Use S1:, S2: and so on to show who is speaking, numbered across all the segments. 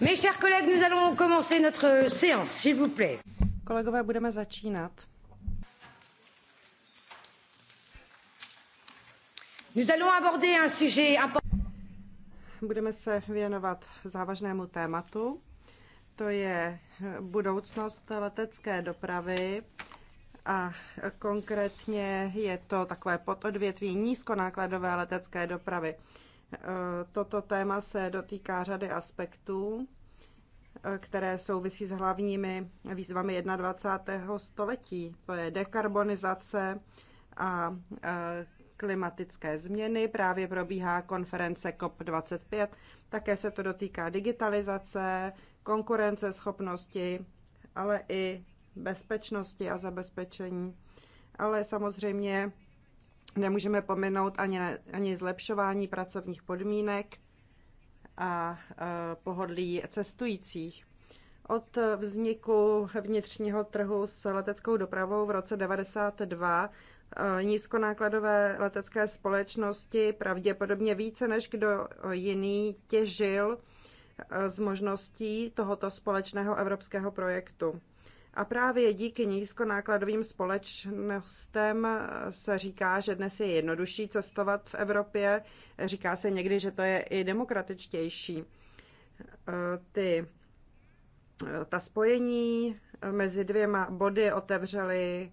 S1: Mes chers collègues, nous allons commencer notre séance, s'il vous plaît. Kolegové, budeme začínat. Nous allons aborder un sujet important. Budeme se věnovat závažnému tématu. To je budoucnost letecké dopravy a konkrétně je to takové pododvětví nízkonákladové letecké dopravy. Eh, toto téma se dotýká řady aspektů, eh, které souvisí s hlavními výzvami 21. století. To je dekarbonizace a eh, klimatické změny. Právě probíhá konference COP25. Také se to dotýká digitalizace, konkurenceschopnosti, ale i bezpečnosti a zabezpečení. Ale samozřejmě Nemůžeme pominout ani, ani zlepšování pracovních podmínek a pohodlí cestujících. Od vzniku vnitřního trhu s leteckou dopravou v roce 1992 e, nízkonákladové letecké společnosti pravděpodobně více než kdo jiný těžil e, z možností tohoto společného evropského projektu. A právě díky nízkonákladovým společnostem se říká, že dnes je jednodušší cestovat v Evropě. Říká se někdy, že to je i demokratičtější. E, ty, e, ta spojení mezi dvěma body otevřely e,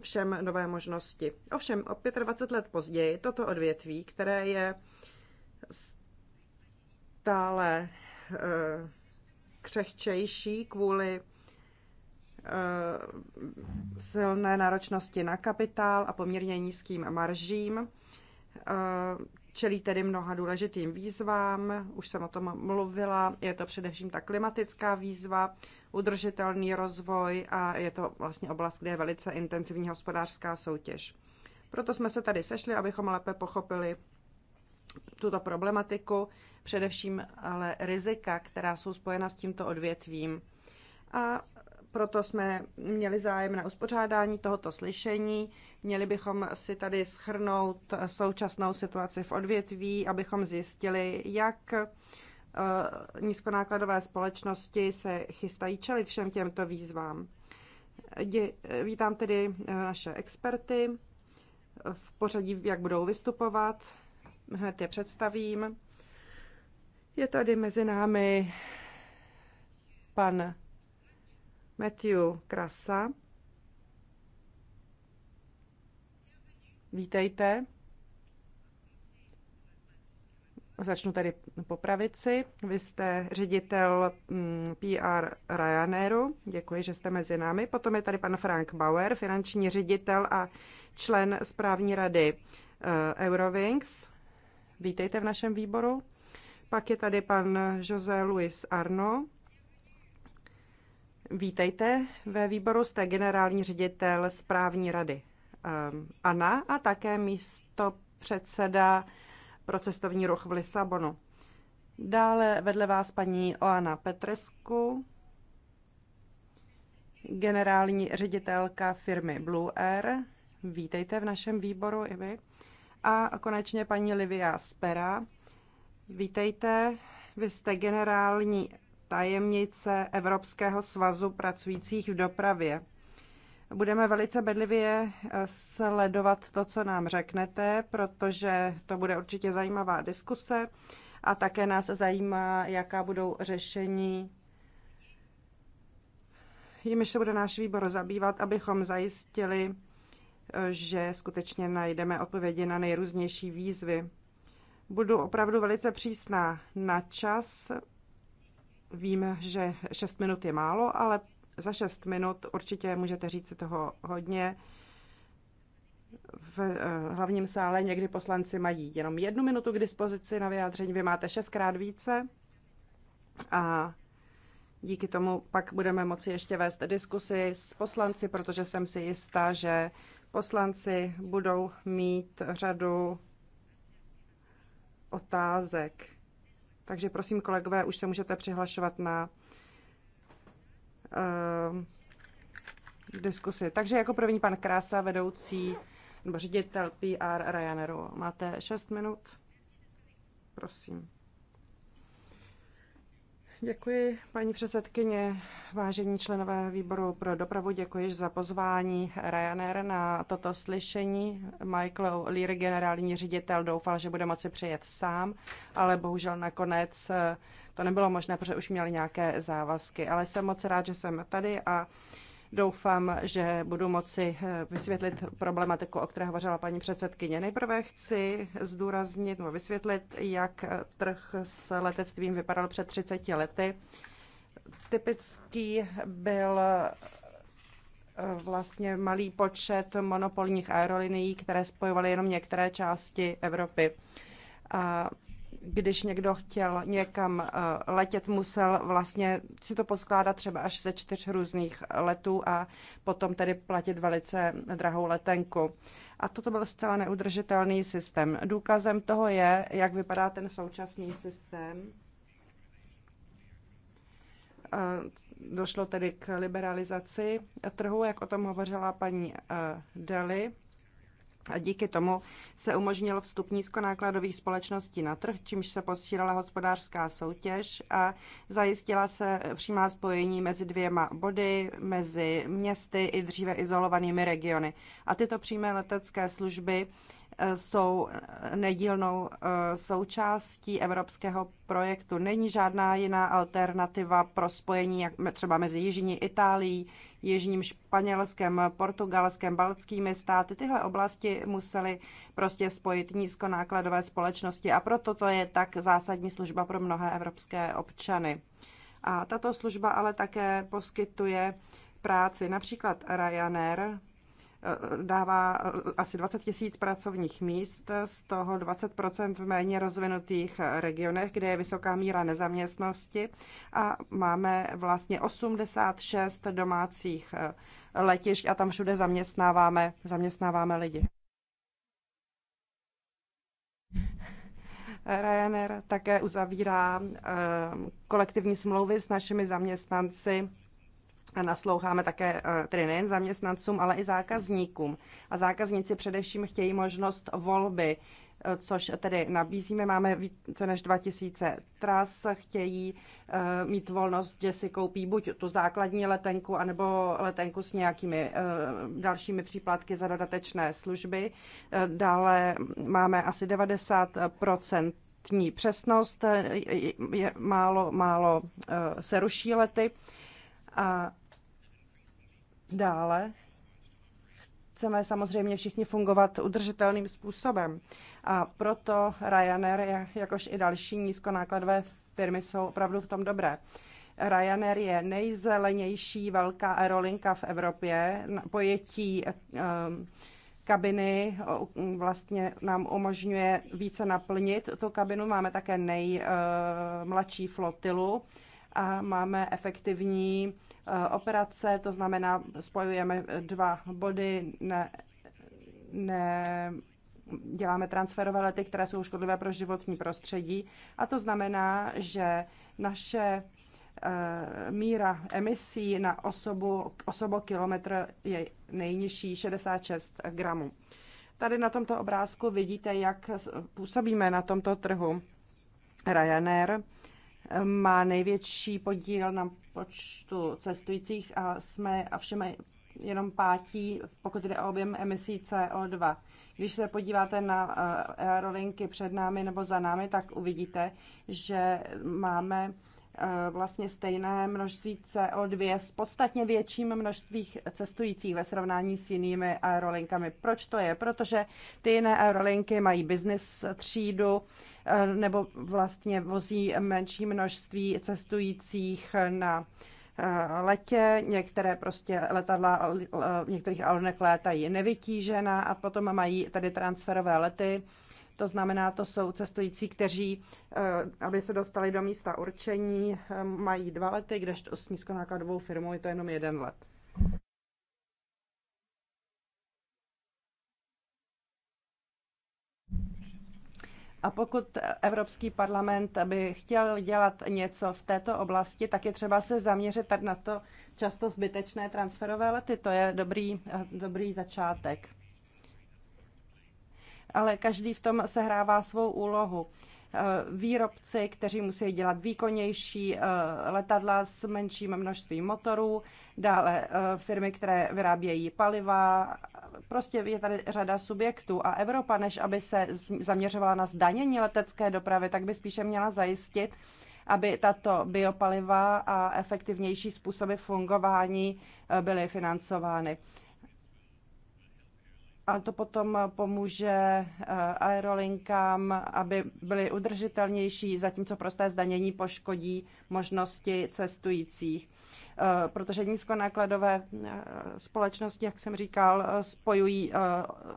S1: všem nové možnosti. Ovšem, o 25 let později toto odvětví, které je stále křehčejší kvůli eh, silné náročnosti na kapitál a poměrně nízkým maržím. Eh, čelí tedy mnoha důležitým výzvám, už jsem o tom mluvila, je to především ta klimatická výzva, udržitelný rozvoj a je to vlastně oblast, kde je velice intenzivní hospodářská soutěž. Proto jsme se tady sešli, abychom lépe pochopili tuto problematiku, především ale rizika, která jsou spojena s tímto odvětvím. A proto jsme měli zájem na uspořádání tohoto slyšení. Měli bychom si tady schrnout současnou situaci v odvětví, abychom zjistili, jak eh, nízkonákladové společnosti se chystají čelit všem těmto výzvám. Vítám tedy eh, naše experty v pořadí, jak budou vystupovat hned je představím. Je tady mezi námi pan Matthew Krasa. Vítejte. Začnu tady po pravici. Vy jste ředitel mm, PR Ryanairu. Děkuji, že jste mezi námi. Potom je tady pan Frank Bauer, finanční ředitel a člen správní rady eh, Eurowings. Vítejte v našem výboru. Pak je tady pan José Luis Arno. Vítejte ve výboru, jste generální ředitel správní rady ehm, ANA a také místo předseda pro cestovní ruch v Lisabonu. Dále vedle vás paní Oana Petresku, generální ředitelka firmy Blue Air. Vítejte v našem výboru i vy. A konečně paní Livia Spera. Vítejte, vy jste generální tajemnice Evropského svazu pracujících v dopravě. Budeme velice bedlivě eh, sledovat to, co nám řeknete, protože to bude určitě zajímavá diskuse a také nás zajímá, jaká budou řešení, jimiž se bude náš výbor zabývat, abychom zajistili že skutečně najdeme odpovědi na nejrůznější výzvy. Budu opravdu velice přísná na čas. Vím, že 6 minut je málo, ale za 6 minut určitě můžete říct toho hodně. V eh, hlavním sále někdy poslanci mají jenom jednu minutu k dispozici na vyjádření, vy máte šestkrát více a díky tomu pak budeme moci ještě vést diskusy s poslanci, protože jsem si jistá, že Poslanci budou mít řadu otázek. Takže prosím, kolegové, už se můžete přihlašovat na uh, diskusi. Takže jako první pan Krása, vedoucí nebo ředitel PR Ryanairu. Máte 6 minut? Prosím. Děkuji, paní předsedkyně. Vážení členové výboru pro dopravu, děkuji za pozvání Ryanair na toto slyšení. Michael Lear, generální ředitel, doufal, že bude moci přijet sám, ale bohužel nakonec eh, to nebylo možné, protože už měli nějaké závazky. Ale jsem moc rád, že jsem tady a uh, Doufám, že budu moci eh, vysvětlit problematiku, o které hovořila paní předsedkyně. Nejprve chci zdůraznit nebo vysvětlit, jak eh, trh s letectvím vypadal před 30 lety. Typický byl eh, vlastně malý počet monopolních aerolinií, které spojovaly jenom některé části Evropy. A když někdo chtěl někam eh, letět, musel vlastně si to poskládat třeba až ze čtyř různých letů a potom tedy platit velice drahou letenku. A toto byl zcela neudržitelný systém. Důkazem toho je, jak vypadá ten současný systém. Eh, došlo tedy k liberalizaci trhu, jak o tom hovořila paní eh, Deli. A díky tomu se umožnil vstup nízkonákladových společností na trh, čímž se posílala hospodářská soutěž a zajistila se přímá spojení mezi dvěma body, mezi městy i dříve izolovanými regiony. A tyto přímé letecké služby jsou nedílnou eh, součástí evropského projektu. Není žádná jiná alternativa pro spojení jak třeba mezi Jižní Itálií, Jižním Španělskem, Portugalskem, Baltskými státy. Tyhle oblasti musely prostě spojit nízkonákladové společnosti a proto to je tak zásadní služba pro mnohé evropské občany. A tato služba ale také poskytuje práci. Například Ryanair Eh, dává eh, asi 20 tisíc pracovních míst, z toho 20 v méně rozvinutých eh, regionech, kde je vysoká míra nezaměstnosti a máme vlastně 86 domácích letišť a tam všude zaměstnáváme, zaměstnáváme lidi. Ryanair také uzavírá kolektivní smlouvy s našimi zaměstnanci a nasloucháme také eh, tedy nejen zaměstnancům, ale i zákazníkům. A zákazníci především chtějí možnost volby, eh, což tedy nabízíme. Máme více než 2000 tras, chtějí eh, mít volnost, že si koupí buď tu základní letenku, anebo letenku s nějakými dalšími příplatky za dodatečné služby. Dále máme asi 90 přesnost, je, málo, málo se ruší lety. A Dále chceme samozřejmě všichni fungovat udržitelným způsobem. A proto Ryanair, jakož i další nízkonákladové firmy, jsou opravdu v tom dobré. Ryanair je nejzelenější velká aerolinka v Evropě. Pojetí um, kabiny vlastně nám umožňuje více naplnit tu kabinu. Máme také nejmladší ehm, flotilu a máme efektivní eh, operace, to znamená, spojujeme dva body, ne, ne, děláme transferové lety, které jsou škodlivé pro životní prostředí. A to znamená, že naše eh, míra emisí na osobu, osobo kilometr je nejnižší 66 gramů. Tady na tomto obrázku vidíte, jak působíme na tomto trhu Ryanair má největší podíl na počtu cestujících a jsme a všem jenom pátí, pokud jde o objem emisí CO2. Když se podíváte na eh, aerolinky před námi nebo za námi, tak uvidíte, že máme Eh, vlastně stejné množství CO2 s podstatně větším množství cestujících ve srovnání s jinými aerolinkami. Proč to je? Protože ty jiné aerolinky mají business třídu eh, nebo vlastně vozí menší množství cestujících na eh, letě, některé prostě letadla některých aeronek létají nevytížená a potom mají tady transferové lety, to znamená, to jsou cestující, kteří, eh, aby se dostali do místa určení, eh, mají dva lety, kdežto s nízkonákladovou firmou je to jenom jeden let. A pokud Evropský parlament by chtěl dělat něco v této oblasti, tak je třeba se zaměřit tak na to často zbytečné transferové lety. To je dobrý, eh, dobrý začátek ale každý v tom sehrává svou úlohu. Eh, výrobci, kteří musí dělat výkonnější eh, letadla s menším množstvím motorů, dále eh, firmy, které vyrábějí paliva. Prostě je tady řada subjektů a Evropa, než aby se zaměřovala na zdanění letecké dopravy, tak by spíše měla zajistit, aby tato biopaliva a efektivnější způsoby fungování byly financovány a to potom pomůže eh, aerolinkám, aby byly udržitelnější, zatímco prosté zdanění poškodí možnosti cestujících. Eh, protože nízkonákladové eh, společnosti, jak jsem říkal, spojují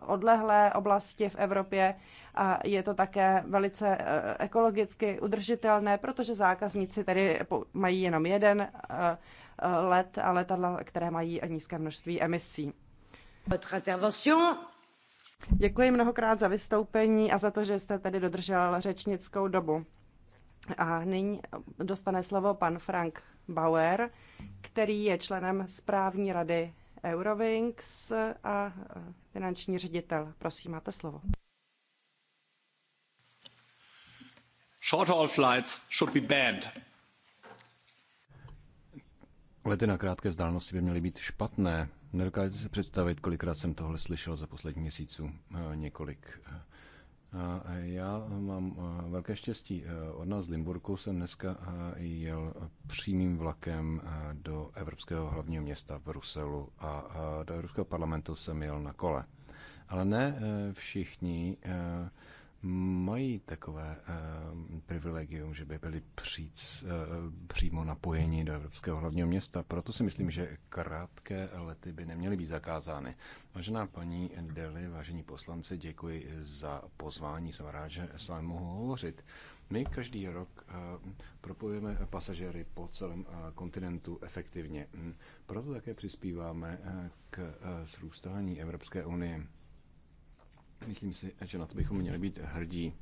S1: odlehlé oblasti v Evropě a je to také velice ekologicky udržitelné, protože zákazníci tedy mají jenom jeden let a letadla, které mají nízké množství emisí. Děkuji mnohokrát za vystoupení a za to, že jste tady dodržel řečnickou dobu. A nyní dostane slovo pan Frank Bauer, který je členem správní rady Eurowings a finanční ředitel. Prosím, máte slovo.
S2: Short haul flights should be banned.
S3: Lety na krátké vzdálenosti by měly být špatné. Nedokážete si představit, kolikrát jsem tohle slyšel za poslední měsíců, eh, několik. Eh, já mám eh, velké štěstí. Od nás z Limburku jsem dneska jel přímým vlakem do Evropského hlavního města v Bruselu a do Evropského parlamentu jsem jel na kole. Ale ne všichni mají takové uh, privilegium, že by byli příc, uh, eh, přímo napojeni do Evropského hlavního města. Proto si myslím, že krátké lety by neměly být zakázány. Vážená paní Deli, vážení poslanci, děkuji za pozvání. Jsem rád, že s vámi mohu hovořit. My každý rok eh, propojujeme pasažéry po celém kontinentu efektivně. Hm, proto také přispíváme k zrůstání Evropské unie. Myslím si, že na to bychom měli být hrdí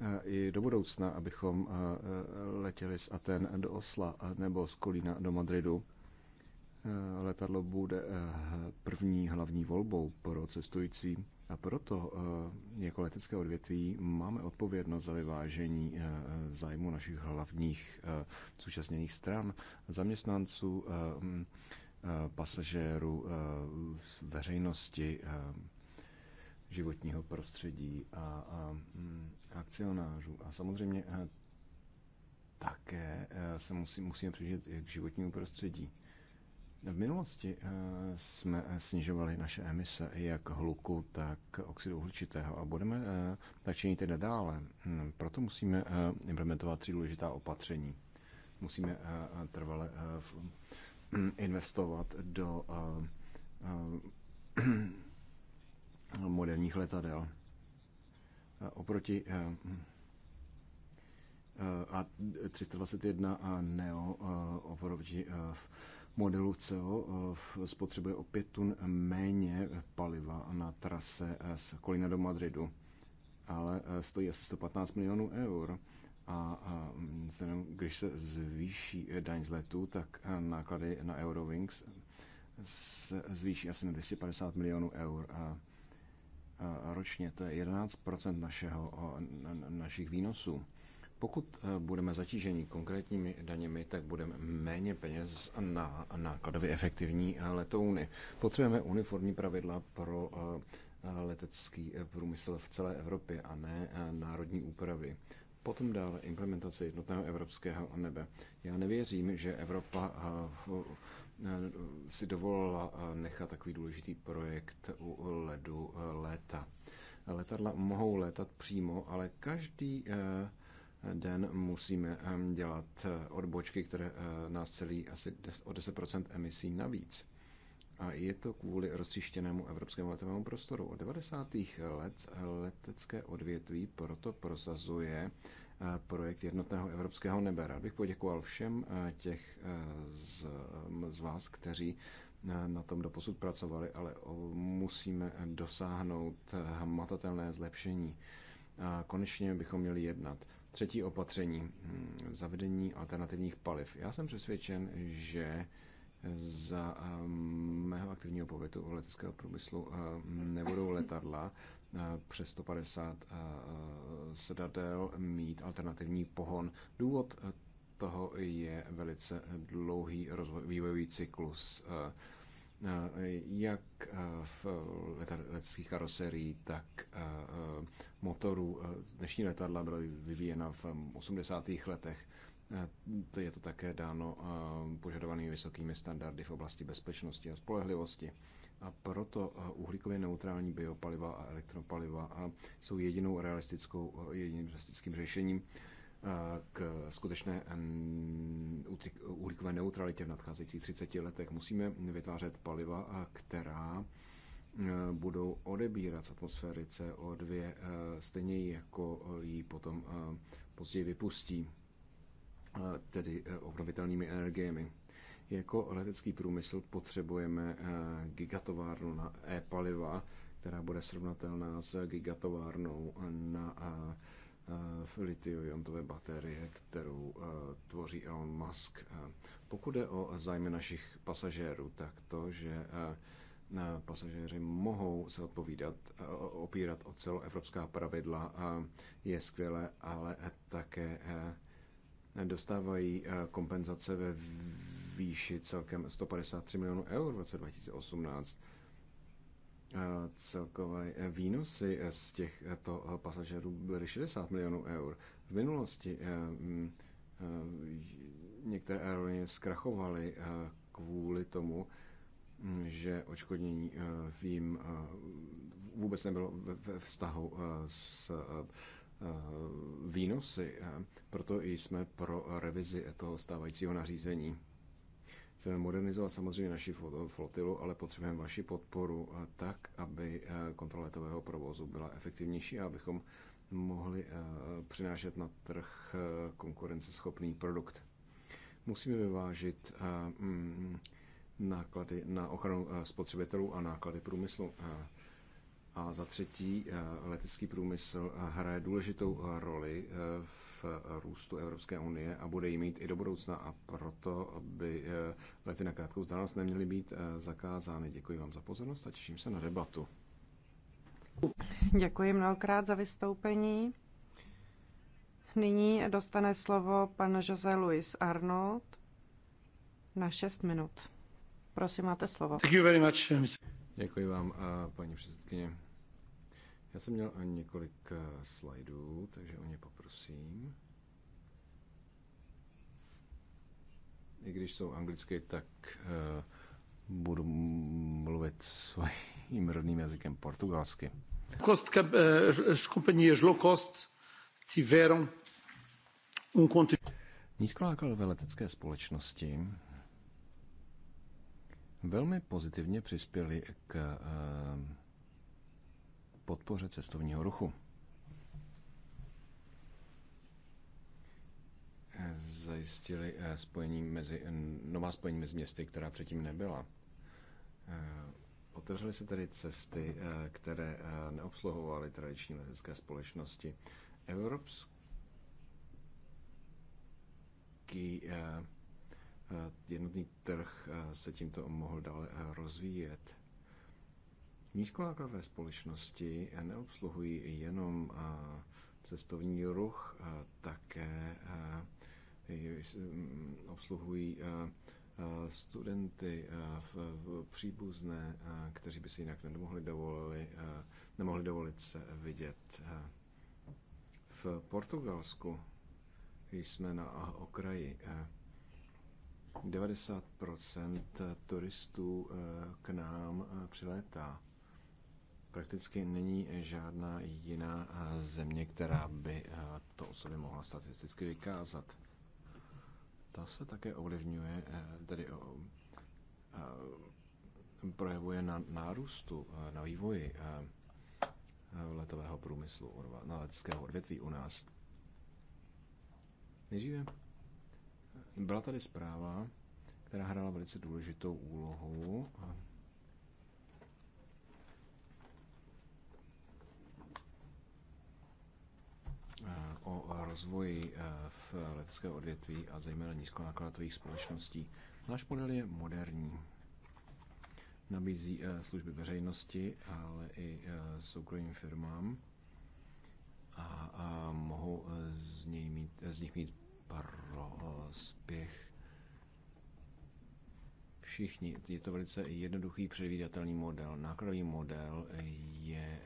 S3: e, i do budoucna, abychom e, e, letěli z Aten do Osla nebo z Kolína do Madridu. Letadlo bude první hlavní volbou pro cestující a proto jako letecké odvětví máme odpovědnost za vyvážení zájmu našich hlavních zúčastněných stran, zaměstnanců, pasažérů, veřejnosti, životního prostředí a, a mm, akcionářů. A samozřejmě eh, také eh, se musí, musíme přijít k životnímu prostředí. V minulosti eh, jsme snižovali naše emise jak hluku, tak oxidu uhličitého a budeme tak činit i nadále. Mm, proto musíme implementovat tři důležitá opatření. Musíme trvale mm, investovat do moderních letadel. Oproti eh, eh, a 321 a Neo eh, oproti modelu CO spotřebuje o 5 tun méně paliva na trase z Kolina do Madridu, ale stojí asi 115 milionů eur. A když se zvýší daň z letu, tak náklady na Eurowings se zvýší asi na 250 milionů eur. A ročně, to je 11 našeho, našich výnosů. Pokud e, budeme zatíženi konkrétními daněmi, tak budeme méně peněz na nákladově efektivní e, letouny. Potřebujeme uniformní pravidla pro e, letecký průmysl v celé Evropě a ne národní úpravy. Potom dále implementace jednotného evropského nebe. Já nevěřím, že Evropa Eh, si dovolila eh, nechat takový důležitý projekt u ledu eh, léta. Letadla mohou létat přímo, ale každý den musíme dělat odbočky, které nás celí asi o 10% emisí navíc. A je to kvůli rozstříštěnému evropskému letovému prostoru. Od 90. let letecké odvětví proto prosazuje Eh, projekt jednotného evropského nebe. Rád bych poděkoval všem eh, těch eh, z, z vás, kteří na tom doposud pracovali, ale musíme dosáhnout hmatatelné zlepšení. A konečně bychom měli jednat. Třetí opatření, hm, zavedení alternativních paliv. Já jsem přesvědčen, že za mého aktivního pobytu u leteckého průmyslu nebudou letadla, Eh, přes 150 eh, eh, sedadel mít alternativní pohon. Důvod toho je velice dlouhý rozvoj, vývojový cyklus jak v leteckých karoserií, tak motorů. Dnešní letadla byla vyvíjena v 80. letech. To Je to také dáno požadovanými vysokými standardy v oblasti bezpečnosti a spolehlivosti. A proto eh, uhlíkově neutrální biopaliva a elektropaliva jsou jedinou realistickou, eh, jediným realistickým řešením eh, k skutečné uhlíkové neutralitě v nadcházejících 30 letech. Musíme vytvářet paliva, která budou odebírat z atmosféry CO2 stejně jako ji potom později vypustí, tedy obnovitelnými energiemi. Jako letecký průmysl potřebujeme eh, gigatovárnu na e-paliva, která bude srovnatelná s gigatovárnou na eh, eh, litio-iontové baterie, kterou tvoří Elon Musk. Pokud je o zájmy našich pasažérů, tak to, že pasažéři mohou se odpovídat, opírat o celoevropská pravidla, je skvělé, ale také dostávají kompenzace ve výši celkem 153 milionů eur v roce 2018. Celkové výnosy z těchto eh, eh, pasažerů byly 60 milionů eur. V minulosti eh, mm, některé aerolinie zkrachovaly kvůli tomu, mm, že očkodnění jim vůbec nebylo ve vztahu s výnosy. Proto i jsme pro revizi toho stávajícího nařízení. Chceme modernizovat samozřejmě naši flotilu, ale potřebujeme vaši podporu eh, tak, aby eh, kontrola letového provozu byla efektivnější a abychom mohli eh, přinášet na trh konkurenceschopný produkt. Musíme vyvážit mm, náklady na ochranu spotřebitelů a náklady průmyslu. A za třetí, letecký průmysl hraje důležitou roli v růstu Evropské unie a bude ji mít i do budoucna a proto by eh, lety na krátkou vzdálenost neměly být eh, zakázány. Děkuji vám za pozornost a těším se na debatu.
S1: Děkuji mnohokrát za vystoupení. Nyní dostane slovo pan José Luis Arnold na 6 minut. Prosím, máte slovo.
S3: Děkuji vám, eh, paní předsedkyně. Já jsem měl několik eh, slajdů, takže o ně poprosím. I když jsou anglicky, tak uh, budu mluvit svým rodným jazykem portugalsky. Cost, as eh, companhias low cost tiveram um contributo. Nízkonákladové letecké společnosti velmi pozitivně přispěly k uh, podpoře cestovního ruchu. Zajistili eh, spojení mezi, eh, nová spojení mezi městy, která předtím nebyla. Eh, otevřely se tedy cesty, které neobsluhovaly tradiční letecké společnosti. Evropský jednotný trh se tímto mohl dále rozvíjet Nízkonákladové společnosti neobsluhují jenom cestovní ruch, také mm, obsluhují studenty, v příbuzné, kteří by si jinak nemohli dovolit, nemohli dovolit se vidět. V Portugalsku jsme na okraji. 90% turistů e, k nám e, přilétá Prakticky není žádná jiná eh, země, která by eh, to o sobě mohla statisticky vykázat. Ta se také ovlivňuje, eh, tedy projevuje na nárůstu, na vývoji letového průmyslu, na leteckého odvětví u nás. Nejdříve byla tady zpráva, která hrála velice důležitou úlohu Eh, o rozvoji eh, v letecké odvětví a zejména nízkonákladových společností. Náš model je moderní. Nabízí eh, služby veřejnosti, ale i soukromým firmám a, a mohou z, něj mít, z nich mít prospěch všichni. Je to velice jednoduchý předvídatelný model. Nákladový model je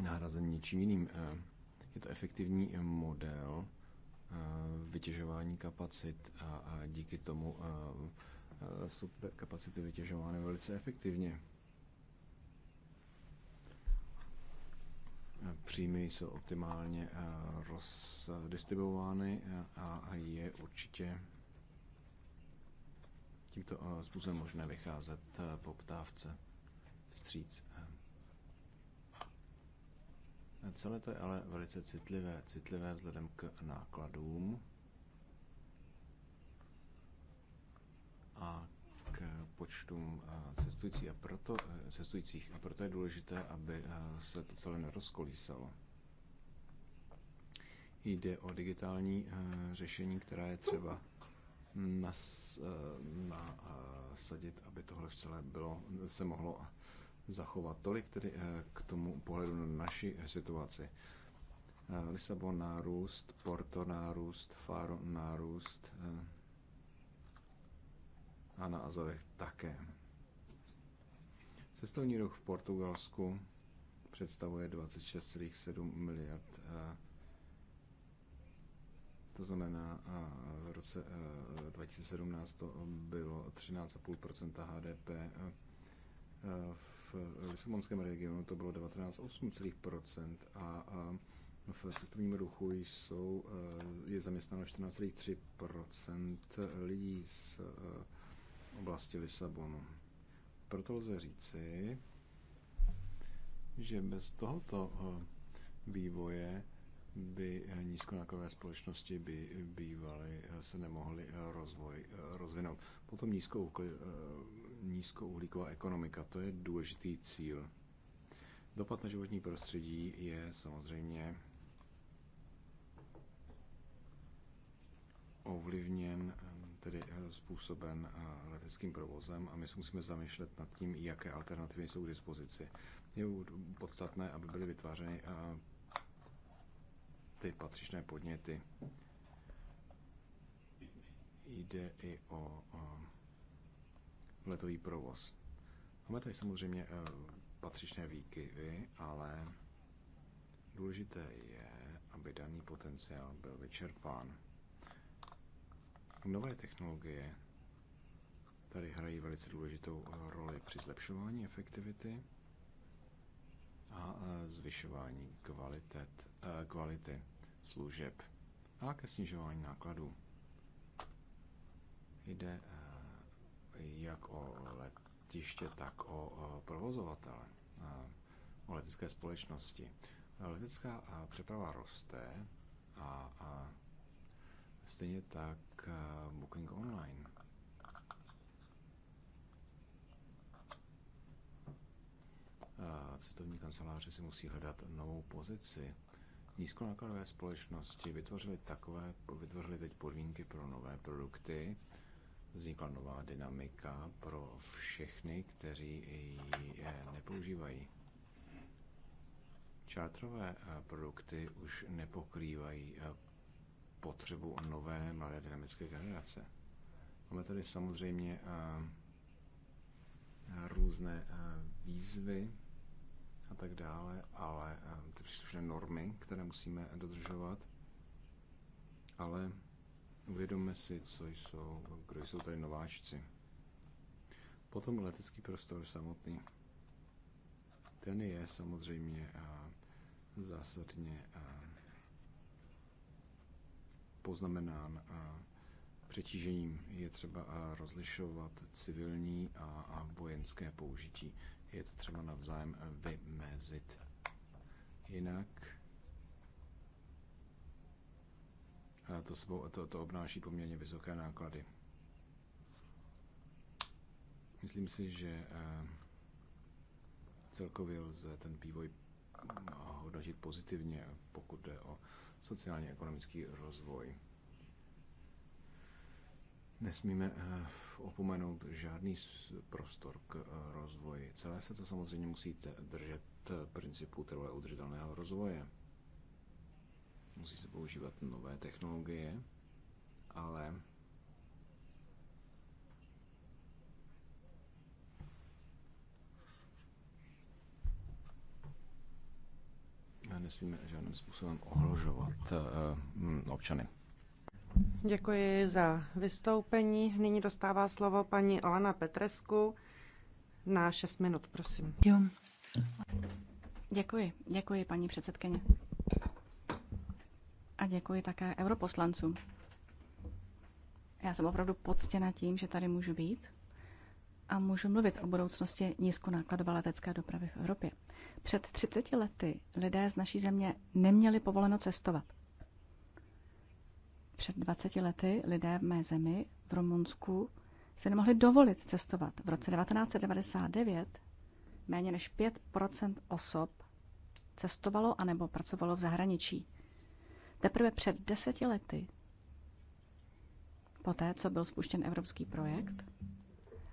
S3: nahrazen něčím jiným. Eh, je to efektivní eh, model eh, vytěžování kapacit a díky tomu jsou kapacity vytěžovány velice efektivně. Příjmy jsou optimálně rozdistribuovány a je určitě tímto způsobem možné vycházet poptávce vstříc. Celé to je ale velice citlivé, citlivé vzhledem k nákladům a k počtům cestující a proto, e, cestujících. A proto je důležité, aby e, se to celé nerozkolísalo. Jde o digitální e, řešení, které je třeba nas, nasadit, aby tohle celé bylo, se mohlo zachovat. Tolik tedy eh, k tomu pohledu na naši situaci. Eh, Lisabon nárůst, Porto nárůst, Faro nárůst eh, a na Azorech také. Cestovní ruch v Portugalsku představuje 26,7 miliard. To znamená, v roce 2017 to bylo 13,5 HDP. V Eh, Lisabonském regionu to bylo 19,8% a v cestovním ruchu jsou, eh, je zaměstnáno 14,3% lidí z eh, oblasti Lisabonu. Proto lze říci, že bez tohoto vývoje by nízkonákladové společnosti by bývaly se nemohly rozvoj, rozvinout. Potom eh, nízkouhlíková ekonomika, to je důležitý cíl. Dopad na životní prostředí je samozřejmě ovlivněn, eh, tedy eh, způsoben leteckým provozem a my se musíme zamýšlet nad tím, jaké alternativy jsou k dispozici. Je podstatné, aby byly vytvářeny ty patřičné podněty jde i o letový provoz. Máme tady samozřejmě eh, patřičné výkyvy, ale důležité je, aby daný potenciál byl vyčerpán. Nové technologie tady hrají velice důležitou eh, roli při zlepšování efektivity a eh, zvyšování kvalitet, kvality služeb a ke snižování nákladů. Jde eh, jak o letiště, tak o provozovatele, eh, o letecké společnosti. Letecká eh, přeprava roste a, a stejně tak Booking Online. Cestovní kanceláře si musí hledat novou pozici. Nízkonákladové společnosti vytvořily takové, vytvořily teď podmínky pro nové produkty, vznikla nová dynamika pro všechny, kteří ji eh, nepoužívají. Čátrové eh, produkty už nepokrývají eh, potřebu nové mladé dynamické generace. Máme tady samozřejmě různé výzvy a tak dále, ale ty příslušné normy, které musíme dodržovat, ale Uvědomme si, co jsou, kdo jsou tady nováčci. Potom letecký prostor samotný. Ten je samozřejmě a, zásadně a, poznamenán a, přetížením. Je třeba a, rozlišovat civilní a, a vojenské použití. Je to třeba navzájem vymezit. Jinak to, to, to obnáší poměrně vysoké náklady. Myslím si, že eh, celkově lze ten vývoj eh, hodnotit pozitivně, pokud jde o sociálně ekonomický rozvoj. Nesmíme eh, opomenout žádný prostor k rozvoji. Celé se to samozřejmě musí držet principu trvalé udržitelného rozvoje musí se používat nové technologie, ale nesmíme žádným způsobem ohrožovat eh,
S2: hm,
S1: občany. Děkuji za vystoupení. Nyní dostává slovo paní Olana Petresku na 6 minut, prosím. Děkuji, děkuji paní předsedkyně děkuji také
S4: europoslancům. Já jsem opravdu poctěna tím, že tady můžu být a můžu mluvit o budoucnosti nízkonákladové letecké dopravy v Evropě. Před 30 lety lidé z naší země neměli povoleno cestovat. Před 20 lety lidé v mé zemi, v Rumunsku, se nemohli dovolit cestovat. V roce 1999 méně než 5 osob cestovalo anebo pracovalo v zahraničí. Teprve před deseti lety, poté co byl spuštěn evropský projekt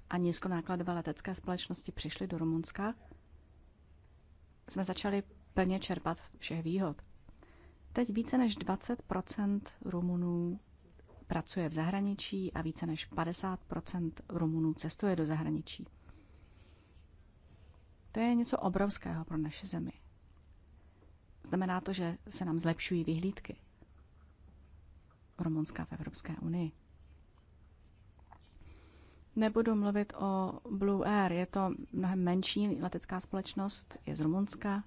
S4: a nízkonákladové letecké společnosti přišly do Rumunska, jsme začali plně čerpat všech výhod. Teď více než 20 Rumunů pracuje v zahraničí a více než 50 Rumunů cestuje do zahraničí. To je něco obrovského pro naše zemi. Znamená to, že se nám zlepšují vyhlídky Rumunská v Evropské unii. Nebudu mluvit o Blue Air. Je to mnohem menší letecká společnost, je z Rumunska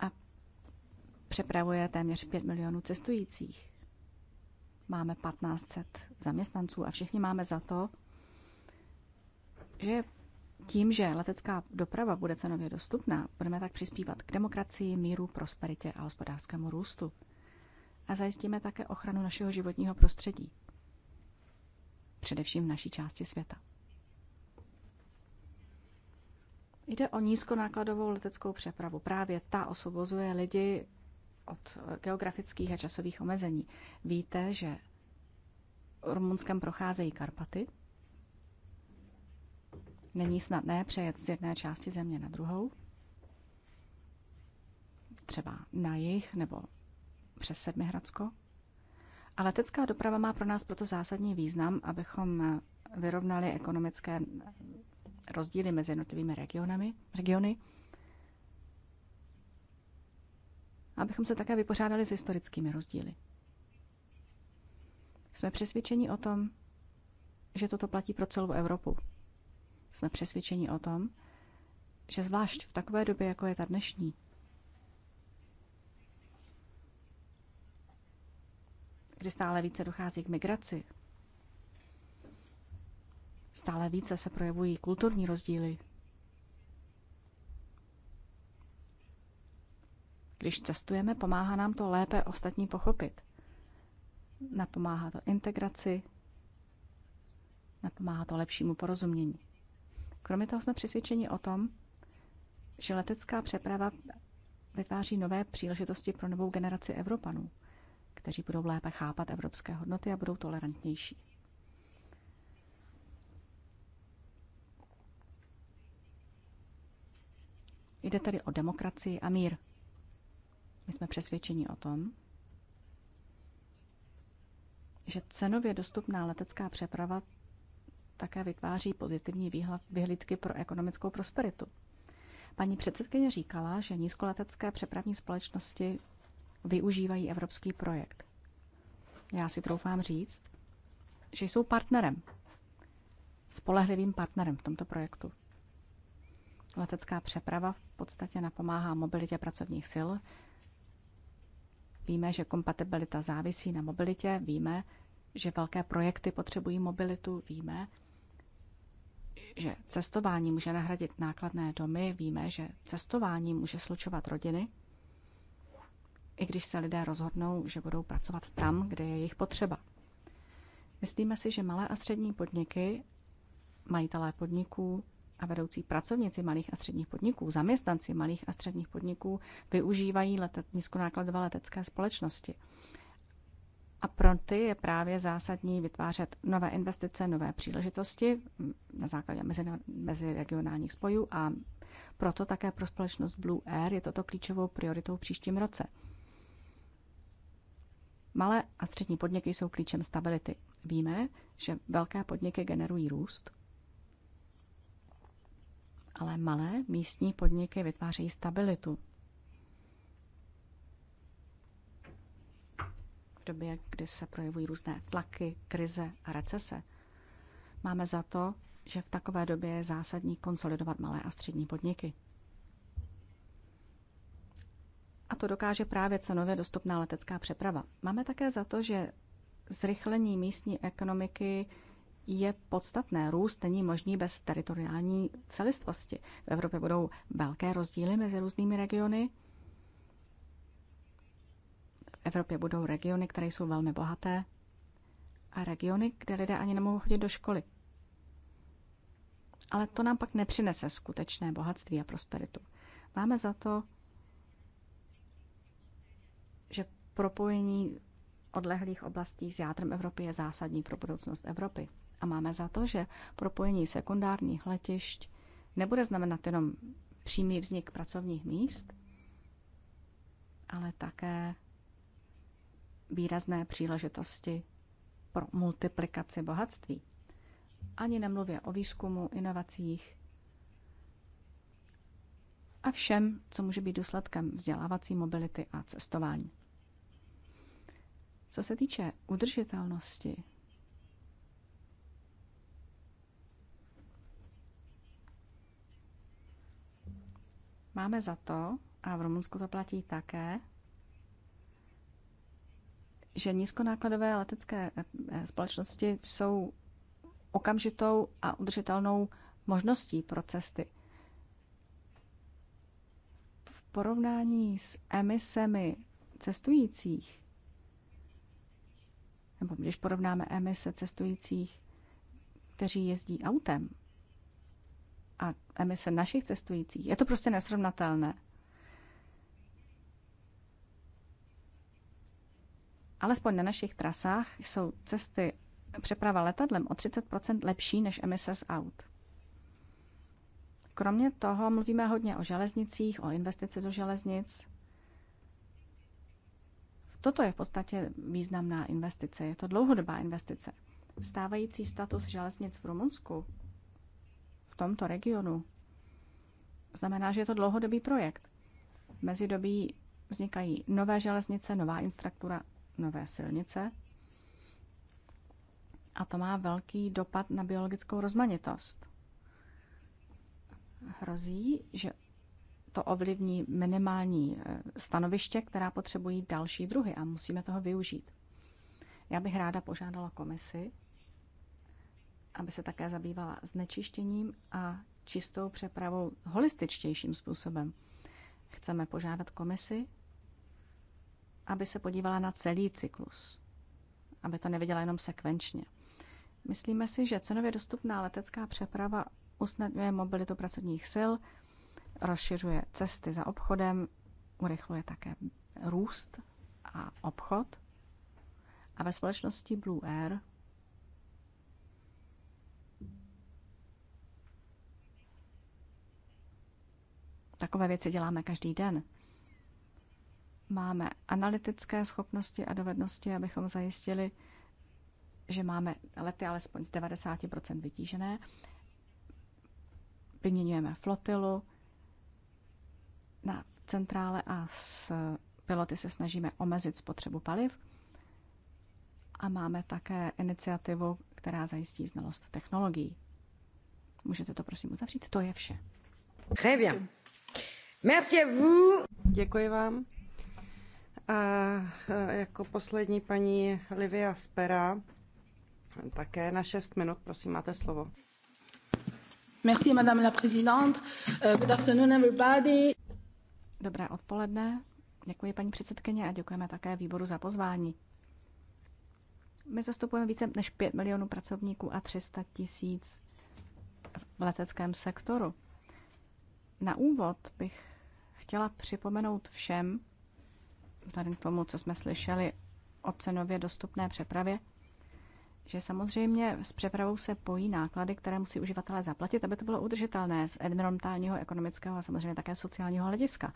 S4: a přepravuje téměř 5 milionů cestujících. Máme 1500 zaměstnanců a všichni máme za to, že je tím, že letecká doprava bude cenově dostupná, budeme tak přispívat k demokracii, míru, prosperitě a hospodářskému růstu. A zajistíme také ochranu našeho životního prostředí, především v naší části světa. Jde o nízkonákladovou leteckou přepravu. Právě ta osvobozuje lidi od geografických a časových omezení. Víte, že Rumunském procházejí Karpaty, Není snadné přejet z jedné části země na druhou, třeba na jih nebo přes Sedmihradsko. A letecká doprava má pro nás proto zásadní význam, abychom vyrovnali ekonomické rozdíly mezi jednotlivými regionami, regiony, abychom se také vypořádali s historickými rozdíly. Jsme přesvědčeni o tom, že toto platí pro celou Evropu. Jsme přesvědčeni o tom, že zvlášť v takové době, jako je ta dnešní, kdy stále více dochází k migraci, stále více se projevují kulturní rozdíly. Když cestujeme, pomáhá nám to lépe ostatní pochopit. Napomáhá to integraci, napomáhá to lepšímu porozumění. Kromě toho jsme přesvědčeni o tom, že letecká přeprava vytváří nové příležitosti pro novou generaci Evropanů, kteří budou lépe chápat evropské hodnoty a budou tolerantnější. Jde tedy o demokracii a mír. My jsme přesvědčeni o tom, že cenově dostupná letecká přeprava také vytváří pozitivní výhled, vyhlídky pro ekonomickou prosperitu. Paní předsedkyně říkala, že nízkoletecké přepravní společnosti využívají evropský projekt. Já si troufám říct, že jsou partnerem, spolehlivým partnerem v tomto projektu. Letecká přeprava v podstatě napomáhá mobilitě pracovních sil. Víme, že kompatibilita závisí na mobilitě, víme, že velké projekty potřebují mobilitu, víme, že cestování může nahradit nákladné domy, víme, že cestování může slučovat rodiny, i když se lidé rozhodnou, že budou pracovat tam, kde je jejich potřeba. Myslíme si, že malé a střední podniky, majitelé podniků a vedoucí pracovníci malých a středních podniků, zaměstnanci malých a středních podniků využívají letet, nízkonákladové letecké společnosti. A pro ty je právě zásadní vytvářet nové investice, nové příležitosti na základě mezi, mezi regionálních spojů a proto také pro společnost Blue Air je toto klíčovou prioritou v příštím roce. Malé a střední podniky jsou klíčem stability. Víme, že velké podniky generují růst, ale malé místní podniky vytvářejí stabilitu době, kdy se projevují různé tlaky, krize a recese. Máme za to, že v takové době je zásadní konsolidovat malé a střední podniky. A to dokáže právě cenově dostupná letecká přeprava. Máme také za to, že zrychlení místní ekonomiky je podstatné. Růst není možný bez teritoriální celistvosti. V Evropě budou velké rozdíly mezi různými regiony Evropě budou regiony, které jsou velmi bohaté a regiony, kde lidé ani nemohou chodit do školy. Ale to nám pak nepřinese skutečné bohatství a prosperitu. Máme za to, že propojení odlehlých oblastí s jádrem Evropy je zásadní pro budoucnost Evropy. A máme za to, že propojení sekundárních letišť nebude znamenat jenom přímý vznik pracovních míst, ale také výrazné příležitosti pro multiplikaci bohatství. Ani nemluvě o výzkumu, inovacích a všem, co může být důsledkem vzdělávací mobility a cestování. Co se týče udržitelnosti, máme za to, a v Rumunsku to platí také, že nízkonákladové letecké eh, eh, společnosti jsou okamžitou a udržitelnou možností pro cesty. V porovnání s emisemi cestujících, nebo když porovnáme emise cestujících, kteří jezdí autem, a emise našich cestujících, je to prostě nesrovnatelné. Alespoň na našich trasách jsou cesty přeprava letadlem o 30 lepší než emise z aut. Kromě toho mluvíme hodně o železnicích, o investici do železnic. Toto je v podstatě významná investice, je to dlouhodobá investice. Stávající status železnic v Rumunsku, v tomto regionu, znamená, že je to dlouhodobý projekt. V mezidobí vznikají nové železnice, nová infrastruktura, nové silnice. A to má velký dopad na biologickou rozmanitost. Hrozí, že to ovlivní minimální eh, stanoviště, která potřebují další druhy a musíme toho využít. Já bych ráda požádala komisi, aby se také zabývala znečištěním a čistou přepravou holističtějším způsobem. Chceme požádat komisi, aby se podívala na celý cyklus, aby to neviděla jenom sekvenčně. Myslíme si, že cenově dostupná letecká přeprava usnadňuje mobilitu pracovních sil, rozšiřuje cesty za obchodem, urychluje také růst a obchod. A ve společnosti Blue Air takové věci děláme každý den máme analytické schopnosti a dovednosti, abychom zajistili, že máme lety alespoň z 90% vytížené. Vyměňujeme flotilu. Na centrále a s piloty se snažíme omezit spotřebu paliv. A máme také iniciativu, která zajistí znalost technologií. Můžete to prosím uzavřít? To je vše. Très bien.
S1: Merci à vous. Děkuji vám. A e, jako poslední paní Livia Spera, také na 6 minut, prosím, máte slovo.
S4: Merci, madame la présidente. E, good afternoon, everybody. Dobré odpoledne. Děkuji paní předsedkyně a děkujeme také výboru za pozvání. My zastupujeme více než 5 milionů pracovníků a 300 tisíc v leteckém sektoru. Na úvod bych chtěla připomenout všem, vzhledem k tomu, co jsme slyšeli o cenově dostupné přepravě, že samozřejmě s přepravou se pojí náklady, které musí uživatelé zaplatit, aby to bylo udržitelné z environmentálního, ekonomického a samozřejmě také sociálního hlediska.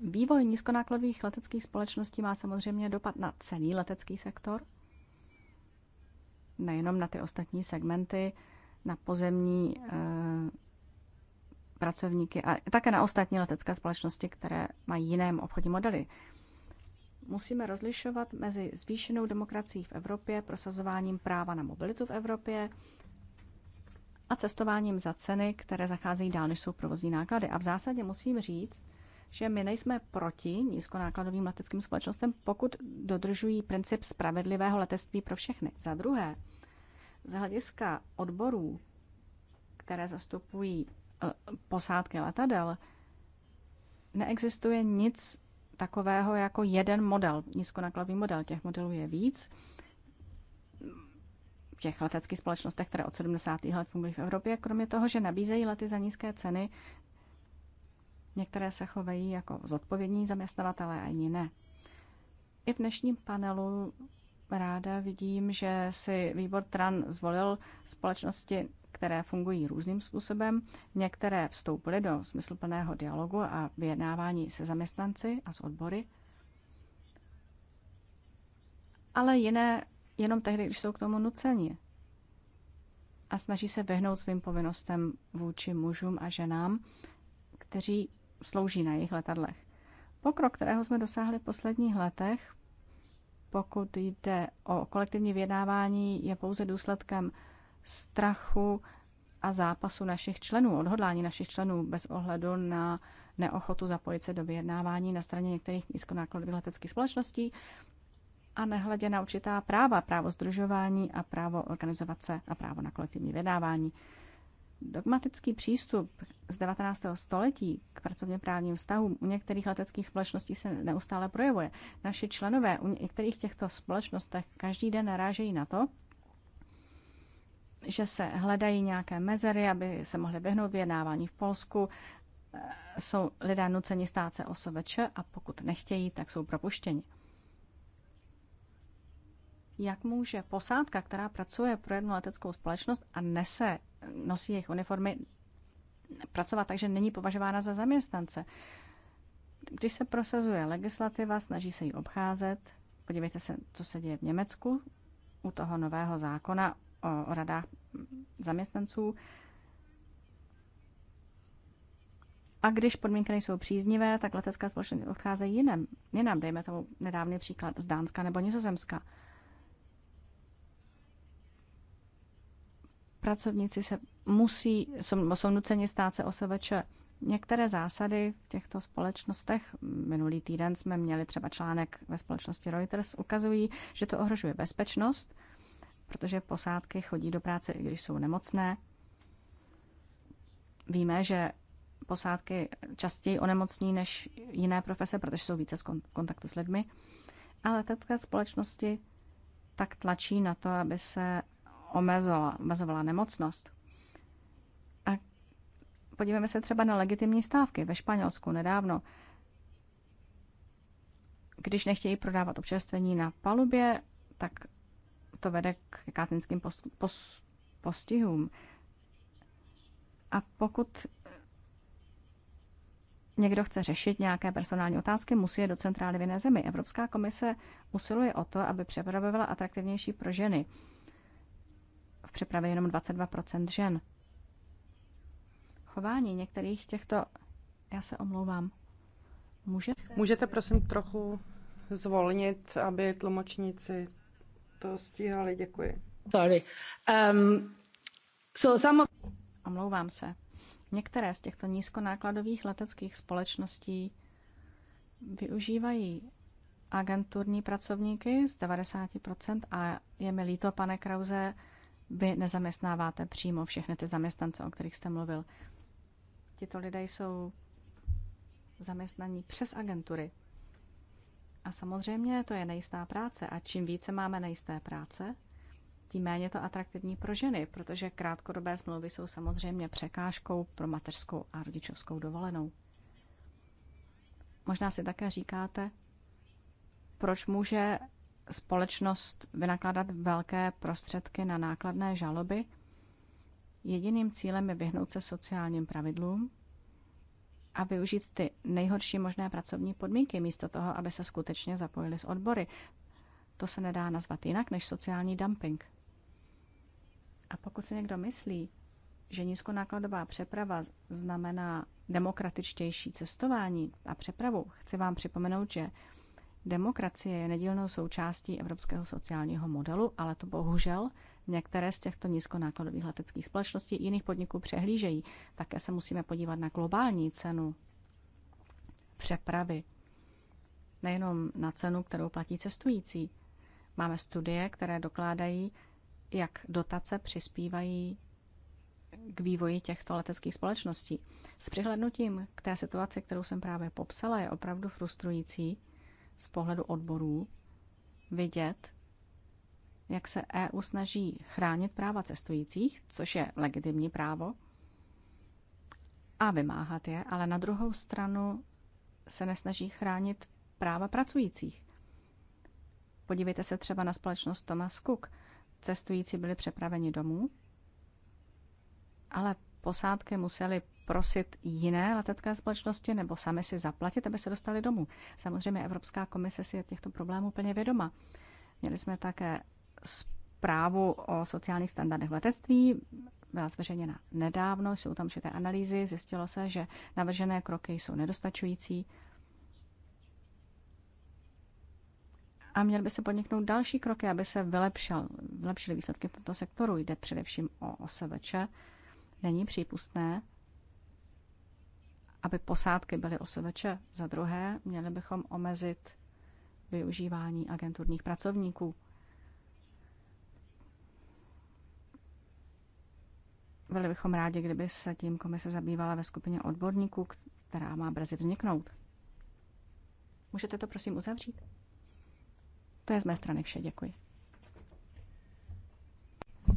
S4: Vývoj nízkonákladových leteckých společností má samozřejmě dopad na celý letecký sektor, nejenom na ty ostatní segmenty, na pozemní eh, pracovníky a také na ostatní letecké společnosti, které mají jiné obchodní modely. Musíme rozlišovat mezi zvýšenou demokracií v Evropě, prosazováním práva na mobilitu v Evropě a cestováním za ceny, které zacházejí dál, než jsou provozní náklady. A v zásadě musím říct, že my nejsme proti nízkonákladovým leteckým společnostem, pokud dodržují princip spravedlivého letectví pro všechny. Za druhé, z hlediska odborů, které zastupují Eh, posádky letadel, neexistuje nic takového jako jeden model, nízkonakladový model. Těch modelů je víc. V těch leteckých společnostech, které od 70. let fungují v Evropě, kromě toho, že nabízejí lety za nízké ceny, některé se chovají jako zodpovědní zaměstnavatele a jiní ne. I v dnešním panelu ráda vidím, že si výbor TRAN zvolil společnosti které fungují různým způsobem. Některé vstoupily do smysluplného dialogu a vyjednávání se zaměstnanci a s odbory, ale jiné jenom tehdy, když jsou k tomu nuceni a snaží se vyhnout svým povinnostem vůči mužům a ženám, kteří slouží na jejich letadlech. Pokrok, kterého jsme dosáhli v posledních letech, pokud jde o kolektivní vyjednávání, je pouze důsledkem strachu a zápasu našich členů, odhodlání našich členů bez ohledu na neochotu zapojit se do vyjednávání na straně některých nízkonákladových leteckých společností a nehledě na určitá práva, právo združování a právo organizovat se a právo na kolektivní vydávání. Dogmatický přístup z 19. století k pracovně právním vztahům u některých leteckých společností se neustále projevuje. Naši členové u některých těchto společnostech každý den narážejí na to, že se hledají nějaké mezery, aby se mohly vyhnout vyjednávání v Polsku. Eh, jsou lidé nuceni stát se OSVČ a pokud nechtějí, tak jsou propuštěni. Jak může posádka, která pracuje pro jednu leteckou společnost a nese, nosí jejich uniformy, pracovat tak, že není považována za zaměstnance? Když se prosazuje legislativa, snaží se ji obcházet. Podívejte se, co se děje v Německu u toho nového zákona o radách zaměstnanců. A když podmínky nejsou příznivé, tak letecká společnost odcházejí jinam, jinam, dejme tomu nedávný příklad z Dánska nebo Nizozemska. Pracovníci se musí, jsou, jsou nuceni stát se OSVČ. Některé zásady v těchto společnostech, minulý týden jsme měli třeba článek ve společnosti Reuters, ukazují, že to ohrožuje bezpečnost – protože posádky chodí do práce, i když jsou nemocné. Víme, že posádky častěji onemocní než jiné profese, protože jsou více v kontaktu s lidmi. A letecké společnosti tak tlačí na to, aby se omezovala, omezovala nemocnost. A podívejme se třeba na legitimní stávky ve Španělsku nedávno. Když nechtějí prodávat občerstvení na palubě, tak to vede k kázeňským post, post, postihům. A pokud někdo chce řešit nějaké personální otázky, musí je do centrály v jiné zemi. Evropská komise usiluje o to, aby přepravovala byla atraktivnější pro ženy. V přepravě jenom 22 žen. Chování některých těchto. Já se omlouvám. Můžete? Můžete prosím trochu
S1: zvolnit, aby tlumočníci to stíhali. Děkuji.
S4: Sorry. Um, so some of... Omlouvám se. Některé z těchto nízkonákladových leteckých společností využívají agenturní pracovníky z 90% a je mi líto, pane Krause, vy nezaměstnáváte přímo všechny ty zaměstnance, o kterých jste mluvil. Tito lidé jsou zaměstnaní přes agentury. A samozřejmě to je nejistá práce. A čím více máme nejisté práce, tím méně to atraktivní pro ženy, protože krátkodobé smlouvy jsou samozřejmě překážkou pro mateřskou a rodičovskou dovolenou. Možná si také říkáte, proč může společnost vynakládat velké prostředky na nákladné žaloby. Jediným cílem je vyhnout se sociálním pravidlům a využít ty nejhorší možné pracovní podmínky místo toho, aby se skutečně zapojili s odbory. To se nedá nazvat jinak než sociální dumping. A pokud si někdo myslí, že nízkonákladová přeprava znamená demokratičtější cestování a přepravu, chci vám připomenout, že demokracie je nedílnou součástí evropského sociálního modelu, ale to bohužel Některé z těchto nízkonákladových leteckých společností i jiných podniků přehlížejí. Také se musíme podívat na globální cenu přepravy. Nejenom na cenu, kterou platí cestující. Máme studie, které dokládají, jak dotace přispívají k vývoji těchto leteckých společností. S přihlednutím k té situaci, kterou jsem právě popsala, je opravdu frustrující z pohledu odborů vidět, jak se EU snaží chránit práva cestujících, což je legitimní právo, a vymáhat je, ale na druhou stranu se nesnaží chránit práva pracujících. Podívejte se třeba na společnost Thomas Cook. Cestující byli přepraveni domů, ale posádky museli prosit jiné letecké společnosti nebo sami si zaplatit, aby se dostali domů. Samozřejmě Evropská komise si je těchto problémů plně vědoma. Měli jsme také zprávu o sociálních standardech v letectví. Byla zveřejněna nedávno, jsou tam všechny analýzy, zjistilo se, že navržené kroky jsou nedostačující a měl by se podniknout další kroky, aby se vylepšil, vylepšily výsledky v tomto sektoru. Jde především o OSVČ. Není přípustné, aby posádky byly OSVČ. Za druhé, měli bychom omezit využívání agenturních pracovníků. Byli bychom rádi, kdyby se tím komise zabývala ve skupině odborníků, která má brzy vzniknout. Můžete to prosím uzavřít?
S1: To je z mé strany vše, děkuji.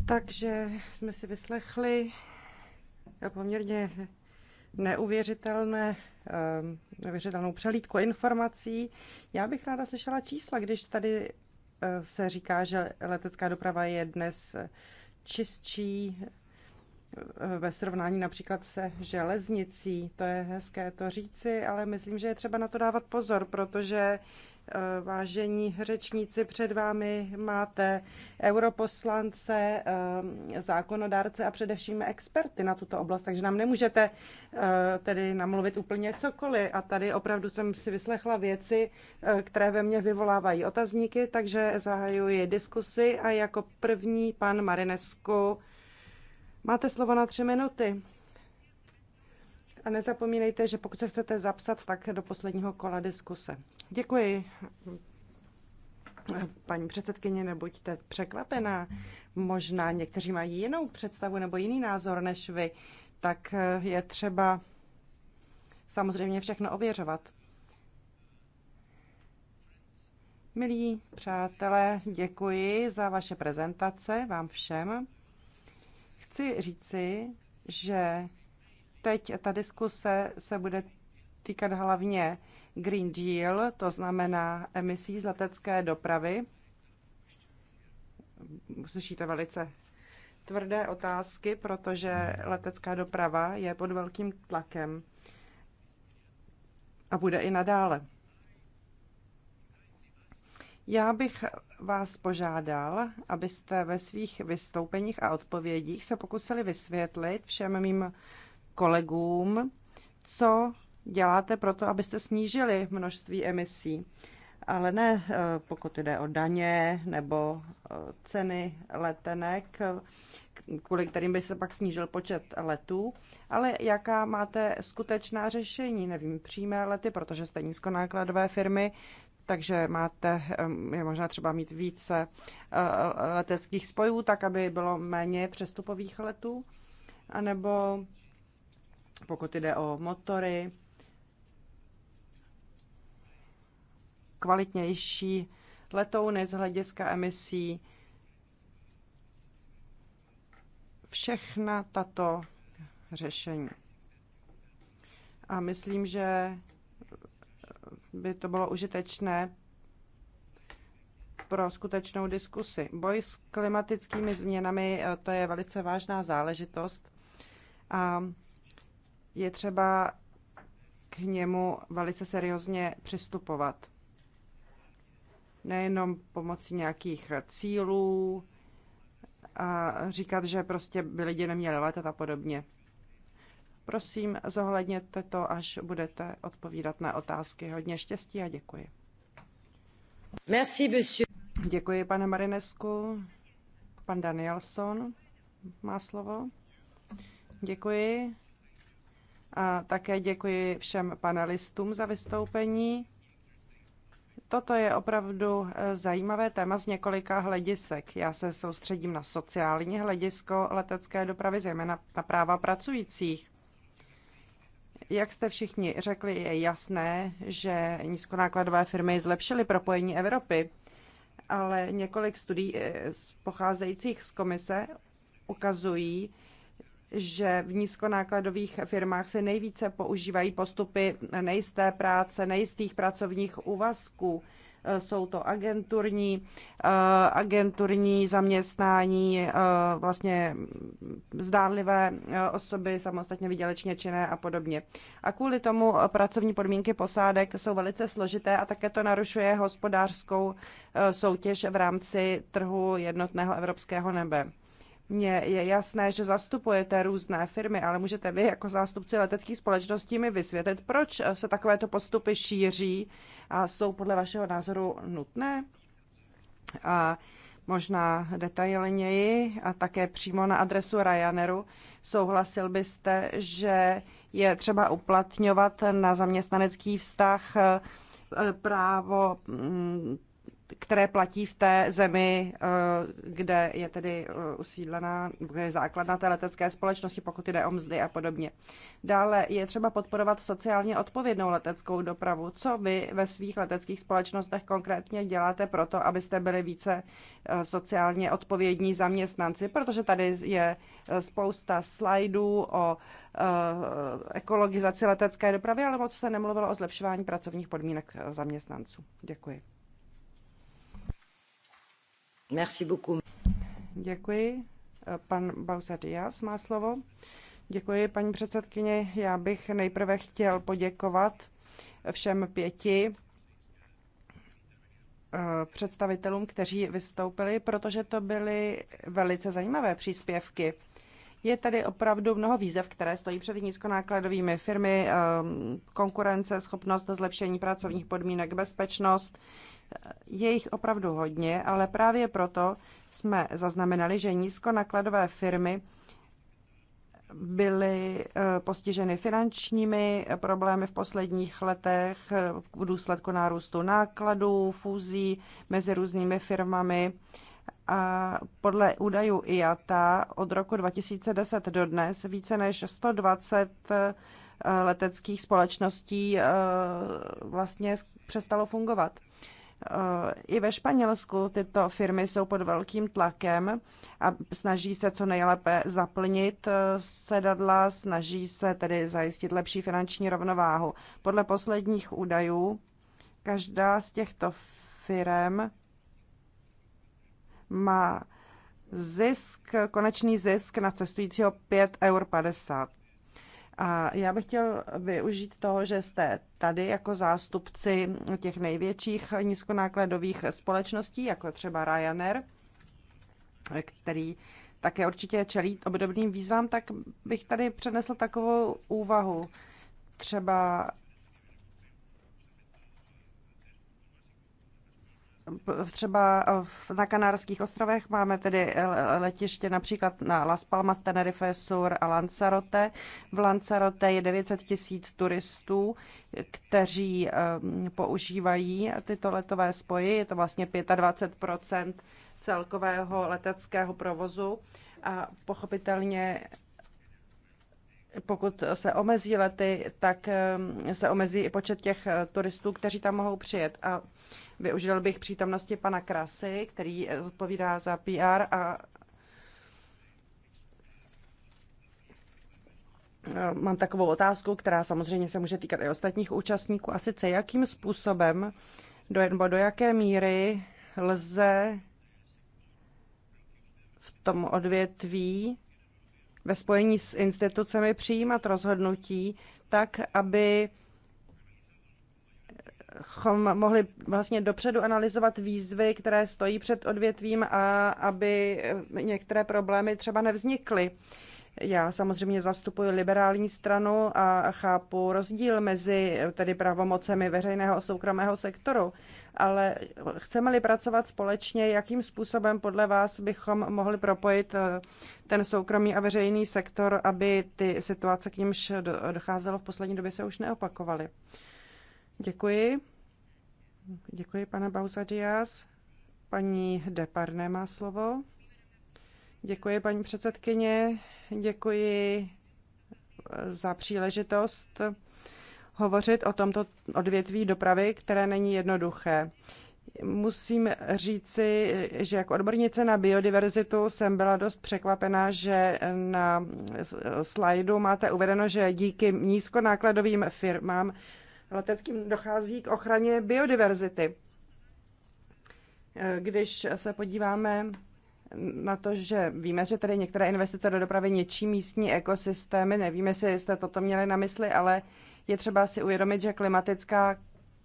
S1: Takže jsme si vyslechli eh, poměrně neuvěřitelné, eh, neuvěřitelnou přelídku informací. Já bych ráda slyšela čísla, když tady eh, se říká, že letecká doprava je dnes čistší ve srovnání například se železnicí. To je hezké to říci, ale myslím, že je třeba na to dávat pozor, protože eh, vážení řečníci, před vámi máte europoslance, eh, zákonodárce a především experty na tuto oblast, takže nám nemůžete eh, tedy namluvit úplně cokoliv. A tady opravdu jsem si vyslechla věci, které ve mně vyvolávají otazníky, takže zahajuji diskusy a jako první pan Marinesku Máte slovo na tři minuty. A nezapomínejte, že pokud se chcete zapsat, tak do posledního kola diskuse. Děkuji. Paní předsedkyně, nebuďte překvapená. Možná někteří mají jinou představu nebo jiný názor než vy, tak je třeba samozřejmě všechno ověřovat. Milí přátelé, děkuji za vaše prezentace, vám všem. Chci říci, že teď ta diskuse se bude týkat hlavně Green Deal, to znamená emisí z letecké dopravy. Slyšíte velice tvrdé otázky, protože letecká doprava je pod velkým tlakem a bude i nadále. Já bych vás požádal, abyste ve svých vystoupeních a odpovědích se pokusili vysvětlit všem mým kolegům, co děláte pro to, abyste snížili množství emisí. Ale ne eh, pokud jde o daně nebo eh, ceny letenek, kvůli kterým by se pak snížil počet letů, ale jaká máte skutečná řešení, nevím, přímé lety, protože jste nízkonákladové firmy, takže máte, je možné třeba mít více eh, leteckých spojů, tak aby bylo méně přestupových letů, anebo pokud jde o motory, kvalitnější letouny z hlediska emisí. Všechna tato řešení. A myslím, že by to bylo užitečné pro skutečnou diskusi. Boj s klimatickými změnami, eh, to je velice vážná záležitost a je třeba k němu velice seriózně přistupovat. Nejenom pomocí nějakých cílů a říkat, že prostě by lidi neměli letat a podobně. Prosím, zohledněte to, až budete odpovídat na otázky. Hodně štěstí a děkuji. Merci, monsieur. Děkuji, pane Marinesku. Pan Danielson má slovo. Děkuji. A také děkuji všem panelistům za vystoupení. Toto je opravdu eh, zajímavé téma z několika hledisek. Já se soustředím na sociální hledisko letecké dopravy, zejména na práva pracujících. Jak jste všichni řekli, je jasné, že nízkonákladové firmy zlepšily propojení Evropy, ale několik studií eh, pocházejících z komise ukazují, že v nízkonákladových firmách se nejvíce používají postupy nejisté práce, nejistých pracovních úvazků. Eh, jsou to agenturní, eh, agenturní zaměstnání, eh, vlastně zdánlivé osoby, samostatně vydělečně činné a podobně. A kvůli tomu pracovní podmínky posádek jsou velice složité a také to narušuje hospodářskou soutěž v rámci trhu jednotného evropského nebe. Mně je jasné, že zastupujete různé firmy, ale můžete vy jako zástupci leteckých společností mi vysvětlit, proč se takovéto postupy šíří a jsou podle vašeho názoru nutné? A možná detailněji a také přímo na adresu Ryanairu. Souhlasil byste, že je třeba uplatňovat na zaměstnanecký vztah eh, právo mm, které platí v té zemi, eh, kde je tedy eh, usídlená, kde je základna té letecké společnosti, pokud jde o mzdy a podobně. Dále je třeba podporovat sociálně odpovědnou leteckou dopravu. Co vy ve svých leteckých společnostech konkrétně děláte pro to, abyste byli více eh, sociálně odpovědní zaměstnanci? Protože tady je spousta slajdů o ekologizaci letecké dopravy, ale moc se nemluvilo o zlepšování pracovních podmínek zaměstnanců. Děkuji. Merci beaucoup. Děkuji. Pan Bausa má slovo. Děkuji, paní předsedkyně. Já bych nejprve chtěl poděkovat všem pěti eh, představitelům, kteří vystoupili, protože to byly velice zajímavé příspěvky. Je tady opravdu mnoho výzev, které stojí před nízkonákladovými firmy, eh, konkurence, schopnost zlepšení pracovních podmínek, bezpečnost, je jich opravdu hodně, ale právě proto jsme zaznamenali, že nízkonakladové firmy byly eh, postiženy finančními problémy v posledních letech eh, v důsledku nárůstu nákladů, fúzí mezi různými firmami. A podle údajů IATA od roku 2010 do dnes více než 120 eh, leteckých společností vlastně přestalo fungovat. I ve Španělsku tyto firmy jsou pod velkým tlakem a snaží se co nejlépe zaplnit eh, sedadla, snaží se tedy zajistit lepší finanční rovnováhu. Podle posledních údajů každá z těchto firm má zisk, konečný zisk na cestujícího 5,50 eur. A já bych chtěl využít toho, že jste tady jako zástupci těch největších nízkonákladových společností, jako třeba Ryanair, který také určitě čelí obdobným výzvám, tak bych tady přenesl takovou úvahu. Třeba Třeba na Kanárských ostrovech máme tedy letiště například na Las Palmas, Tenerife, Sur a Lanzarote. V Lanzarote je 900 tisíc turistů, kteří ehm, používají tyto letové spoje. Je to vlastně 25 celkového leteckého provozu a pochopitelně pokud se omezí lety, tak ehm, se omezí i počet těch eh, turistů, kteří tam mohou přijet. A využil bych přítomnosti pana Krasy, který eh, odpovídá za PR a eh, Mám takovou otázku, která samozřejmě se může týkat i ostatních účastníků, a sice jakým způsobem do, nebo do jaké míry lze v tom odvětví ve spojení s institucemi přijímat rozhodnutí tak, aby mohli vlastně dopředu analyzovat výzvy, které stojí před odvětvím a aby některé problémy třeba nevznikly. Já samozřejmě zastupuji liberální stranu a chápu rozdíl mezi eh, tedy pravomocemi veřejného a soukromého sektoru, ale chceme-li pracovat společně, jakým způsobem podle vás bychom mohli propojit eh, ten soukromý a veřejný sektor, aby ty situace, k nímž docházelo v poslední době, se už neopakovaly? Děkuji. Děkuji, pane Bausadias. Paní Deparné má slovo. Děkuji, paní předsedkyně. Děkuji za příležitost hovořit o tomto odvětví dopravy, které není jednoduché. Musím říci, že jako odbornice na biodiverzitu jsem byla dost překvapena, že na slajdu máte uvedeno, že díky nízkonákladovým firmám leteckým dochází k ochraně biodiverzity. Když se podíváme na to, že víme, že tady některé investice do dopravy něčí místní ekosystémy. Nevíme, jestli jste toto měli na mysli, ale je třeba si uvědomit, že klimatická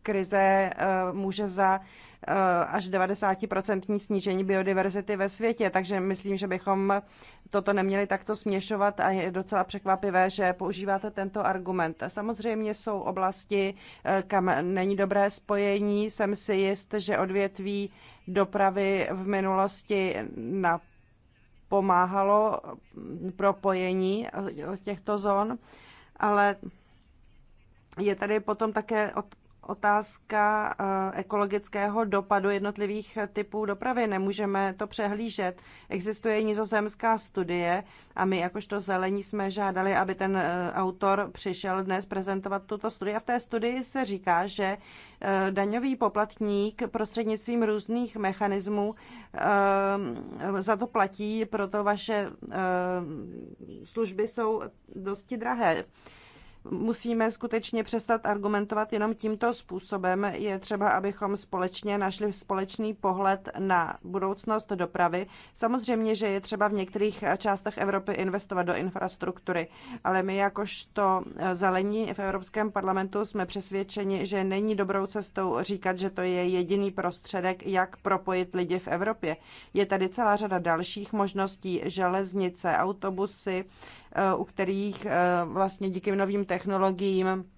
S1: krize eh, může za eh, až 90% snížení biodiverzity ve světě, takže myslím, že bychom toto neměli takto směšovat a je docela překvapivé, že používáte tento argument. Samozřejmě jsou oblasti, eh, kam není dobré spojení, jsem si jist, že odvětví dopravy v minulosti na pomáhalo propojení těchto zón, ale je tady potom také otázka eh, ekologického dopadu jednotlivých typů dopravy. Nemůžeme to přehlížet. Existuje nizozemská studie a my jakožto zelení jsme žádali, aby ten eh, autor přišel dnes prezentovat tuto studii. A v té studii se říká, že eh, daňový poplatník prostřednictvím různých mechanismů za to platí, proto vaše služby jsou dosti drahé musíme skutečně přestat argumentovat jenom tímto způsobem. Je třeba, abychom společně našli společný pohled na budoucnost dopravy. Samozřejmě, že je třeba v některých částech Evropy investovat do infrastruktury, ale my jakožto zelení v Evropském parlamentu jsme přesvědčeni, že není dobrou cestou říkat, že to je jediný prostředek, jak propojit lidi v Evropě. Je tady celá řada dalších možností, železnice, autobusy, Eh, u kterých eh, vlastně díky novým technologiím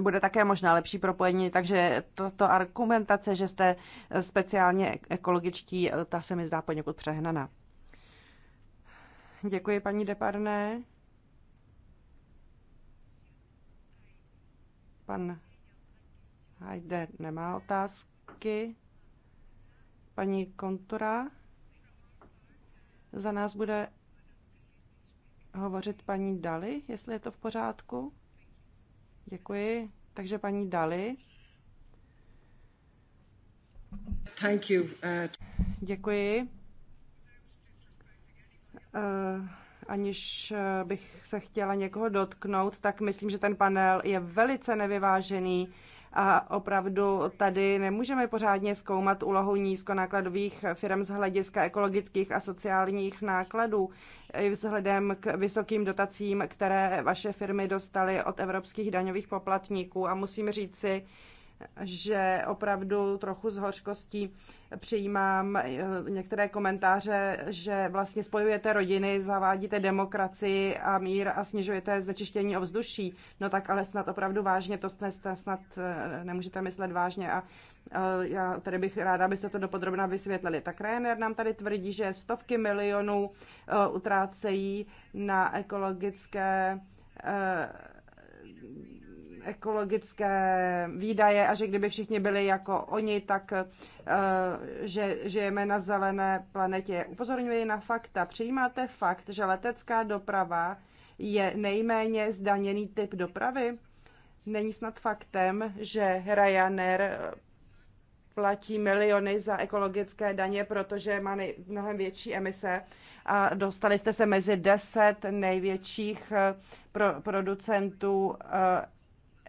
S1: bude také možná lepší propojení, takže tato argumentace, že jste eh, speciálně ekologičtí, ta se mi zdá poněkud přehnaná. Děkuji, paní Deparné. Pan Hajde nemá otázky. Paní Kontura za nás bude hovořit paní Dali, jestli je to v pořádku? Děkuji. Takže paní Dali. Thank you. Uh, Děkuji. Uh, aniž uh, bych se chtěla někoho dotknout, tak myslím, že ten panel je velice nevyvážený a opravdu tady nemůžeme pořádně zkoumat úlohu nízkonákladových firm z hlediska ekologických a sociálních nákladů vzhledem k vysokým dotacím, které vaše firmy dostaly od evropských daňových poplatníků. A musím říci, že opravdu trochu s hořkostí přijímám eh, některé komentáře, že vlastně spojujete rodiny, zavádíte demokracii a mír a snižujete znečištění ovzduší. No tak ale snad opravdu vážně, to snad eh, nemůžete myslet vážně a eh, já tady bych ráda, abyste to dopodrobna vysvětlili. Tak Ryanair nám tady tvrdí, že stovky milionů utrácejí na ekologické ekologické výdaje a že kdyby všichni byli jako oni, tak eh, že žijeme na zelené planetě. Upozorňuji na fakta. Přijímáte fakt, že letecká doprava je nejméně zdaněný typ dopravy? Není snad faktem, že Ryanair eh, platí miliony za ekologické daně, protože má nej, mnohem větší emise a dostali jste se mezi deset největších eh, pro, producentů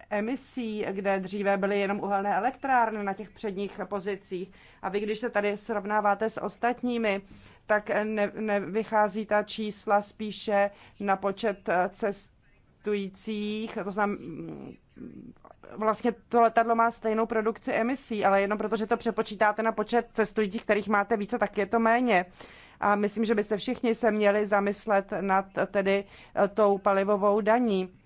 S1: emisí, kde dříve byly jenom uhelné elektrárny na těch předních pozicích. A vy, když se tady srovnáváte s ostatními, tak ne, nevychází ta čísla spíše na počet eh, cestujících, to znamená, mm, vlastně to letadlo má stejnou produkci emisí, ale jenom protože to přepočítáte na počet cestujících, kterých máte více, tak je to méně. A myslím, že byste všichni se měli zamyslet nad tedy eh, tou palivovou daní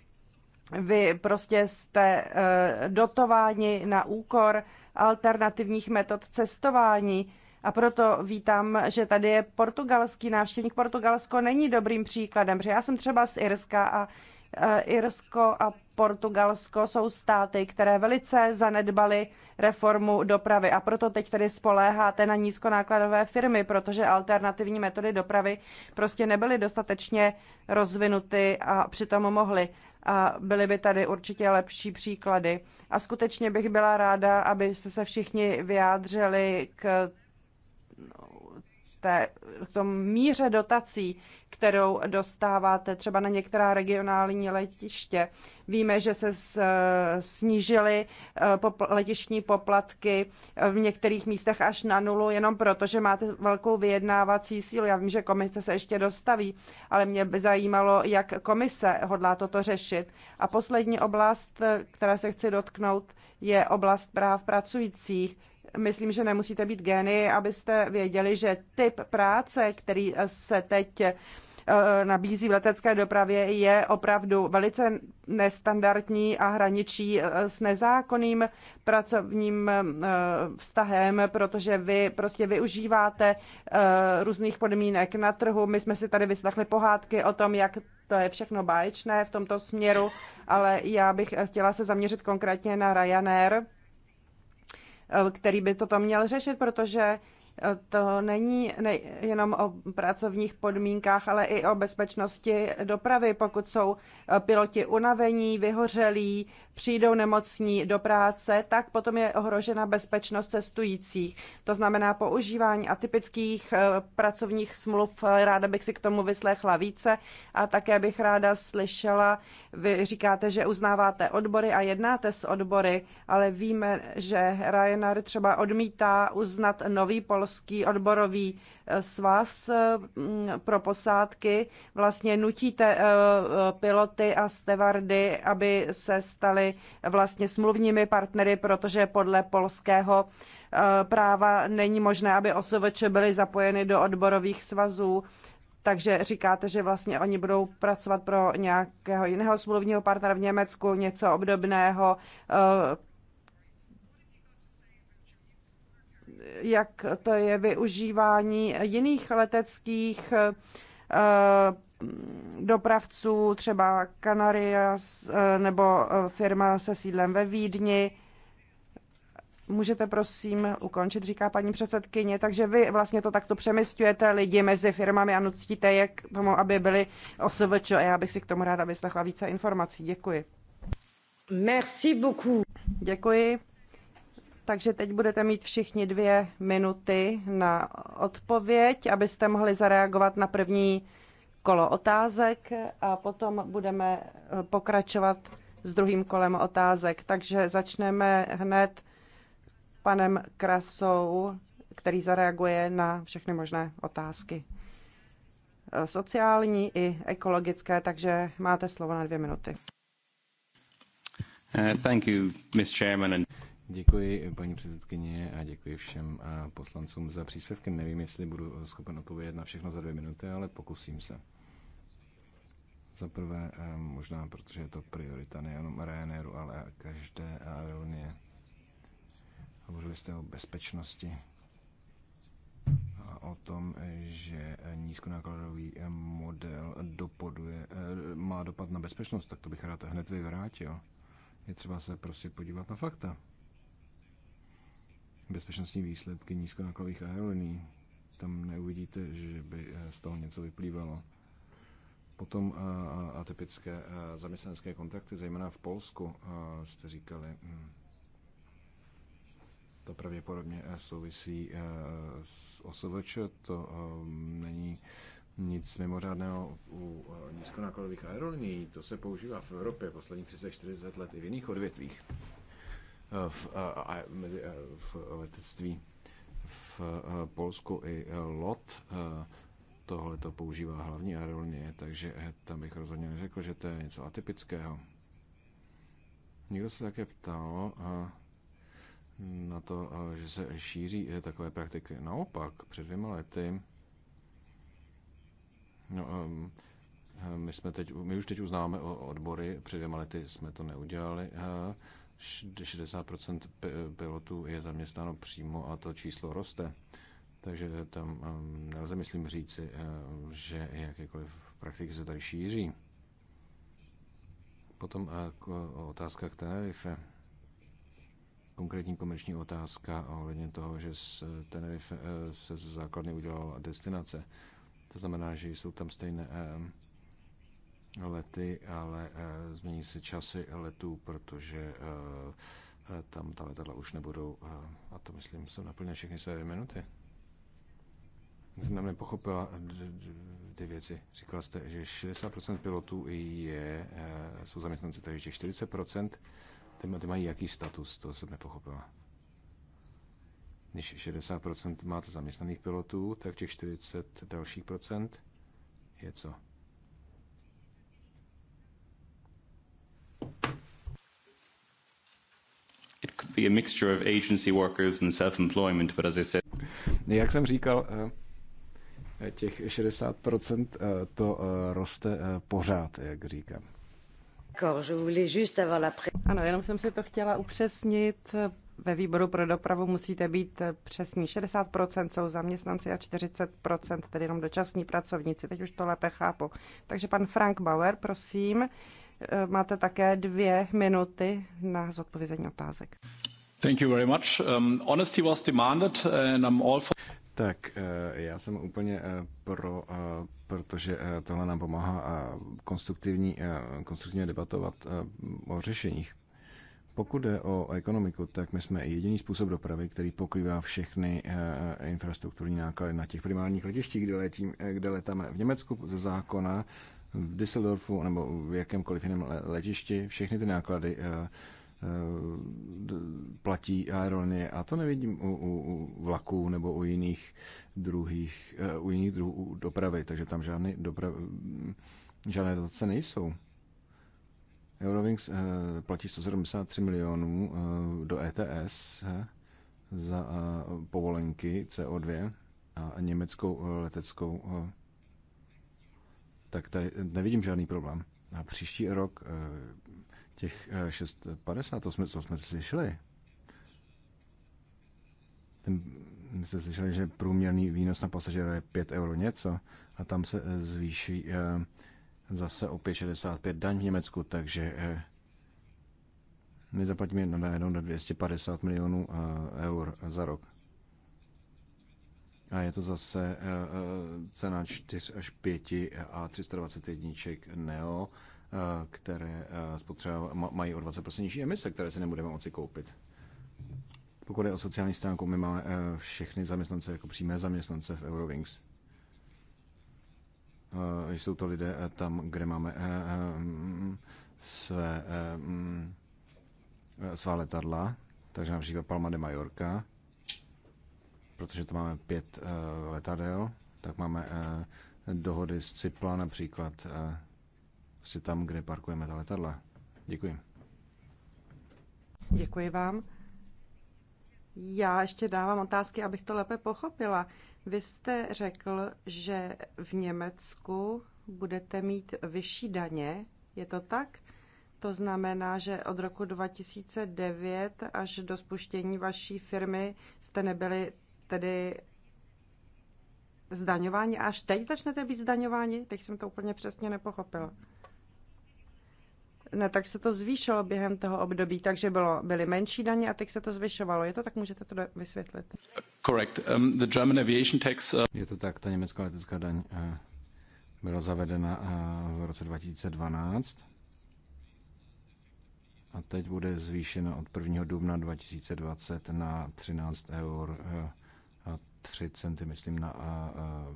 S1: vy prostě jste eh, dotováni na úkor alternativních metod cestování. A proto vítám, že tady je portugalský návštěvník. Portugalsko není dobrým příkladem, protože já jsem třeba z Irska a eh, Irsko a Portugalsko jsou státy, které velice zanedbaly reformu dopravy a proto teď tady spoléháte na nízkonákladové firmy, protože alternativní metody dopravy prostě nebyly dostatečně rozvinuty a přitom mohly a byly by tady určitě lepší příklady. A skutečně bych byla ráda, abyste se všichni vyjádřili k té v tom míře dotací, kterou dostáváte třeba na některá regionální letiště. Víme, že se snížily eh, letištní poplatky eh, v některých místech až na nulu, jenom proto, že máte velkou vyjednávací sílu. Já vím, že komise se ještě dostaví, ale mě by zajímalo, jak komise hodlá toto řešit. A poslední oblast, eh, které se chci dotknout, je oblast práv pracujících Myslím, že nemusíte být geny, abyste věděli, že typ práce, který se teď eh, nabízí v letecké dopravě, je opravdu velice nestandardní a hraničí eh, s nezákonným pracovním eh, vztahem, protože vy prostě využíváte různých podmínek na trhu. My jsme si tady vyslechli pohádky o tom, jak to je všechno báječné v tomto směru, ale já bych chtěla se zaměřit konkrétně na Ryanair Eh, který by toto měl řešit, protože to není jenom o pracovních podmínkách, ale i o bezpečnosti dopravy. Pokud jsou eh, piloti unavení, vyhořelí, přijdou nemocní do práce, tak potom je ohrožena bezpečnost cestujících. To znamená používání atypických eh, pracovních smluv. Ráda bych si k tomu vyslechla více a také bych ráda slyšela, vy říkáte, že uznáváte odbory a jednáte s odbory, ale víme, že Ryanair třeba odmítá uznat nový pol polský odborový eh, svaz eh, mm, pro posádky. Vlastně nutíte eh, piloty a stevardy, aby se stali vlastně smluvními partnery, protože podle polského práva není možné, aby OSVČ byly zapojeny do odborových svazů. Takže říkáte, že vlastně oni budou pracovat pro nějakého jiného smluvního partnera v Německu, něco obdobného jak to je využívání jiných leteckých eh, dopravců, třeba Canarias eh, nebo eh, firma se sídlem ve Vídni. Můžete prosím ukončit, říká paní předsedkyně. Takže vy vlastně to takto přemysťujete lidi mezi firmami a nutíte je k tomu, aby byli OSVČ. A já bych si k tomu ráda vyslechla více informací. Děkuji. Merci beaucoup. Děkuji. Takže teď budete mít všichni dvě minuty na odpověď, abyste mohli zareagovat na první kolo otázek a potom budeme eh, pokračovat s druhým kolem otázek. Takže začneme hned panem Krasou, který zareaguje na všechny možné otázky. Eh, sociální i ekologické, takže máte slovo na dvě minuty.
S3: Uh,
S4: thank you, Miss Chairman. And...
S3: Děkuji paní předsedkyně a děkuji všem poslancům za příspěvky. Nevím, jestli budu schopen odpovědět na všechno za dvě minuty, ale pokusím se. Za prvé, možná protože je to priorita nejenom Ryanairu, ale každé aerolinie. Hovořili jste o bezpečnosti a o tom, že nízkonákladový model dopoduje, e, má dopad na bezpečnost, tak to bych rád hned vyvrátil. Je třeba se prostě podívat na fakta bezpečnostní výsledky nízkonákladových aerolíní. Tam neuvidíte, že by eh, z toho něco vyplývalo. Potom eh, atypické eh, zaměstnanecké kontrakty, zejména v Polsku, jste říkali, hm, to pravděpodobně souvisí s OSVČ, to není nic mimořádného u nízkonákladových aerolíní, to se používá v Evropě posledních 30-40 let i v jiných odvětvích v, eh, eh, eh, v letectví v Polsku i LOT tohle to používá hlavní aerolinie, takže tam bych rozhodně neřekl, že to je něco atypického. Někdo se také ptal na to, že se šíří takové praktiky. Naopak, před dvěma lety no, my, jsme teď, my už teď uznáme odbory, před dvěma lety jsme to neudělali, 60% pilotů je zaměstnáno přímo a to číslo roste. Takže tam um, nelze, myslím, říci, uh, že jakékoliv praktiky se tady šíří. Potom uh, otázka k Tenerife. Konkrétní komerční otázka ohledně toho, že z Tenerife uh, se základně udělala destinace. To znamená, že jsou tam stejné um, lety, ale eh, změní se časy letů, protože eh, eh, tam ta letadla už nebudou, a to myslím, jsem naplnil všechny své dvě minuty. Jsem nepochopila ty věci. Říkala jste, že 60% pilotů je, jsou zaměstnanci, takže 40% ty, ty mají jaký status, to jsem nepochopila. Když 60% máte zaměstnaných pilotů, tak těch 40 dalších procent je co?
S4: It could be a mixture of agency workers and self-employment, but as I said...
S3: Jak jsem říkal, eh, těch 60% eh, to eh, roste pořád, jak říkám.
S1: Ano, jenom jsem si to chtěla upřesnit. Ve výboru pro dopravu musíte být přesní. 60% jsou zaměstnanci a 40% tedy jenom dočasní pracovníci. Teď už to lépe chápu. Takže pan Frank Bauer, prosím. Eh, máte také dvě minuty na zodpovězení otázek. Thank you very much. Um, honesty was demanded and I'm all
S3: for... Tak eh, já jsem úplně eh, pro, protože tohle nám pomáhá konstruktivní, konstruktivně debatovat o řešeních. Pokud jde o ekonomiku, tak my jsme jediný způsob dopravy, který pokrývá všechny infrastrukturní náklady na těch primárních letištích, kde, letím, kde letáme v Německu ze zákona v Düsseldorfu nebo v jakémkoliv jiném letišti, všechny ty náklady eh, eh, platí aerolinie a to nevidím u, u, u vlaků nebo u jiných druhých, eh, u jiných druhů dopravy, takže tam žádné dopravy, žádné dotace nejsou. Eurowings platí 173 milionů do ETS za povolenky CO2 a německou leteckou tak tady nevidím žádný problém. A příští rok eh, těch 650, eh, to jsme, co jsme slyšeli, ten, my jste slyšeli, že průměrný výnos na pasažera je 5 euro něco a tam se eh, zvýší zase o 5,65 daň v Německu, takže my zaplatíme najednou na 250 milionů eur za rok. A je to zase eh, eh, cena 4 až 5 eh, a 320 jedniček NEO, které mají o 20% nižší emise, které si nebudeme moci koupit. Pokud je o sociální stránku, my máme všechny zaměstnance jako přímé zaměstnance v Eurowings. Jsou to lidé tam, kde máme své, mm, svá letadla, takže například Palma de Mallorca, protože to máme pět eh, letadel, tak máme eh, dohody z Cipla například eh, si tam, kde parkujeme ta letadla. Děkuji.
S1: Děkuji vám. Já ještě dávám otázky, abych to lépe pochopila. Vy jste řekl, že v Německu budete mít vyšší daně, je to tak? To znamená, že od roku 2009 až do spuštění vaší firmy jste nebyli tedy zdaňování. A až teď začnete být zdaňování? Teď jsem to úplně přesně nepochopila. Ne, tak se to zvýšilo během toho období, takže bylo, byly menší daně a teď se to zvyšovalo. Je to tak? Můžete to vysvětlit? Correct. Um,
S3: the German aviation tax, uh... Je to tak, ta německá letecká daň uh, byla zavedena uh, v roce 2012 a teď bude zvýšena od 1. dubna 2020 na 13 eur uh, 3 centy, myslím, na a, a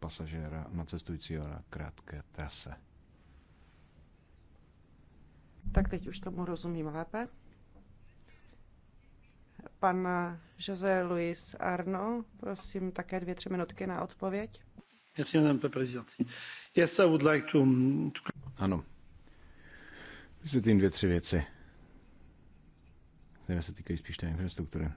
S3: pasažéra, na cestujícího na krátké
S1: trase. Tak teď už tomu rozumím lépe. Pan José Luis Arno, prosím také dvě, tři minutky na odpověď.
S3: Ano. Vysvětlím dvě, tři věci, které se týkají spíš té infrastruktury.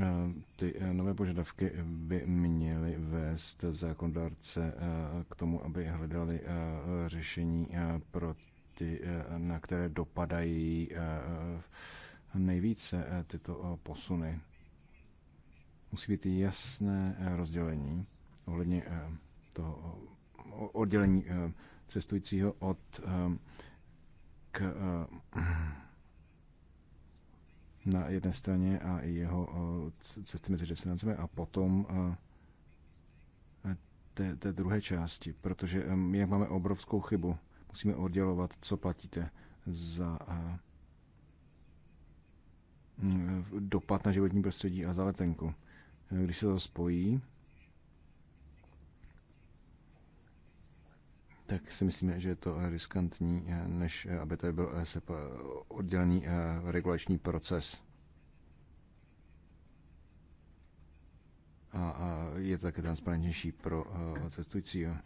S3: Eh, ty eh, nové požadavky by měly vést zákonodárce eh, k tomu, aby hledali řešení pro ty, na které dopadají nejvíce tyto posuny. Musí být jasné rozdělení ohledně toho oddělení cestujícího od k na jedné straně a i jeho cesty mezi destinancemi a potom té, té druhé části, protože jak máme obrovskou chybu. Musíme oddělovat, co platíte za dopad na životní prostředí a za letenku. Když se to spojí, tak si myslím, že je to eh, riskantní, eh, než eh, aby tady byl ESEP oddělený regulační proces. A je to také transparentnější pro cestujícího.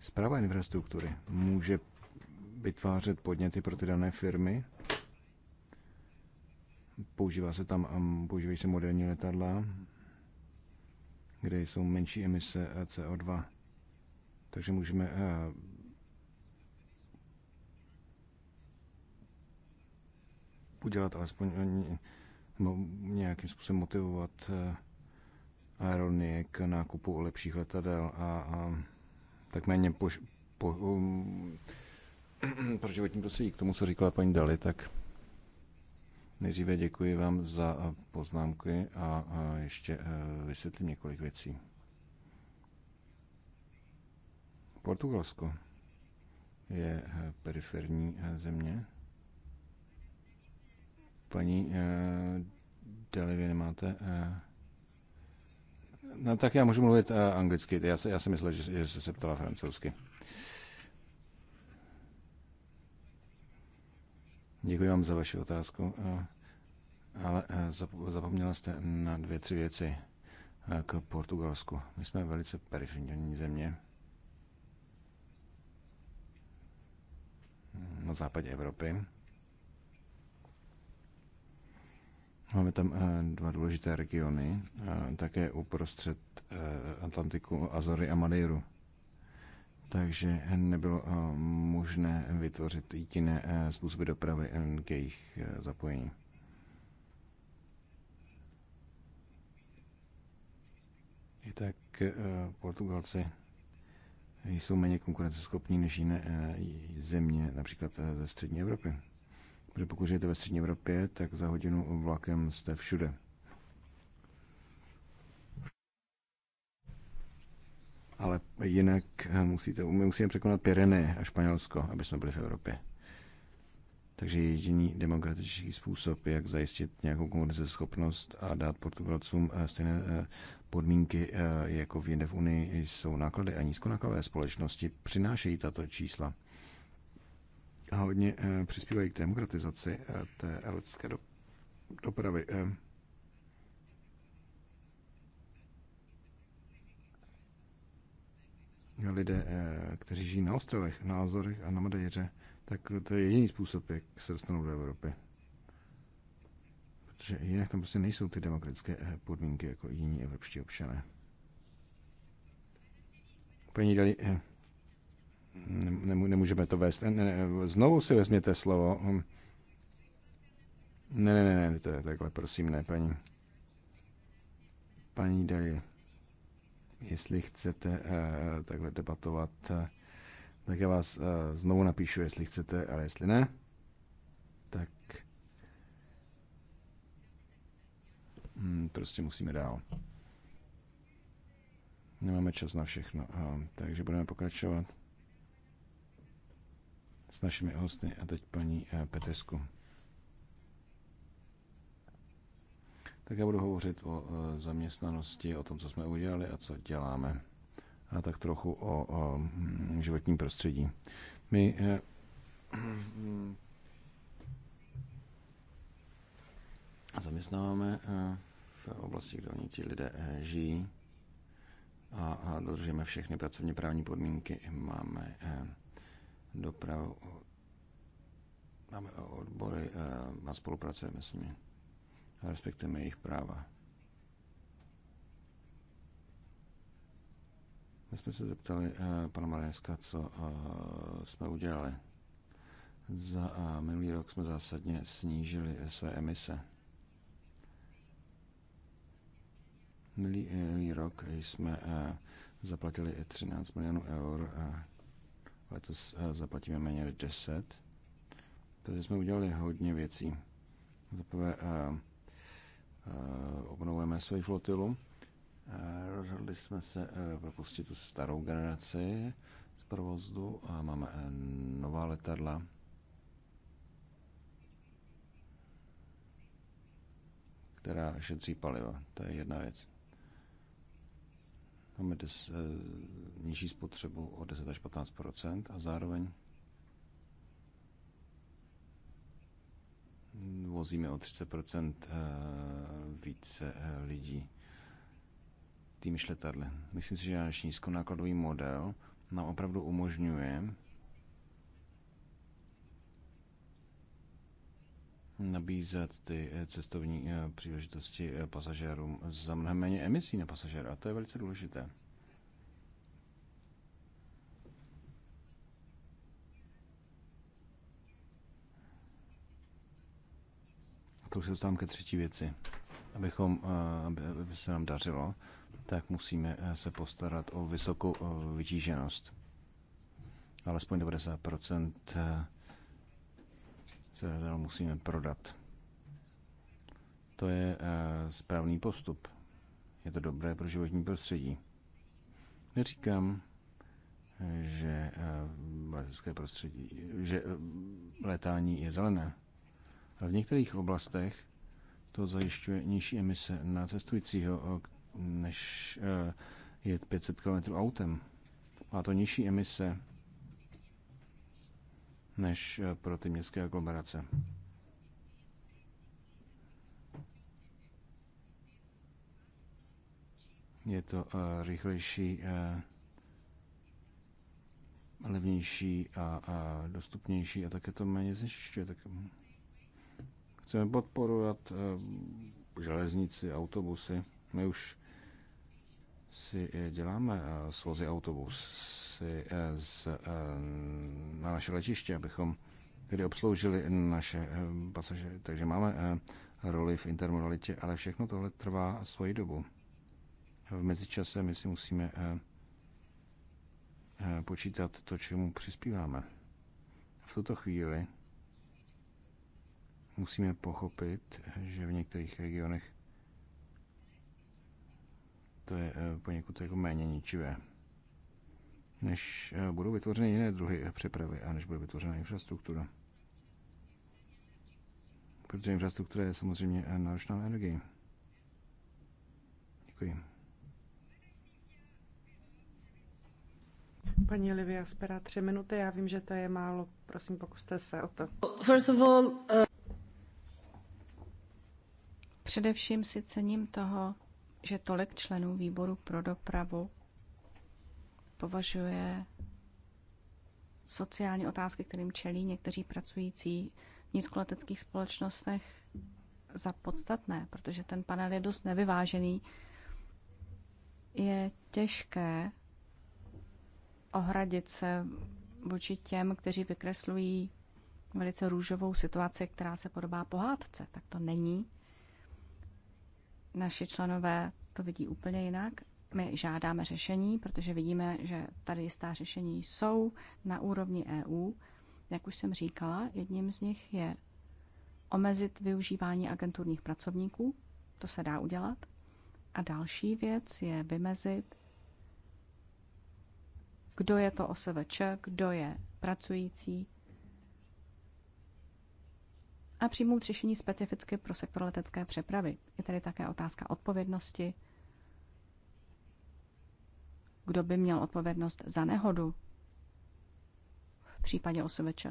S3: Zpráva infrastruktury může vytvářet podněty pro ty dané firmy. Používá se tam, používají se moderní letadla, kde jsou menší emise eh, CO2. Takže můžeme eh, udělat alespoň eh, nějakým způsobem motivovat aeronie k nákupu lepších letadel a, a tak méně po, po, um, pro životní prostředí, k tomu, co říkala paní Dali, tak Nejdříve děkuji vám za eh, poznámky a eh, ještě eh, vysvětlím několik věcí. Portugalsko je periferní země. Paní Delivě nemáte? No tak já můžu mluvit anglicky, já, se, já jsem myslel, že, že jste se ptala francouzsky. Děkuji vám za vaši otázku, eh, ale eh, zapomněla jste na dvě, tři věci eh, k Portugalsku. My jsme velice periferní země. Na západě Evropy. Máme tam dva důležité regiony, také uprostřed Atlantiku, Azory a Madeiru takže nebylo eh, možné vytvořit jiné eh, způsoby dopravy eh, k jejich zapojení. I tak Portugalci jsou méně konkurenceschopní než jiné země, například ze střední Evropy. Protože pokud žijete ve střední Evropě, tak za hodinu vlakem jste všude. ale jinak eh, musíte, my musíme překonat Pyreneje a Španělsko, aby jsme byli v Evropě. Takže jediný demokratický způsob, jak zajistit nějakou konkurenceschopnost a dát Portugalcům eh, stejné eh, podmínky jako v jinde v Unii, jsou náklady a nízkonákladové společnosti přinášejí tato čísla. A hodně přispívají k demokratizaci té lidské dopravy. lidé, eh, kteří žijí na ostrovech, na Azorech a na Madejře, tak to je jediný způsob, jak se dostanou do Evropy. Protože jinak tam prostě nejsou ty demokratické eh, podmínky jako jiní evropští občané. Paní Dali, eh, nemůžeme to vést. Ne, ne, znovu si vezměte slovo. Ne, ne, ne, ne to je takhle, prosím, ne, paní. Paní Dali. Jestli chcete eh, takhle debatovat, eh, tak já vás eh, znovu napíšu, jestli chcete, ale jestli ne, tak hm, prostě musíme dál. Nemáme čas na všechno, takže budeme pokračovat s našimi hosty a teď paní Petesku. tak já budu hovořit o e, zaměstnanosti, o tom, co jsme udělali a co děláme. A tak trochu o, o mm, životním prostředí. My eh, zaměstnáváme eh, v oblasti, kde oni ti lidé eh, žijí a, a dodržujeme všechny pracovně právní podmínky. Máme e, dopravu, máme odbory e, a spolupracujeme s nimi a respektujeme jejich práva. My jsme se zeptali uh, pana Mareska, co uh, jsme udělali. Za uh, minulý rok jsme zásadně snížili své emise. Minulý, minulý rok jsme uh, zaplatili 13 milionů eur a letos zaplatíme méně 10, Takže jsme udělali hodně věcí. Zaprvé Eh, obnovujeme svoji flotilu. Eh, rozhodli jsme se eh, propustit tu starou generaci z provozdu a máme nová letadla. která šetří paliva. To je jedna věc. Máme des, nižší spotřebu o 10 až 15 a zároveň vozíme o 30 eh, více eh, lidí tým šletadly. Myslím si, že náš nízkonákladový model nám opravdu umožňuje nabízet ty eh, cestovní příležitosti pasažérům za mnohem méně emisí na pasažéra. A to je velice důležité. a to už se dostávám ke třetí věci, abychom, eh, aby, aby se nám dařilo, tak musíme eh, se postarat o vysokou eh, vytíženost. Alespoň 90% se musíme prodat. To je správný postup. Je to dobré pro životní prostředí. Neříkám, že letecké prostředí, že letání je zelené. V některých oblastech to zajišťuje nižší emise na cestujícího, než e, je 500 km autem. Má to nižší emise než e, pro ty městské aglomerace. Je to e, rychlejší, levnější a, dostupnější a také to méně znečišťuje. Chceme podporovat eh, železnici, autobusy. My už si eh, děláme autobus eh, autobusy z, na naše letiště, abychom tedy obsloužili naše pasažery. Takže máme roli v intermodalitě, ale všechno tohle trvá svoji dobu. V mezičase my si musíme počítat to, čemu přispíváme. V tuto chvíli musíme pochopit, že v některých regionech to je eh, poněkud jako méně ničivé. Než eh, budou vytvořeny jiné druhy eh, přepravy a než bude vytvořena infrastruktura. Protože infrastruktura je samozřejmě náročná na energii. Děkuji.
S1: Paní Livia Spera, tři minuty, já vím, že to je málo, prosím, pokuste se o to. First of all, uh...
S4: Především si cením toho, že tolik členů výboru pro dopravu považuje sociální otázky, kterým čelí někteří pracující v nízkoleteckých společnostech, za podstatné, protože ten panel je dost nevyvážený. Je těžké ohradit se vůči těm, kteří vykreslují velice růžovou situaci, která se podobá pohádce. Tak to není. Naši členové to vidí úplně jinak. My žádáme řešení, protože vidíme, že tady jistá řešení jsou na úrovni EU. Jak už jsem říkala, jedním z nich je omezit využívání agenturních pracovníků. To se dá udělat. A další věc je vymezit, kdo je to OSVČ, kdo je pracující, a přijmout řešení specificky pro sektor letecké přepravy. Je tady také otázka odpovědnosti. Kdo by měl odpovědnost za nehodu v případě OSVČ?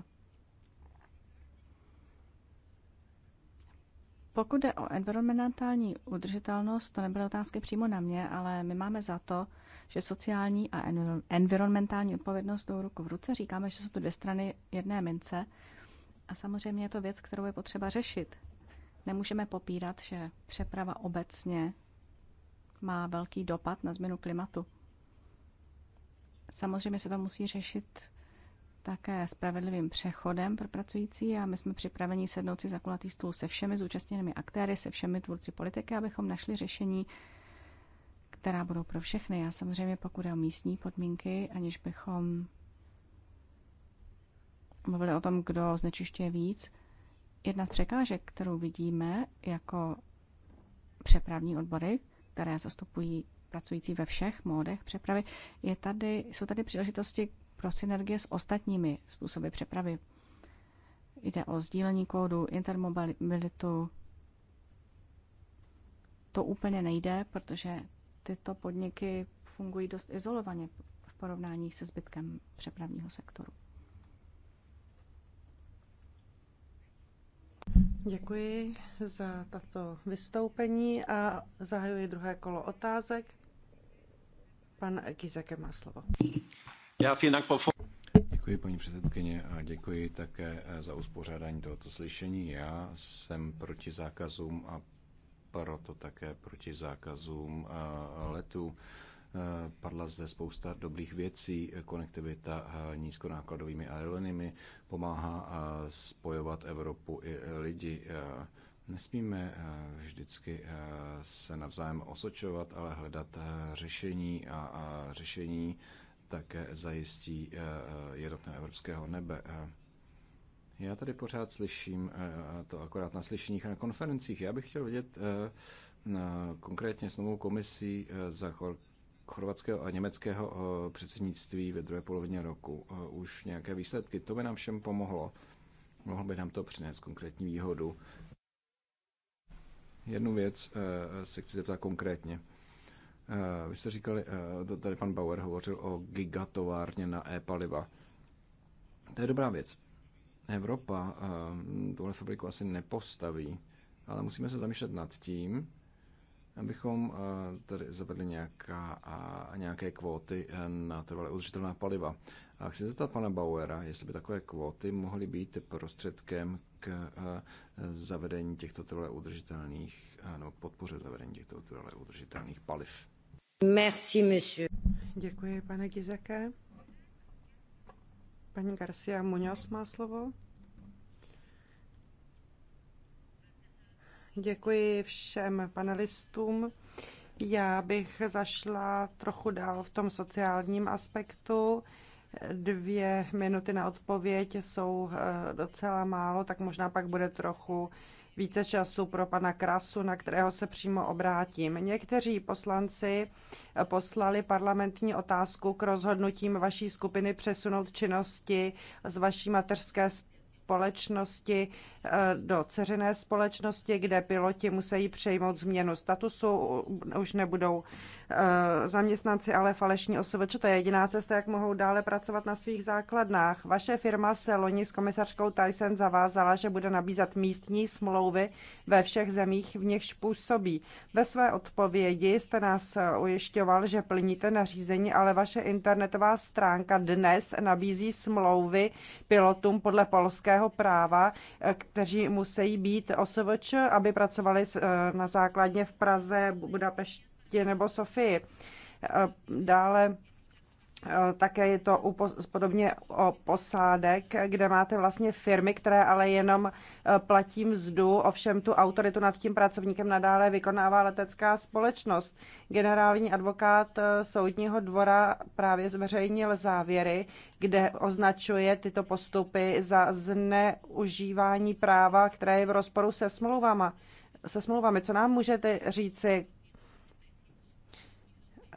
S4: Pokud jde o environmentální udržitelnost, to nebyly otázky přímo na mě, ale my máme za to, že sociální a environmentální odpovědnost jdou ruku v ruce. Říkáme, že jsou to dvě strany jedné mince a samozřejmě je to věc, kterou je potřeba řešit. Nemůžeme popírat, že přeprava obecně má velký dopad na změnu klimatu. Samozřejmě se to musí řešit také spravedlivým přechodem pro pracující a my jsme připraveni sednout si za kulatý stůl se všemi zúčastněnými aktéry, se všemi tvůrci politiky, abychom našli řešení, která budou pro všechny. Já samozřejmě pokud je o místní podmínky, aniž bychom mluvili o tom, kdo znečišťuje víc. Jedna z překážek, kterou vidíme jako přepravní odbory, které zastupují pracující ve všech módech přepravy, je tady, jsou tady příležitosti pro synergie s ostatními způsoby přepravy. Jde o sdílení kódu, intermobilitu. To úplně nejde, protože tyto podniky fungují dost izolovaně v porovnání se
S1: zbytkem přepravního sektoru. Děkuji za tato vystoupení a zahajuji druhé kolo otázek. Pan Gizeke má slovo.
S3: Já Děkuji, paní předsedkyně, a děkuji také eh, za uspořádání tohoto slyšení. Já jsem proti zákazům a proto také proti zákazům eh, letů. Eh, padla zde spousta dobrých věcí, konektivita eh, nízkonákladovými aerolinami pomáhá eh, spojovat Evropu i lidi. Nesmíme vždycky se navzájem osočovat, ale hledat řešení a řešení také zajistí jednotné evropského nebe. Já tady pořád slyším to akorát na slyšeních a na konferencích. Já bych chtěl vidět konkrétně s novou komisí za chorvatského a německého eh, předsednictví ve druhé polovině roku eh, už nějaké výsledky. To by nám všem pomohlo. Mohlo by nám to přinést konkrétní výhodu. Jednu věc eh, se chci zeptat konkrétně. Vy jste říkali, tady pan Bauer hovořil o gigatovárně na e-paliva. To je dobrá věc. Evropa tuhle fabriku asi nepostaví, ale musíme se zamýšlet nad tím, abychom eh, tady zavedli nějaká, nějaké kvóty eh, na trvalé udržitelná paliva. A chci zeptat pana Bauera, jestli by takové kvóty mohly být prostředkem k eh, zavedení těchto trvalé udržitelných, nebo k podpoře zavedení těchto trvalé udržitelných paliv.
S1: Merci, monsieur. Děkuji, pane Gizeke. Paní Garcia Muñoz má slovo. Děkuji všem panelistům. Já bych zašla trochu dál v tom sociálním aspektu. Dvě minuty na odpověď jsou eh, docela málo, tak možná pak bude trochu více času pro pana Krasu, na kterého se přímo obrátím. Někteří poslanci eh, poslali parlamentní otázku k rozhodnutím vaší skupiny přesunout činnosti z vaší mateřské společnosti eh, do ceřené společnosti, kde piloti musí přejmout změnu statusu, už nebudou eh, zaměstnanci, ale falešní osobeče. To je jediná cesta, jak mohou dále pracovat na svých základnách. Vaše firma se loni s komisařkou Tyson zavázala, že bude nabízat místní smlouvy ve všech zemích, v nichž působí. Ve své odpovědi jste nás ujišťoval, že plníte nařízení, ale vaše internetová stránka dnes nabízí smlouvy pilotům podle polského azylového práva, eh, kteří musí být osvč, aby pracovali eh, na základně v Praze, Budapešti nebo Sofii. Eh, dále Eh, také je to podobně o posádek, kde máte vlastně firmy, které ale jenom eh, platí mzdu, ovšem tu autoritu nad tím pracovníkem nadále vykonává letecká společnost. Generální advokát eh, Soudního dvora právě zveřejnil závěry, kde označuje tyto postupy za zneužívání práva, které je v rozporu se smlouvama. Se smlouvami, co nám můžete říci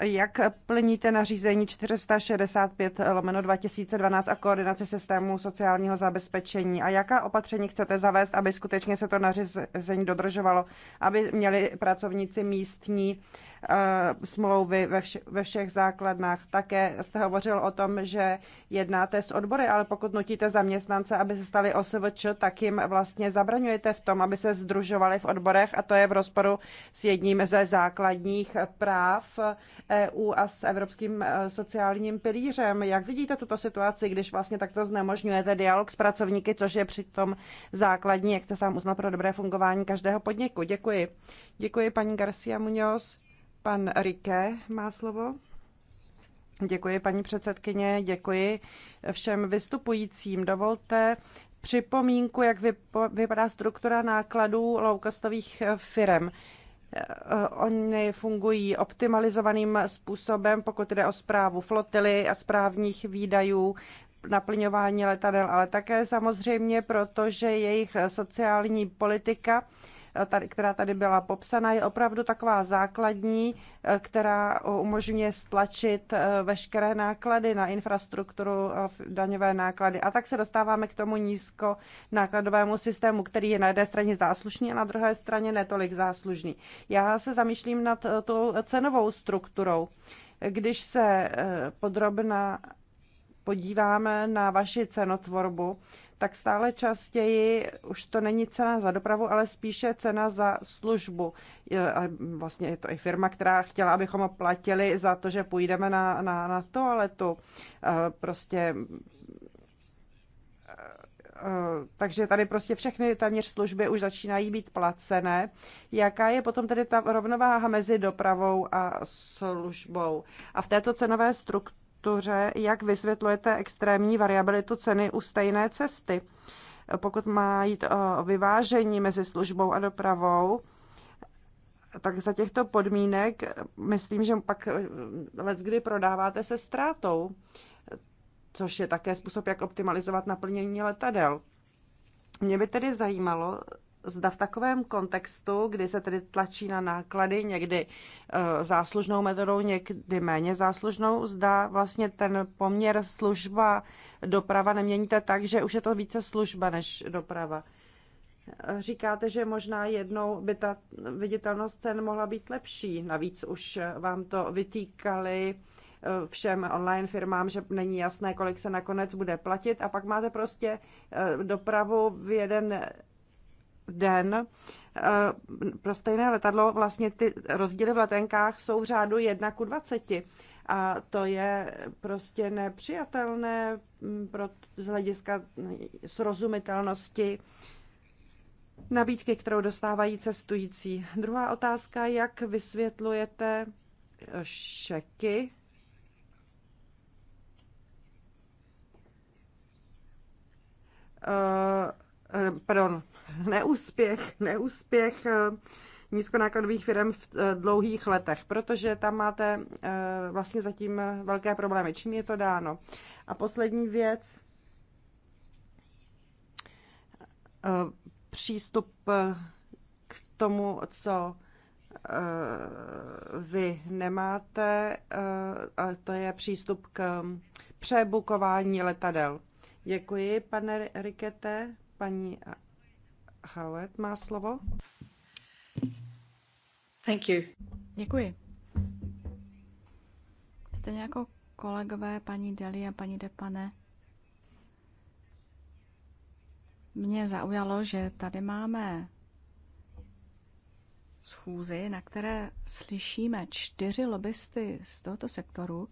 S1: jak plníte nařízení 465 lomeno 2012 a koordinaci systému sociálního zabezpečení? A jaká opatření chcete zavést, aby skutečně se to nařízení dodržovalo, aby měli pracovníci místní Eh, smlouvy ve, vš- ve všech základnách. Také jste hovořil o tom, že jednáte s odbory, ale pokud nutíte zaměstnance, aby se stali OSVČ, tak jim vlastně zabraňujete v tom, aby se združovali v odborech a to je v rozporu s jedním ze základních práv EU a s Evropským eh, sociálním pilířem. Jak vidíte tuto situaci, když vlastně takto znemožňujete dialog s pracovníky, což je přitom základní, jak jste sám uznal, pro dobré fungování každého podniku? Děkuji. Děkuji paní Garcia Muñoz. Pan Rike má slovo. Děkuji, paní předsedkyně, děkuji všem vystupujícím. Dovolte připomínku, jak vypadá struktura nákladů loukastových firm. Eh, oni fungují optimalizovaným způsobem, pokud jde o zprávu flotily a správních výdajů, naplňování letadel, ale také samozřejmě, protože jejich sociální politika Eh, tady, která tady byla popsaná, je opravdu taková základní, eh, která umožňuje stlačit eh, veškeré náklady na infrastrukturu, daňové náklady. A tak se dostáváme k tomu nízko nákladovému systému, který je na jedné straně záslušný a na druhé straně netolik záslužný. Já se zamýšlím nad tou cenovou strukturou. Když se podrobna podíváme na vaši cenotvorbu, tak stále častěji už to není cena za dopravu, ale spíše cena za službu. vlastně je to i firma, která chtěla, abychom platili za to, že půjdeme na, na, na toaletu. E, prostě e, e, takže tady prostě všechny téměř služby už začínají být placené. Jaká je potom tedy ta rovnováha mezi dopravou a službou? A v této cenové struktuře struktuře, jak vysvětlujete extrémní variabilitu ceny u stejné cesty? Pokud má jít o vyvážení mezi službou a dopravou, tak za těchto podmínek myslím, že pak eh, let, kdy prodáváte se ztrátou, což je také způsob, jak optimalizovat naplnění letadel. Mě by tedy zajímalo, zda v takovém kontextu, kdy se tedy tlačí na náklady někdy e, záslužnou metodou, někdy méně záslužnou, zda vlastně ten poměr služba doprava neměníte tak, že už je to více služba než doprava. Říkáte, že možná jednou by ta viditelnost cen mohla být lepší. Navíc už vám to vytýkali e, všem online firmám, že není jasné, kolik se nakonec bude platit a pak máte prostě e, dopravu v jeden den eh, pro stejné letadlo vlastně ty rozdíly v letenkách jsou v řádu 1 ku 20. A to je prostě nepřijatelné mm, pro, z hlediska srozumitelnosti nabídky, kterou dostávají cestující. Druhá otázka, jak vysvětlujete eh, šeky? Uh, pardon, neúspěch, neúspěch eh, nízkonákladových firm v eh, dlouhých letech, protože tam máte eh, vlastně zatím velké problémy. Čím je to dáno? A poslední věc, přístup k tomu, co vy nemáte, a to je přístup k přebukování letadel. Děkuji, pane Rikete, paní Howard má slovo. Thank you. Děkuji.
S4: Stejně jako kolegové, paní Deli a paní Depane, mě zaujalo, že tady máme schůzi, na které slyšíme čtyři lobbysty z tohoto sektoru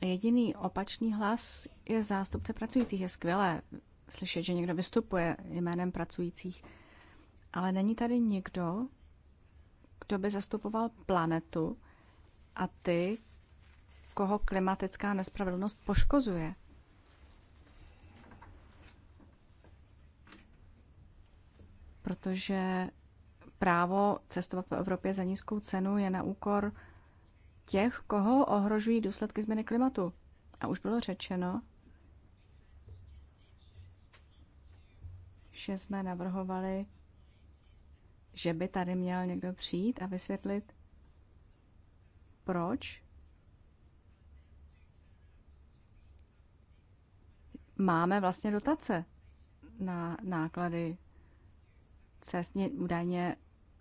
S4: a jediný opačný hlas je zástupce pracujících. Je skvělé slyšet, že někdo vystupuje jménem pracujících. Ale není tady nikdo, kdo by zastupoval planetu a ty, koho klimatická nespravedlnost poškozuje. Protože právo cestovat po Evropě za nízkou cenu je na úkor těch, koho ohrožují důsledky změny klimatu. A už bylo řečeno, že jsme navrhovali že by tady měl někdo přijít a vysvětlit, proč máme vlastně dotace na náklady cest. Údajně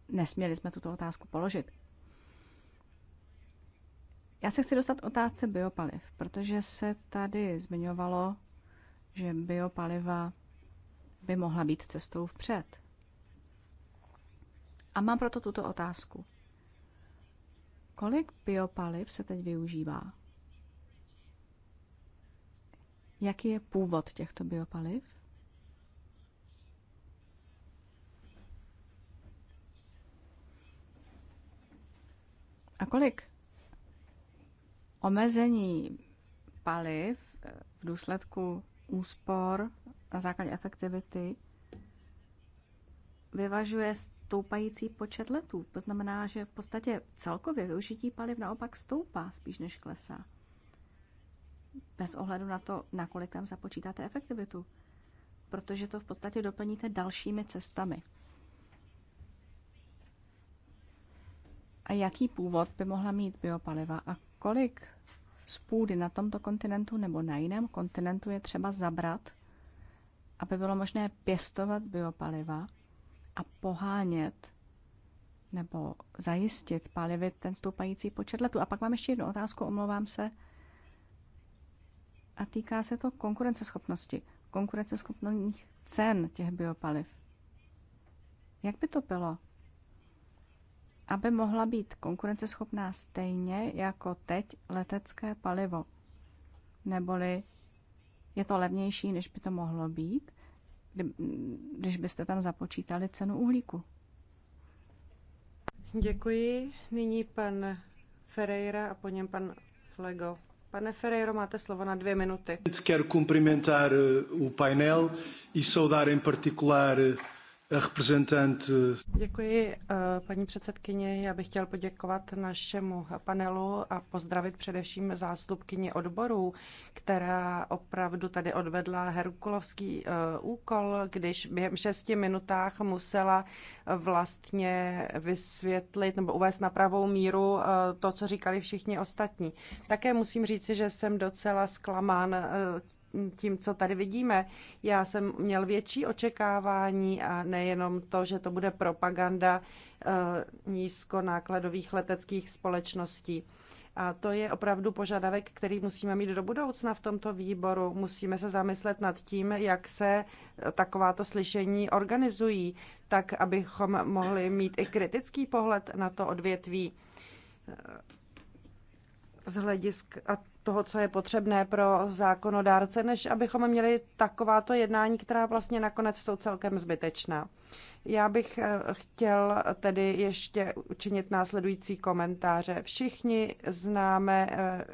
S4: nesměli jsme tuto otázku položit. Já se chci dostat otázce biopaliv, protože se tady zmiňovalo, že biopaliva by mohla být cestou vpřed a mám proto tuto otázku. Kolik biopaliv se teď využívá? Jaký je původ těchto biopaliv? A kolik omezení paliv v důsledku úspor na základě efektivity vyvažuje stoupající počet letů. To znamená, že v podstatě celkově využití paliv naopak stoupá spíš než klesá. Bez ohledu na to, nakolik tam započítáte efektivitu. Protože to v podstatě doplníte dalšími cestami. A jaký původ by mohla mít biopaliva a kolik z půdy na tomto kontinentu nebo na jiném kontinentu je třeba zabrat, aby bylo možné pěstovat biopaliva a pohánět nebo zajistit palivy ten stoupající počet letů. A pak mám ještě jednu otázku, omlouvám se. A týká se to konkurenceschopnosti, konkurenceschopných cen těch biopaliv. Jak by to bylo? Aby mohla být konkurenceschopná stejně jako teď letecké palivo. Neboli je to levnější, než by to mohlo být, když byste tam započítali cenu uhlíku.
S1: Děkuji. Nyní pan Ferreira a po něm pan Flego. Pane Ferreiro, máte slovo na dvě minuty.
S4: Quero
S3: cumprimentar eh, o painel e saudar em particular eh, reprezentante. Eh,
S1: Děkuji, eh, paní předsedkyně. Já bych chtěl poděkovat našemu panelu a pozdravit především zástupkyni odborů, která opravdu tady odvedla herkulovský eh, úkol, když během šesti minutách musela vlastně vysvětlit nebo uvést na pravou míru to, co říkali všichni ostatní. Také musím říci, že jsem docela zklamán tím, co tady vidíme. Já jsem měl větší očekávání a nejenom to, že to bude propaganda eh, nízkonákladových leteckých společností. A to je opravdu požadavek, který musíme mít do budoucna v tomto výboru. Musíme se zamyslet nad tím, jak se eh, takováto slyšení organizují, tak abychom mohli mít i kritický pohled na to odvětví. Eh, z hledisk, a toho, co je potřebné pro zákonodárce, než abychom měli takováto jednání, která vlastně nakonec jsou celkem zbytečná. Já bych eh, chtěl tedy ještě učinit následující komentáře. Všichni známe, eh,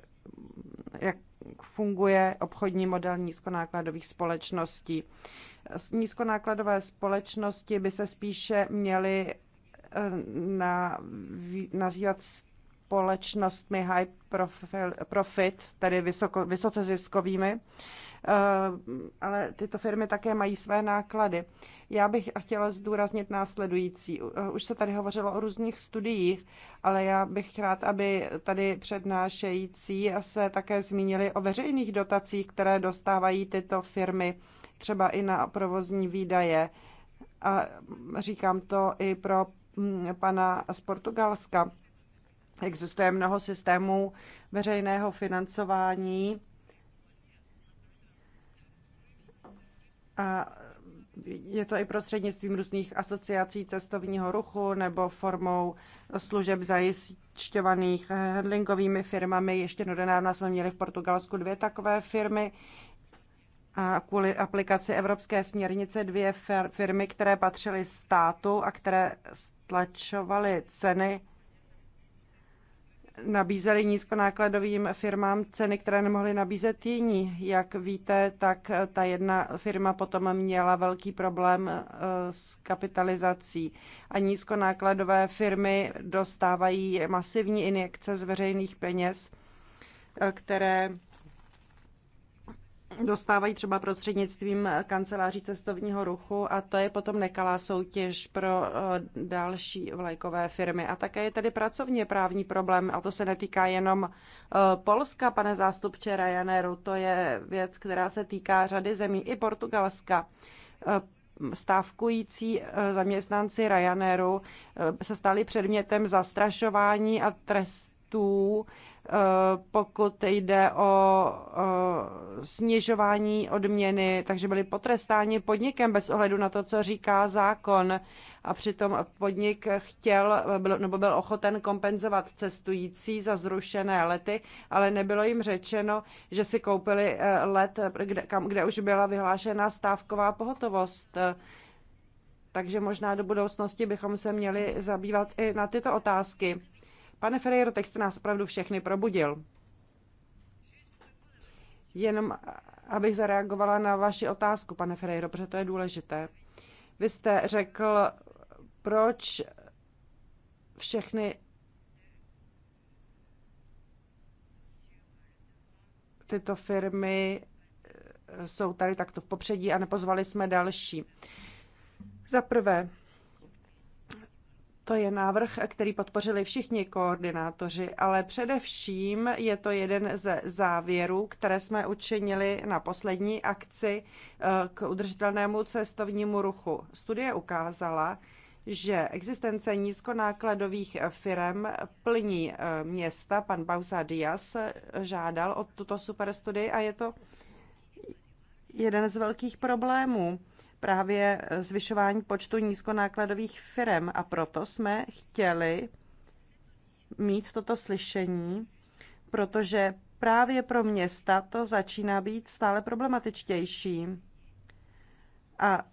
S1: jak funguje obchodní model nízkonákladových společností. Nízkonákladové společnosti by se spíše měly eh, na, nazývat společnostmi high profil, profit, tedy vysoko, vysoce ziskovými, eh, ale tyto firmy také mají své náklady. Já bych chtěla zdůraznit následující. Eh, už se tady hovořilo o různých studiích, ale já bych rád, aby tady přednášející se také zmínili o veřejných dotacích, které dostávají tyto firmy, třeba i na provozní výdaje. A říkám to i pro mm, pana z Portugalska Existuje mnoho systémů veřejného financování a je to i prostřednictvím různých asociací cestovního ruchu nebo formou služeb zajišťovaných handlingovými firmami. Ještě nedávno jsme měli v Portugalsku dvě takové firmy a kvůli aplikaci Evropské směrnice dvě firmy, které patřily státu a které stlačovaly ceny nabízeli nízkonákladovým firmám ceny, které nemohly nabízet jiní. Jak víte, tak ta jedna firma potom měla velký problém eh, s kapitalizací a nízkonákladové firmy dostávají masivní injekce z veřejných peněz, eh, které dostávají třeba prostřednictvím kanceláří cestovního ruchu a to je potom nekalá soutěž pro eh, další vlajkové firmy. A také je tady pracovně právní problém a to se netýká jenom eh, Polska, pane zástupče Ryanairu, to je věc, která se týká řady zemí i Portugalska eh, stávkující zaměstnanci Ryanairu se stali předmětem zastrašování a trestů Eh, pokud jde o eh, snižování odměny, takže byli potrestáni podnikem bez ohledu na to, co říká zákon. A přitom podnik chtěl byl, nebo byl ochoten kompenzovat cestující za zrušené lety, ale nebylo jim řečeno, že si koupili eh, let, kde, kam, kde už byla vyhlášena stávková pohotovost. Takže možná do budoucnosti bychom se měli zabývat i na tyto otázky. Pane Ferreiro, teď jste nás opravdu všechny probudil. Jenom abych zareagovala na vaši otázku, pane Ferreiro, protože to je důležité. Vy jste řekl, proč všechny tyto firmy jsou tady takto v popředí a nepozvali jsme další. Za prvé, to je návrh, který podpořili všichni koordinátoři, ale především je to jeden ze závěrů, které jsme učinili na poslední akci eh, k udržitelnému cestovnímu ruchu. Studie ukázala, že existence nízkonákladových firm plní eh, města. Pan Bausa Dias žádal o tuto superstudii a je to jeden z velkých problémů právě eh, zvyšování počtu nízkonákladových firm a proto jsme chtěli mít toto slyšení, protože právě pro města to začíná být stále problematičtější. A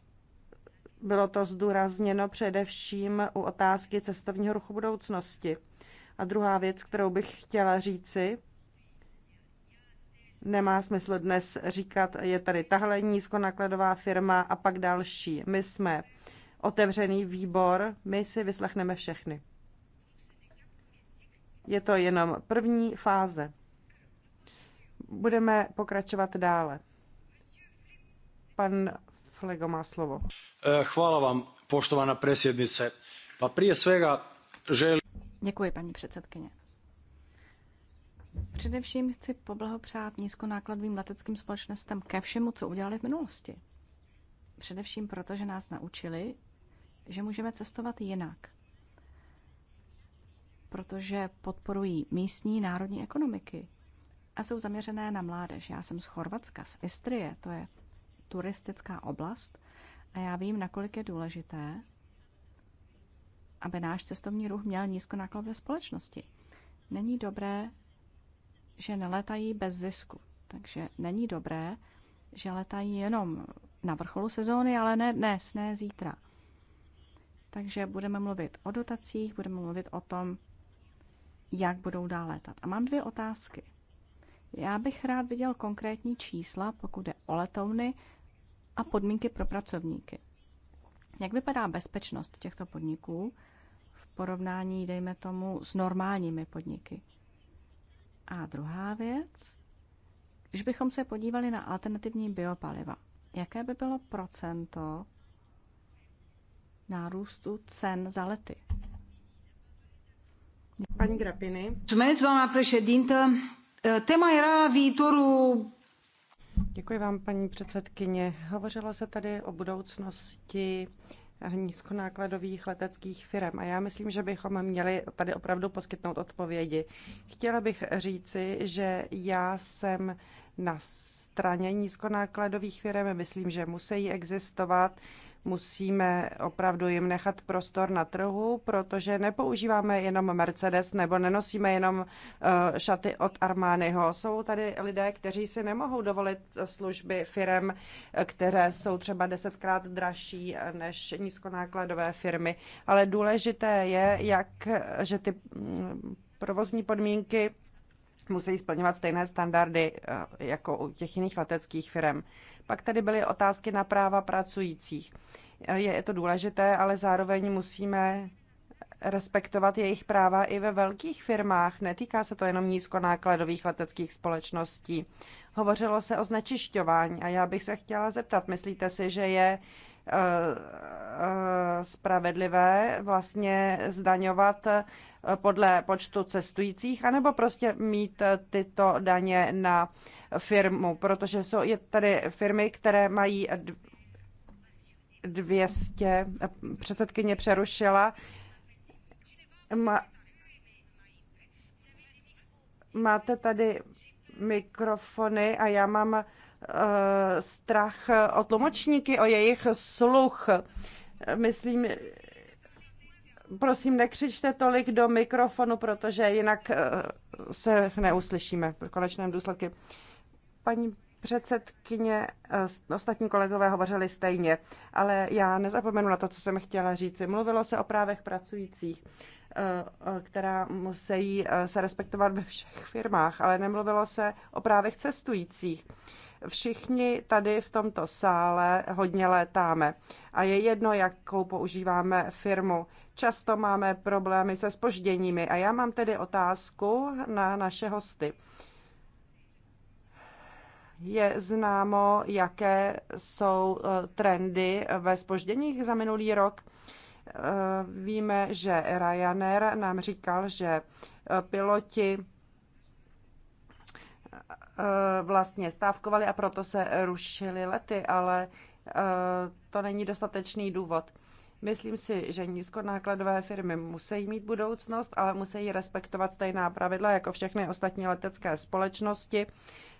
S1: bylo to zdůrazněno především u otázky cestovního ruchu budoucnosti. A druhá věc, kterou bych chtěla říci, Nemá smysl dnes říkat, je tady tahle nízkonakladová firma a pak další. My jsme otevřený výbor, my si vyslechneme všechny. Je to jenom první fáze. Budeme pokračovat dále. Pan Flego má slovo.
S3: E, chvála vám, poštovaná presjednice. Pa prije svega želim...
S1: Děkuji, paní předsedkyně.
S4: Především chci poblahopřát nízkonákladovým leteckým společnostem ke všemu, co udělali v minulosti. Především proto, že nás naučili, že můžeme cestovat jinak. Protože podporují místní národní ekonomiky a jsou zaměřené na mládež. Já jsem z Chorvatska, z Istrie, to je turistická oblast a já vím, nakolik je důležité, aby náš cestovní ruch měl nízkonákladové společnosti. Není dobré, že neletají bez zisku. Takže není dobré, že letají jenom na vrcholu sezóny, ale ne dnes, ne zítra. Takže budeme mluvit o dotacích, budeme mluvit o tom, jak budou dál letat. A mám dvě otázky. Já bych rád viděl konkrétní čísla, pokud je o letovny a podmínky pro pracovníky. Jak vypadá bezpečnost těchto podniků v porovnání, dejme tomu, s normálními podniky? A druhá věc, když bychom se podívali na alternativní biopaliva, jaké by bylo procento nárůstu cen za lety?
S1: Paní Grapini.
S4: Mulțumesc, doamna președintă. Téma era viitorul
S1: Děkuji vám, paní předsedkyně. Hovořilo se tady o budoucnosti nízkonákladových leteckých firm. A já myslím, že bychom měli tady opravdu poskytnout odpovědi. Chtěla bych říci, že já jsem na straně nízkonákladových firm. Myslím, že musí existovat musíme opravdu jim nechat prostor na trhu, protože nepoužíváme jenom Mercedes nebo nenosíme jenom eh, šaty od Armányho. Jsou tady lidé, kteří si nemohou dovolit služby firm, které jsou třeba desetkrát dražší eh, než nízkonákladové firmy. Ale důležité je, jak, že ty mm, provozní podmínky musí splňovat stejné standardy eh, jako u těch jiných leteckých firm. Pak tady byly otázky na práva pracujících. Eh, je to důležité, ale zároveň musíme respektovat jejich práva i ve velkých firmách. Netýká se to jenom nízkonákladových leteckých společností. Hovořilo se o znečišťování a já bych se chtěla zeptat, myslíte si, že je eh, spravedlivé vlastně zdaňovat podle počtu cestujících, anebo prostě mít eh, tyto daně na firmu, protože jsou je tady firmy, které mají 200, eh, předsedkyně přerušila, máte tady mikrofony a já mám uh, strach o tlumočníky, o jejich sluch. Myslím, prosím, nekřičte tolik do mikrofonu, protože jinak eh, se neuslyšíme v konečném důsledku. Paní předsedkyně, eh, ostatní kolegové hovořili stejně, ale já nezapomenu na to, co jsem chtěla říci. Mluvilo se o právech pracujících, eh, která musí se respektovat ve všech firmách, ale nemluvilo se o právech cestujících všichni tady v tomto sále hodně létáme. A je jedno, jakou používáme firmu. Často máme problémy se spožděními a já mám tedy otázku na naše hosty. Je známo, jaké jsou eh, trendy ve spožděních za minulý rok? Eh, víme, že Ryanair nám říkal, že eh, piloti vlastně stávkovali a proto se rušily lety, ale to není dostatečný důvod. Myslím si, že nízkonákladové firmy musí mít budoucnost, ale musí respektovat stejná pravidla jako všechny ostatní letecké společnosti.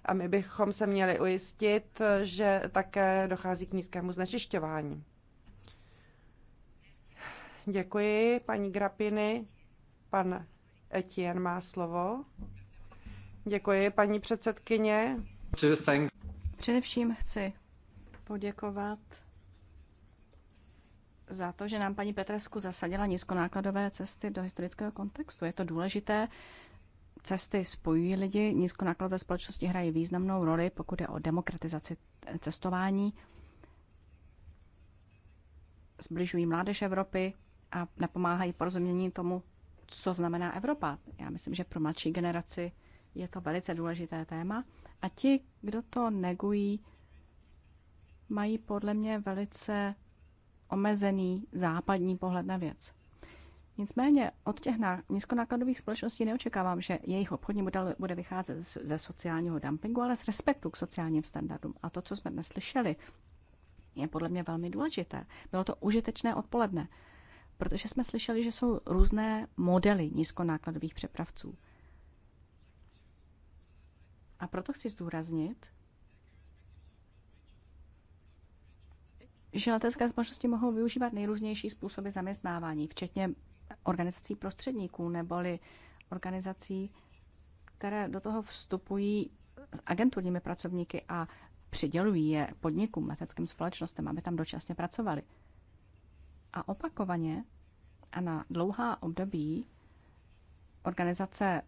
S1: A my bychom se měli ujistit, že také dochází k nízkému znečišťování. Děkuji, paní Grapiny. Pan Etienne má slovo. Děkuji, paní předsedkyně. Především chci poděkovat za to, že nám paní
S4: Petresku zasadila nízkonákladové cesty do historického kontextu. Je to důležité. Cesty spojují lidi, nízkonákladové společnosti hrají významnou roli, pokud je o demokratizaci cestování. Zbližují mládež Evropy a napomáhají porozumění tomu, co znamená Evropa. Já myslím, že pro mladší generaci je to velice důležité téma. A ti, kdo to negují, mají podle mě velice omezený západní pohled na věc. Nicméně od těch nízkonákladových společností neočekávám, že jejich obchodní model bude vycházet ze sociálního dumpingu, ale z respektu k sociálním standardům. A to, co jsme dnes slyšeli, je podle mě velmi důležité. Bylo to užitečné odpoledne, protože jsme slyšeli, že jsou různé modely nízkonákladových přepravců. A proto chci zdůraznit, že letecké společnosti mohou využívat nejrůznější způsoby zaměstnávání, včetně organizací prostředníků neboli organizací, které do toho vstupují s agenturními pracovníky a přidělují je podnikům, leteckým společnostem, aby tam dočasně pracovali. A opakovaně a na dlouhá období organizace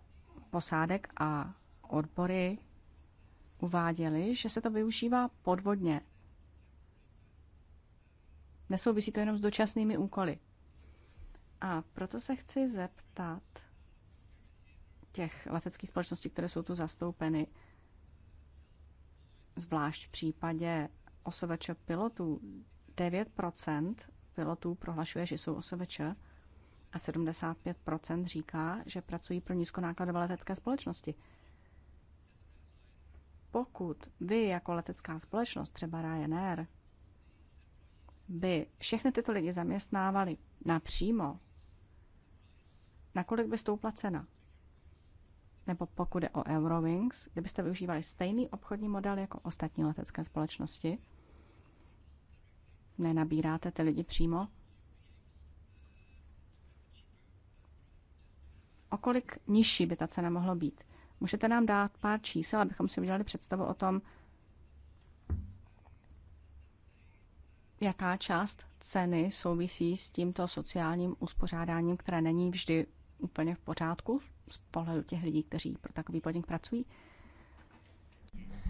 S4: posádek a odbory uváděly, že se to využívá podvodně Nesouvisí to jenom s dočasnými úkoly. A proto se chci zeptat těch leteckých společností, které jsou tu zastoupeny, zvlášť v případě OSVČ pilotů, 9% pilotů prohlašuje, že jsou OSVČ a 75% říká, že pracují pro nízkonákladové letecké společnosti. Pokud vy jako letecká společnost, třeba Ryanair, by všechny tyto lidi zaměstnávali napřímo, nakolik by stoupla cena? Nebo pokud je o Eurowings, kdybyste využívali stejný obchodní model jako ostatní letecké společnosti, nenabíráte ty lidi přímo, o kolik nižší by ta cena mohla být? Můžete nám dát pár čísel, abychom si udělali představu o tom, jaká část ceny souvisí s tímto sociálním uspořádáním, které není vždy úplně v pořádku z pohledu těch lidí, kteří pro takový podnik pracují?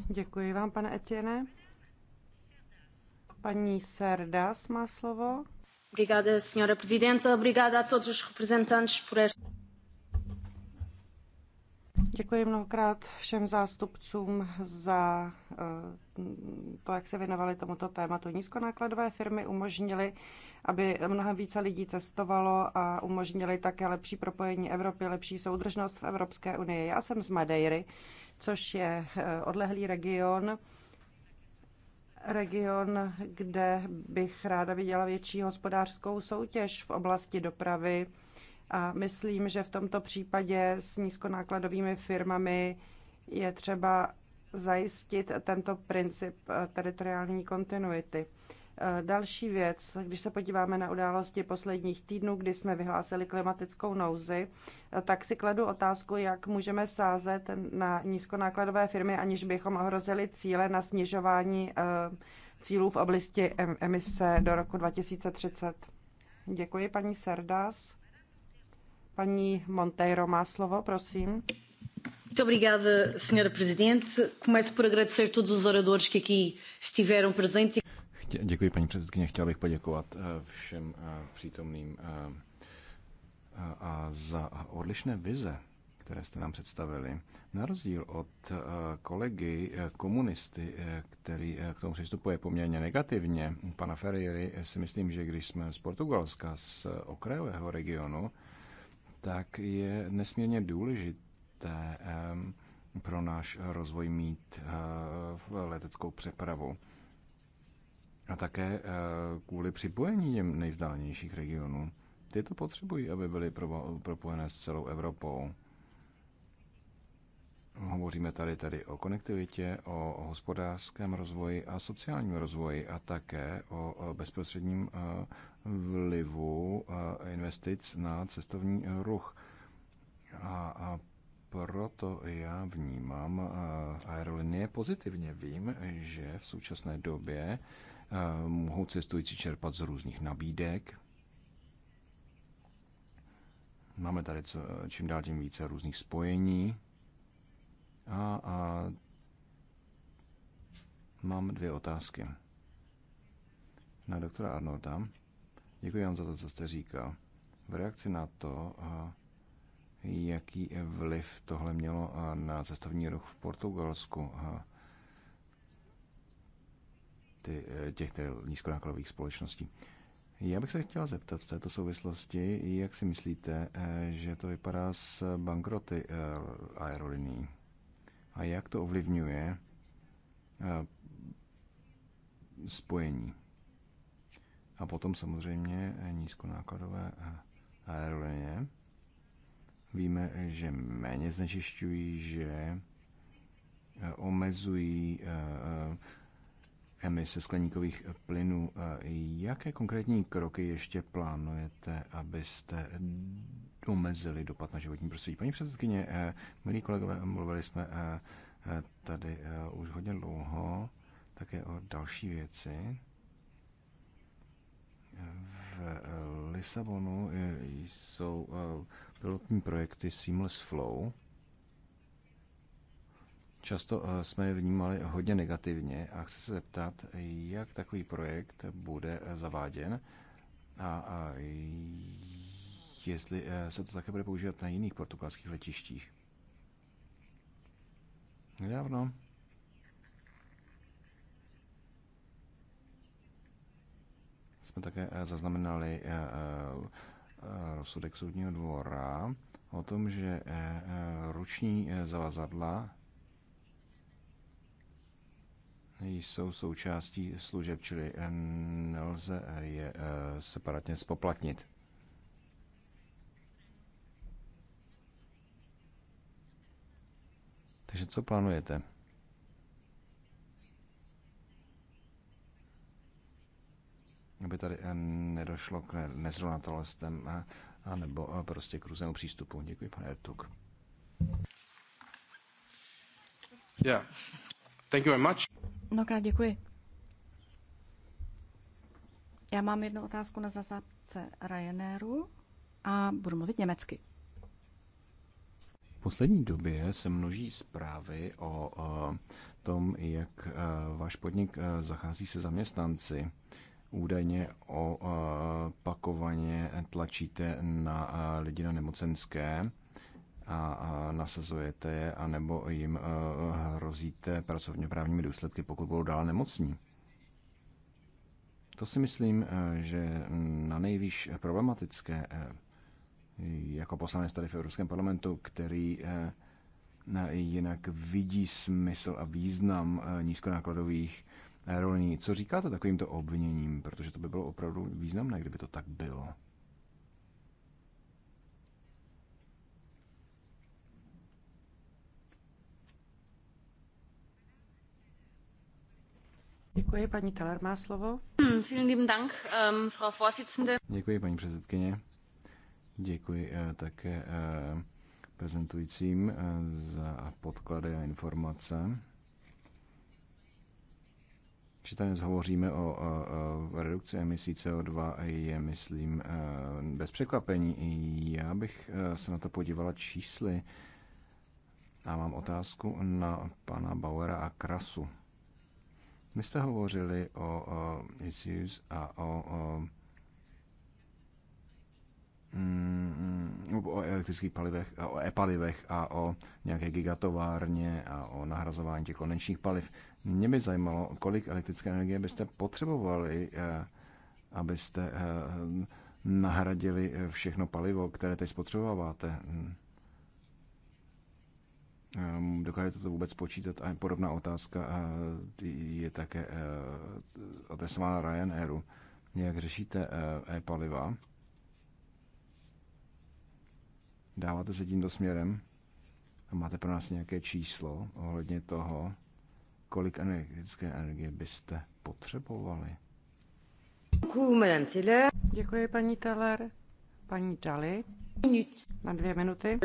S1: Děkuji vám, pane Etienne. Paní Serdas má slovo. Obrigada, senhora presidente. Obrigada a todos os representantes por este... Děkuji mnohokrát všem zástupcům za uh, to, jak se věnovali tomuto tématu. Nízkonákladové firmy umožnily, aby mnohem více lidí cestovalo a umožnili také lepší propojení Evropy, lepší soudržnost v Evropské unii. Já jsem z Madeiry, což je eh, odlehlý region, region, kde bych ráda viděla větší hospodářskou soutěž v oblasti dopravy. A myslím, že v tomto případě s nízkonákladovými firmami je třeba zajistit tento princip eh, teritoriální kontinuity. Eh, další věc, když se podíváme na události posledních týdnů, kdy jsme vyhlásili klimatickou nouzi, eh, tak si kladu otázku, jak můžeme sázet na nízkonákladové firmy, aniž bychom ohrozili cíle na snižování cílů v oblasti emise do roku 2030. Děkuji, paní Serdas. Paní Monteiro má slovo, prosím.
S4: Muito obrigada, senhora presidente. Começo por agradecer todos os oradores que aqui estiveram presentes.
S3: E děkuji, paní předsedkyně. Chtěl bych poděkovat eh, všem eh, přítomným eh, a za odlišné vize, které jste nám představili. Na rozdíl od kolegy komunisty, který k tomu přistupuje poměrně negativně, pana Ferriery, si myslím, že když jsme z Portugalska, z okrajového regionu, tak je nesmírně důležité, důležité pro náš rozvoj mít eh, leteckou přepravu. A také eh, kvůli připojení těm nejvzdálenějších regionů. Ty to potřebují, aby byly propojené s celou Evropou. Hovoříme tady tady o konektivitě, o hospodářském rozvoji a sociálním rozvoji a také o bezprostředním eh, vlivu investic na cestovní ruch. A proto já vnímám aerolinie pozitivně. Vím, že v současné době mohou cestující čerpat z různých nabídek. Máme tady čím dál tím více různých spojení. A, a mám dvě otázky. Na doktora Arnolda. Děkuji vám za to, co jste říkal. V reakci na to a jaký vliv tohle mělo na cestovní ruch v Portugalsku a ty, e, těch nízkonákladových společností. Já bych se chtěla zeptat v této souvislosti, jak si myslíte, e, že to vypadá s bankroty e, aerolinií a jak to ovlivňuje spojení. A potom samozřejmě nízkonákladové aerolinie Víme, že méně znečišťují, že eh, omezují eh, eh, emise skleníkových plynů. Jaké konkrétní kroky ještě plánujete, abyste omezili dopad na životní prostředí? Paní předsedkyně, milí kolegové, mluvili jsme tady už hodně dlouho také o další věci. V Lisabonu jsou pilotní projekty Seamless Flow. Často eh, jsme je vnímali hodně negativně a chci se zeptat, jak takový projekt bude eh, zaváděn a, jestli eh, se to také bude používat na jiných portugalských letištích. Nedávno jsme také zaznamenali Eh, rozsudek soudního dvora o tom, že eh, eh, ruční zavazadla jsou součástí služeb, čili nelze je separatně spoplatnit. Takže co plánujete? aby tady eh, nedošlo k nezrovnatelnostem eh, a nebo eh, prostě k různému přístupu. Děkuji, pane Tuk. Yeah. Thank you very much.
S4: krát děkuji. Já mám jednu otázku na zasádce Ryanairu a budu mluvit německy.
S3: V poslední době se množí zprávy o, tom, jak váš podnik zachází se zaměstnanci údajně opakovaně tlačíte na lidi na nemocenské a nasazujete je, anebo jim hrozíte pracovně právními důsledky, pokud budou dál nemocní. To si myslím, že na nejvýš problematické jako poslanec tady v Evropském parlamentu, který jinak vidí smysl a význam nízkonákladových Rolní, co říkáte takovýmto obviněním? Protože to by bylo opravdu významné, kdyby to tak bylo.
S1: Děkuji, paní Teller má slovo. Hmm, ähm, Děkuji, paní předsedkyně.
S3: Děkuji eh, také eh, prezentujícím eh, za podklady a informace že tady hovoříme o, o, o redukci emisí CO2, je, myslím, eh, bez překvapení. Já bych eh, se na to podívala čísly a mám otázku na pana Bauera a Krasu. My jste hovořili o, o issues a o, o Mm, mm, o elektrických palivech, o e-palivech a o nějaké gigatovárně a o nahrazování těch konečných paliv. Mě by zajímalo, kolik elektrické energie byste potřebovali, eh, abyste eh, nahradili eh, všechno palivo, které teď spotřebováváte. Hmm. Dokážete to vůbec počítat? A podobná otázka je také adresována Ryanairu. Jak řešíte e-paliva? Dáváte se tímto směrem? A máte pro nás nějaké číslo ohledně toho, kolik energetické energie byste potřebovali?
S1: Děkuji, paní Teller. Paní Dali. Na dvě minuty.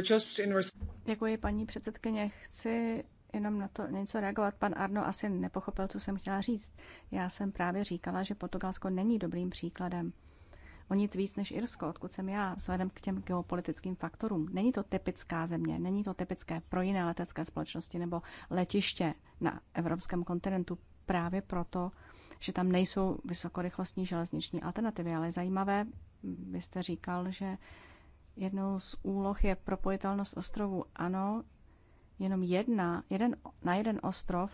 S1: Děkuji, paní
S4: předsedkyně. Chci jenom na to něco reagovat. Pan Arno asi nepochopil, co jsem chtěla říct. Já jsem právě říkala, že Portugalsko není dobrým příkladem o nic víc než Irsko, odkud jsem já, vzhledem k těm geopolitickým faktorům. Není to typická země, není to typické pro jiné letecké společnosti nebo letiště na evropském kontinentu právě proto, že tam nejsou vysokorychlostní železniční alternativy. Ale zajímavé, vy jste říkal, že jednou z úloh je propojitelnost ostrovů. Ano, jenom jedna, jeden, na jeden ostrov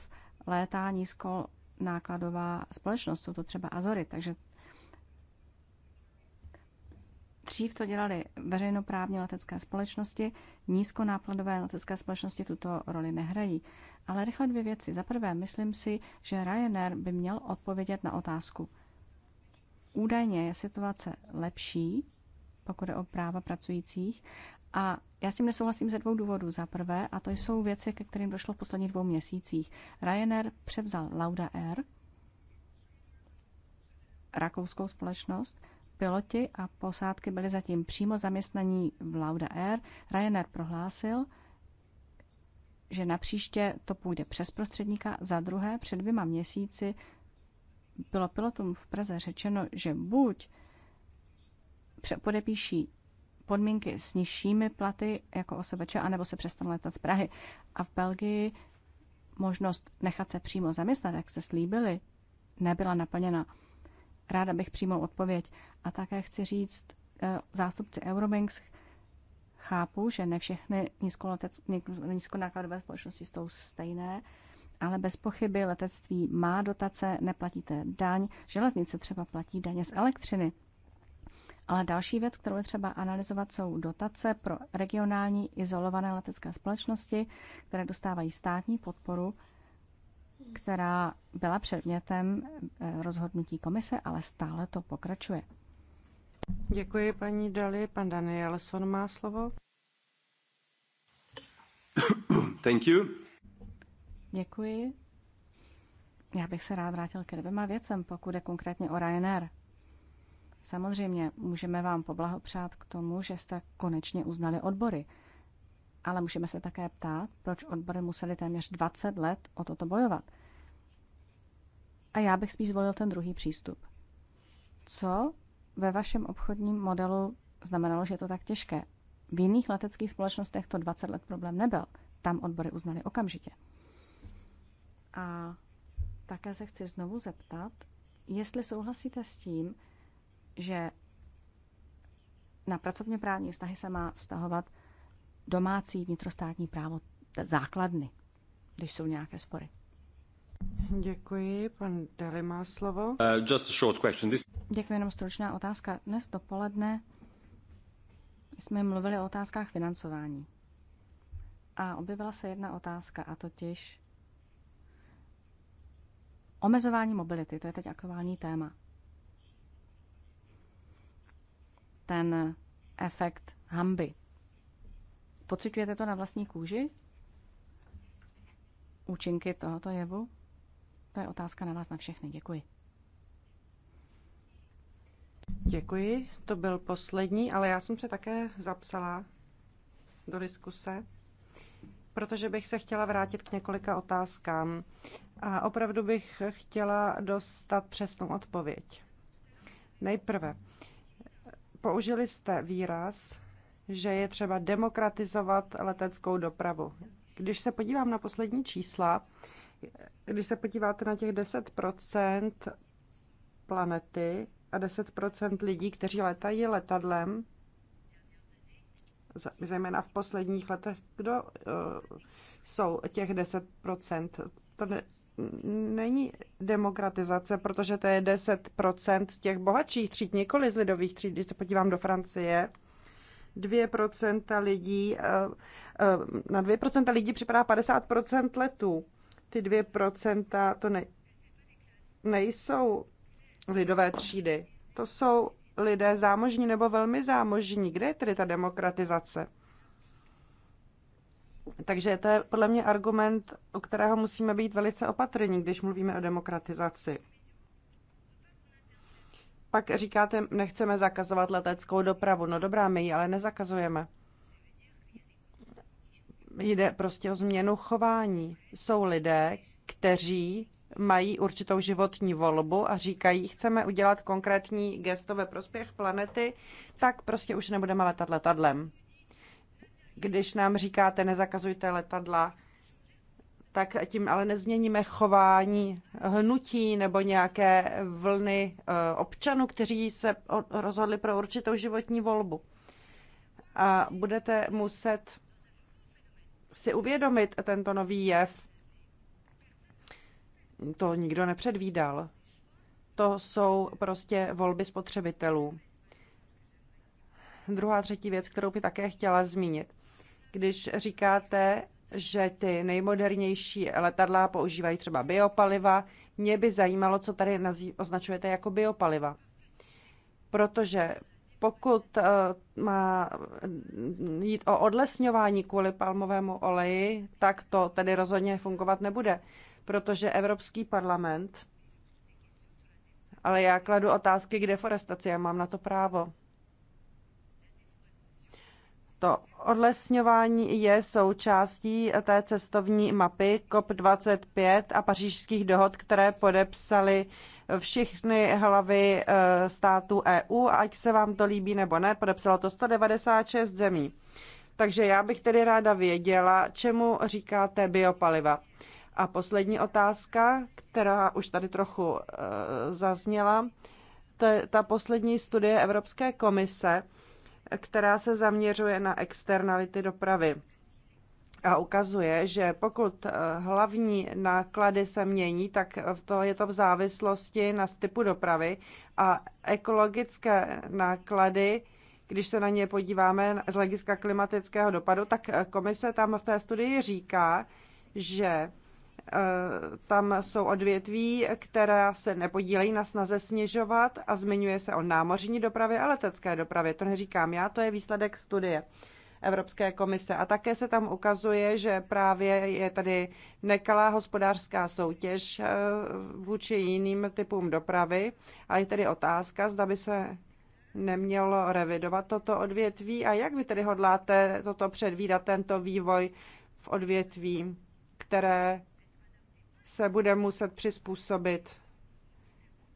S4: létá nízko nákladová společnost, jsou to třeba Azory, takže Dřív to dělali veřejnoprávní letecké společnosti, nízkonápladové letecké společnosti tuto roli nehrají. Ale rychle dvě věci. Za prvé, myslím si, že Ryanair by měl odpovědět na otázku. Údajně je situace lepší, pokud je o práva pracujících, a já s tím nesouhlasím ze dvou důvodů. Za prvé, a to jsou věci, ke kterým došlo v posledních dvou měsících. Ryanair převzal Lauda Air, rakouskou společnost, Piloti a posádky byli zatím přímo zaměstnaní v Lauda Air. Ryanair prohlásil, že napříště to půjde přes prostředníka. Za druhé, před dvěma měsíci bylo pilotům v Praze řečeno, že buď podepíší podmínky s nižšími platy jako osobeče, anebo se přestanou letat z Prahy. A v Belgii možnost nechat se přímo zaměstnat, jak se slíbili, nebyla naplněna. Ráda bych přímou odpověď. A také chci říct, eh, zástupci Eurobanks, chápu, že ne všechny nízkonákladové společnosti jsou stejné, ale bez pochyby letectví má dotace, neplatíte daň, železnice třeba platí daně z elektřiny. Ale další věc, kterou je třeba analyzovat, jsou dotace pro regionální izolované letecké společnosti, které dostávají státní podporu která byla předmětem eh, rozhodnutí komise, ale stále to pokračuje.
S1: Děkuji paní Dali. Pan Danielson má slovo.
S3: Thank you.
S1: Děkuji. Já bych se rád vrátil ke
S4: dvěma věcem, pokud je konkrétně o Ryanair. Samozřejmě můžeme vám poblahopřát k tomu, že jste konečně uznali odbory – ale můžeme se také ptát, proč odbory museli téměř 20 let o toto bojovat. A já bych spíš zvolil ten druhý přístup. Co ve vašem obchodním modelu znamenalo, že je to tak těžké? V jiných leteckých společnostech to 20 let problém nebyl. Tam odbory uznali okamžitě. A také se chci znovu zeptat, jestli souhlasíte s tím, že na pracovně právní vztahy se má vztahovat domácí vnitrostátní právo základny, když jsou nějaké spory.
S1: Děkuji,
S4: pan Dali má slovo.
S3: Uh, just a short question. This...
S4: Děkuji, jenom stručná otázka. Dnes dopoledne jsme mluvili o otázkách financování. A objevila se jedna otázka, a totiž omezování mobility. To je teď aktuální téma. Ten efekt hamby, Pocitujete to na vlastní kůži? Účinky tohoto jevu? To je otázka na vás na všechny.
S1: Děkuji. Děkuji, to byl poslední, ale já jsem se také zapsala do diskuse, protože bych se chtěla vrátit k několika otázkám a opravdu bych chtěla dostat přesnou odpověď. Nejprve, použili jste výraz že je třeba demokratizovat leteckou dopravu. Když se podívám na poslední čísla, když se podíváte na těch 10 planety a 10 lidí, kteří letají letadlem, zejména v posledních letech, kdo uh, jsou těch 10 To ne, není demokratizace, protože to je 10 z těch bohatších tříd, nikoli z lidových tříd. Když se podívám do Francie, 2% lidí, eh, eh, na 2% lidí připadá 50% letů. Ty 2% to ne, nejsou lidové třídy. To jsou lidé zámožní nebo velmi zámožní. Kde je tedy ta demokratizace? Takže to je podle mě argument, u kterého musíme být velice opatrní, když mluvíme o demokratizaci pak říkáte, nechceme zakazovat leteckou dopravu. No dobrá, my ji ale nezakazujeme. Jde prostě o změnu chování. Jsou lidé, kteří mají určitou životní volbu a říkají, chceme udělat konkrétní gesto ve prospěch planety, tak prostě už nebudeme letat letadlem. Když nám říkáte, nezakazujte letadla, tak tím ale nezměníme chování hnutí nebo nějaké vlny eh, občanů, kteří se rozhodli pro určitou životní volbu. A budete muset si uvědomit tento nový jev. To nikdo nepředvídal. To jsou prostě volby spotřebitelů. Druhá, třetí věc, kterou by také chtěla zmínit. Když říkáte, že ty nejmodernější letadla používají třeba biopaliva. Mě by zajímalo, co tady označujete jako biopaliva. Protože pokud eh, má jít o odlesňování kvůli palmovému oleji, tak to tedy rozhodně fungovat nebude, protože Evropský parlament, ale já kladu otázky k deforestaci, já mám na to právo. To odlesňování je součástí té cestovní mapy COP25 a pařížských dohod, které podepsali všechny hlavy eh, států EU, ať se vám to líbí nebo ne, podepsalo to 196 zemí. Takže já bych tedy ráda věděla, čemu říkáte biopaliva. A poslední otázka, která už tady trochu uh, zazněla, to je ta poslední studie Evropské komise, která se zaměřuje na externality dopravy a ukazuje, že pokud eh, hlavní náklady se mění, tak to je to v závislosti na typu dopravy a ekologické náklady, když se na ně podíváme z hlediska klimatického dopadu, tak eh, komise tam v té studii říká, že Eh, tam jsou odvětví, která se nepodílejí na snaze snižovat a zmiňuje se o námořní dopravě a letecké dopravě. To neříkám já, to je výsledek studie. Evropské komise. A také se tam ukazuje, že právě je tady nekalá hospodářská soutěž eh, vůči jiným typům dopravy. A je tedy otázka, zda by se nemělo revidovat toto odvětví a jak vy tedy hodláte toto předvídat, tento vývoj v odvětví, které se bude muset přizpůsobit.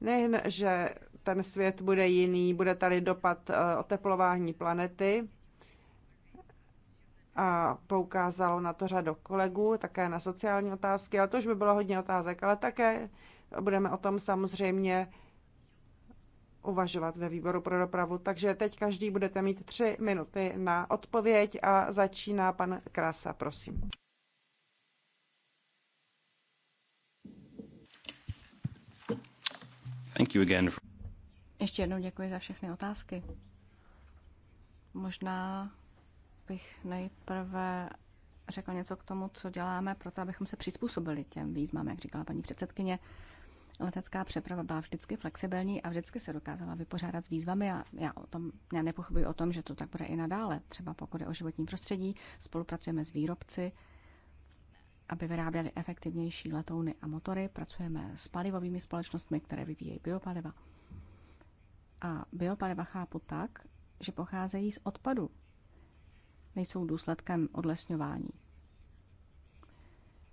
S1: Nejen, že ten svět bude jiný, bude tady dopad eh, oteplování planety, a poukázalo na to řadu kolegů, také na sociální otázky, ale to už by bylo hodně otázek, ale také budeme o tom samozřejmě uvažovat ve výboru pro dopravu. Takže teď každý budete mít tři minuty na odpověď a začíná pan Krasa, prosím.
S4: Thank you again for... Ještě jednou děkuji za všechny otázky. Možná bych nejprve řekl něco k tomu, co děláme pro to, abychom se přizpůsobili těm výzvám, jak říkala paní předsedkyně. Letecká přeprava byla vždycky flexibilní a vždycky se dokázala vypořádat s výzvami a já, o tom, já nepochybuji o tom, že to tak bude i nadále. Třeba pokud je o životní prostředí, spolupracujeme s výrobci, aby vyráběli efektivnější letouny a motory. Pracujeme s palivovými společnostmi, které vyvíjejí biopaliva. A biopaliva chápu tak, že pocházejí z odpadu. Nejsou důsledkem odlesňování.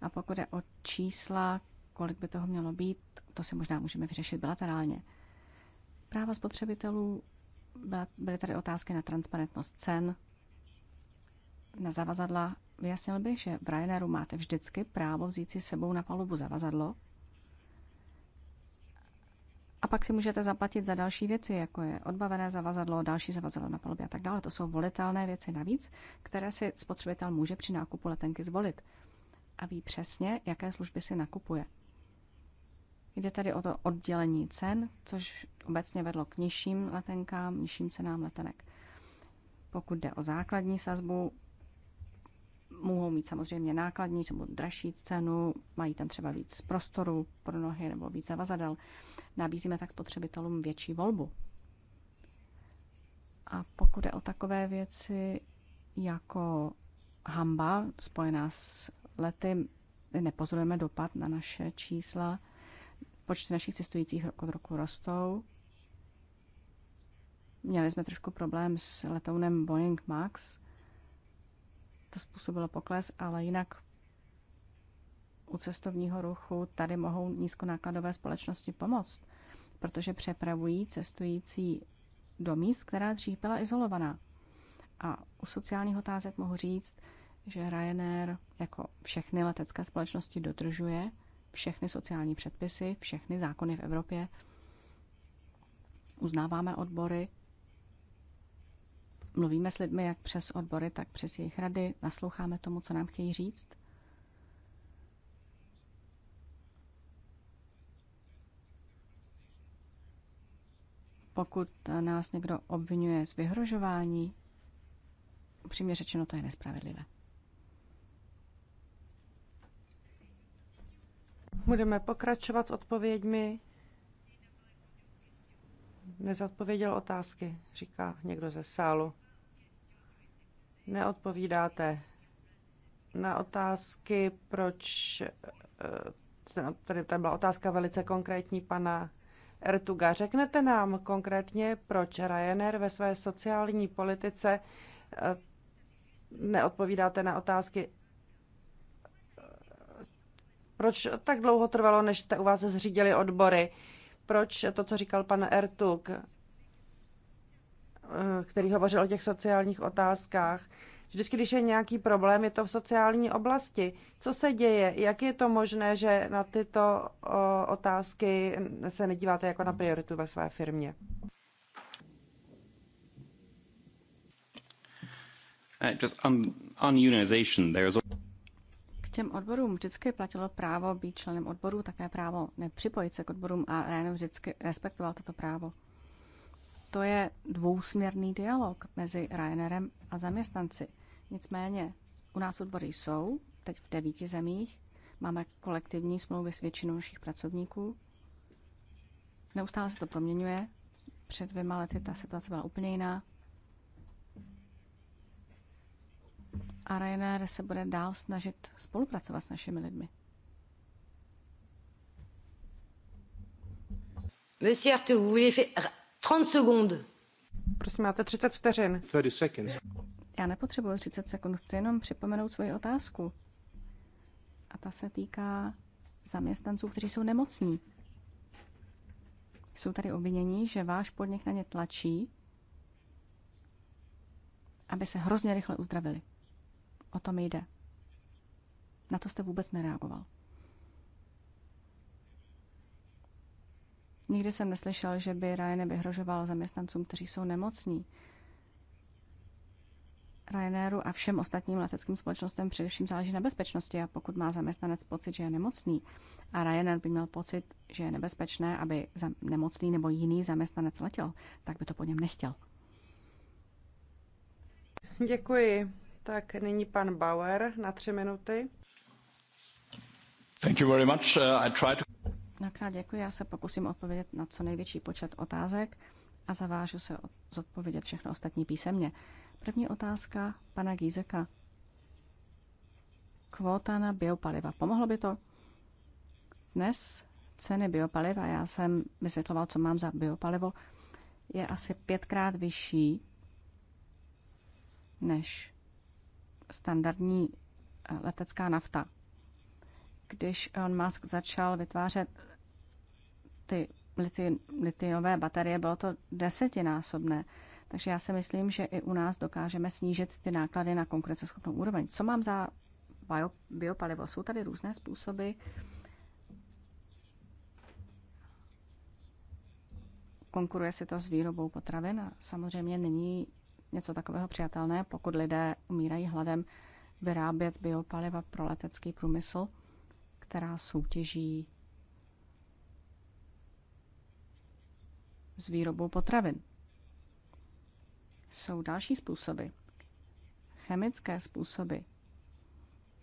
S4: A pokud je o čísla, kolik by toho mělo být, to si možná můžeme vyřešit bilaterálně. Práva spotřebitelů, byly tady otázky na transparentnost cen, na zavazadla Vyjasnil bych, že v Ryanairu máte vždycky právo vzít si sebou na palubu zavazadlo a pak si můžete zaplatit za další věci, jako je odbavené zavazadlo, další zavazadlo na palubě a tak dále. To jsou volitelné věci navíc, které si spotřebitel může při nákupu letenky zvolit a ví přesně, jaké služby si nakupuje. Jde tady o to oddělení cen, což obecně vedlo k nižším letenkám, nižším cenám letenek. Pokud jde o základní sazbu, mohou mít samozřejmě nákladní nebo dražší cenu, mají tam třeba víc prostoru pro nohy nebo více vazadel. Nabízíme tak spotřebitelům větší volbu. A pokud je o takové věci jako hamba spojená s lety, nepozorujeme dopad na naše čísla. Počty našich cestujících rok od roku rostou. Měli jsme trošku problém s letounem Boeing Max, to způsobilo pokles, ale jinak u cestovního ruchu tady mohou nízkonákladové společnosti pomoct, protože přepravují cestující do míst, která dřív byla izolovaná. A u sociálních otázek mohu říct, že Ryanair jako všechny letecké společnosti dodržuje všechny sociální předpisy, všechny zákony v Evropě. Uznáváme odbory Mluvíme s lidmi jak přes odbory, tak přes jejich rady, nasloucháme tomu, co nám chtějí říct. Pokud nás někdo obvinuje z vyhrožování,
S1: upřímně řečeno, to je nespravedlivé. Budeme pokračovat s odpověďmi. Nezodpověděl otázky, říká někdo ze sálu neodpovídáte na otázky, proč, eh, tady to byla otázka velice konkrétní pana Ertuga. Řeknete nám konkrétně, proč Ryanair ve své sociální politice eh, neodpovídáte na otázky, eh, proč tak dlouho trvalo, než jste u vás zřídili odbory, proč to, co říkal pan Ertug, Eh, který hovořil o těch sociálních otázkách. Vždycky, když je nějaký problém, je to v sociální oblasti. Co se děje? Jak je to možné, že na tyto eh, otázky se nedíváte jako na prioritu ve své firmě?
S4: Uh, just k těm odborům vždycky platilo právo být členem odboru, také právo nepřipojit se k odborům a Ryan vždycky respektoval toto právo to je dvousměrný dialog mezi Ryanairem a zaměstnanci. Nicméně u nás odbory jsou, teď v devíti zemích, máme kolektivní smlouvy s většinou našich pracovníků. Neustále se to proměňuje. Před dvěma lety ta situace byla úplně jiná. A Ryanair se bude dál snažit spolupracovat
S1: s našimi lidmi. Monsieur vous voulez faire 30 sekund. Prosím, máte 30 vteřin.
S3: 30 seconds.
S4: Já nepotřebuji 30 sekund, chci jenom připomenout svoji otázku. A ta se týká zaměstnanců, kteří jsou nemocní. Jsou tady obvinění, že váš podnik na ně tlačí, aby se hrozně rychle uzdravili. O tom jde. Na to jste vůbec nereagoval. Nikdy jsem neslyšel, že by Ryan vyhrožoval zaměstnancům, kteří jsou nemocní. Ryanairu a všem ostatním leteckým společnostem především záleží na bezpečnosti a pokud má zaměstnanec pocit, že je nemocný a Ryanair by měl pocit, že je nebezpečné, aby nemocný nebo jiný zaměstnanec letěl, tak by to po něm nechtěl.
S1: Děkuji. Tak nyní pan Bauer na tři minuty.
S3: Thank you very much. Uh, I try to...
S4: Mnohokrát děkuji, já se pokusím odpovědět na co největší počet otázek a zavážu se zodpovědět všechno ostatní písemně. První otázka pana Gízeka. Kvóta na biopaliva. Pomohlo by to? Dnes ceny biopaliva, já jsem vysvětloval, co mám za biopalivo, je asi pětkrát vyšší než standardní eh, letecká nafta. Když Elon Musk začal vytvářet ty liti, litiové baterie bylo to desetinásobné. Takže já si myslím, že i u nás dokážeme snížit ty náklady na konkurenceschopnou úroveň. Co mám za bio, biopalivo? Jsou tady různé způsoby. Konkuruje si to s výrobou potravin a samozřejmě není něco takového přijatelné, pokud lidé umírají hladem, vyrábět biopaliva pro letecký průmysl, která soutěží s výrobou potravin. Jsou další způsoby. Chemické způsoby.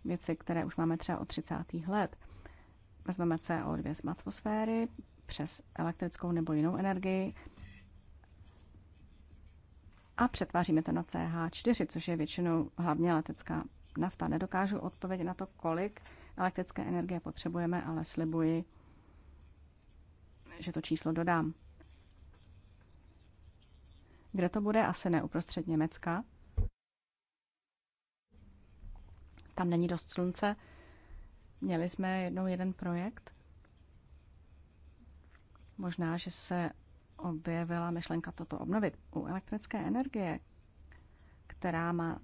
S4: Věci, které už máme třeba od 30. let. Vezmeme CO2 z atmosféry přes elektrickou nebo jinou energii a přetváříme to na CH4, což je většinou hlavně letecká nafta. Nedokážu odpovědět na to, kolik elektrické energie potřebujeme, ale slibuji, že to číslo dodám. Kde to bude? Asi ne uprostřed Německa. Tam není dost slunce. Měli jsme jednou jeden projekt. Možná, že se objevila myšlenka toto obnovit. U elektrické energie, která má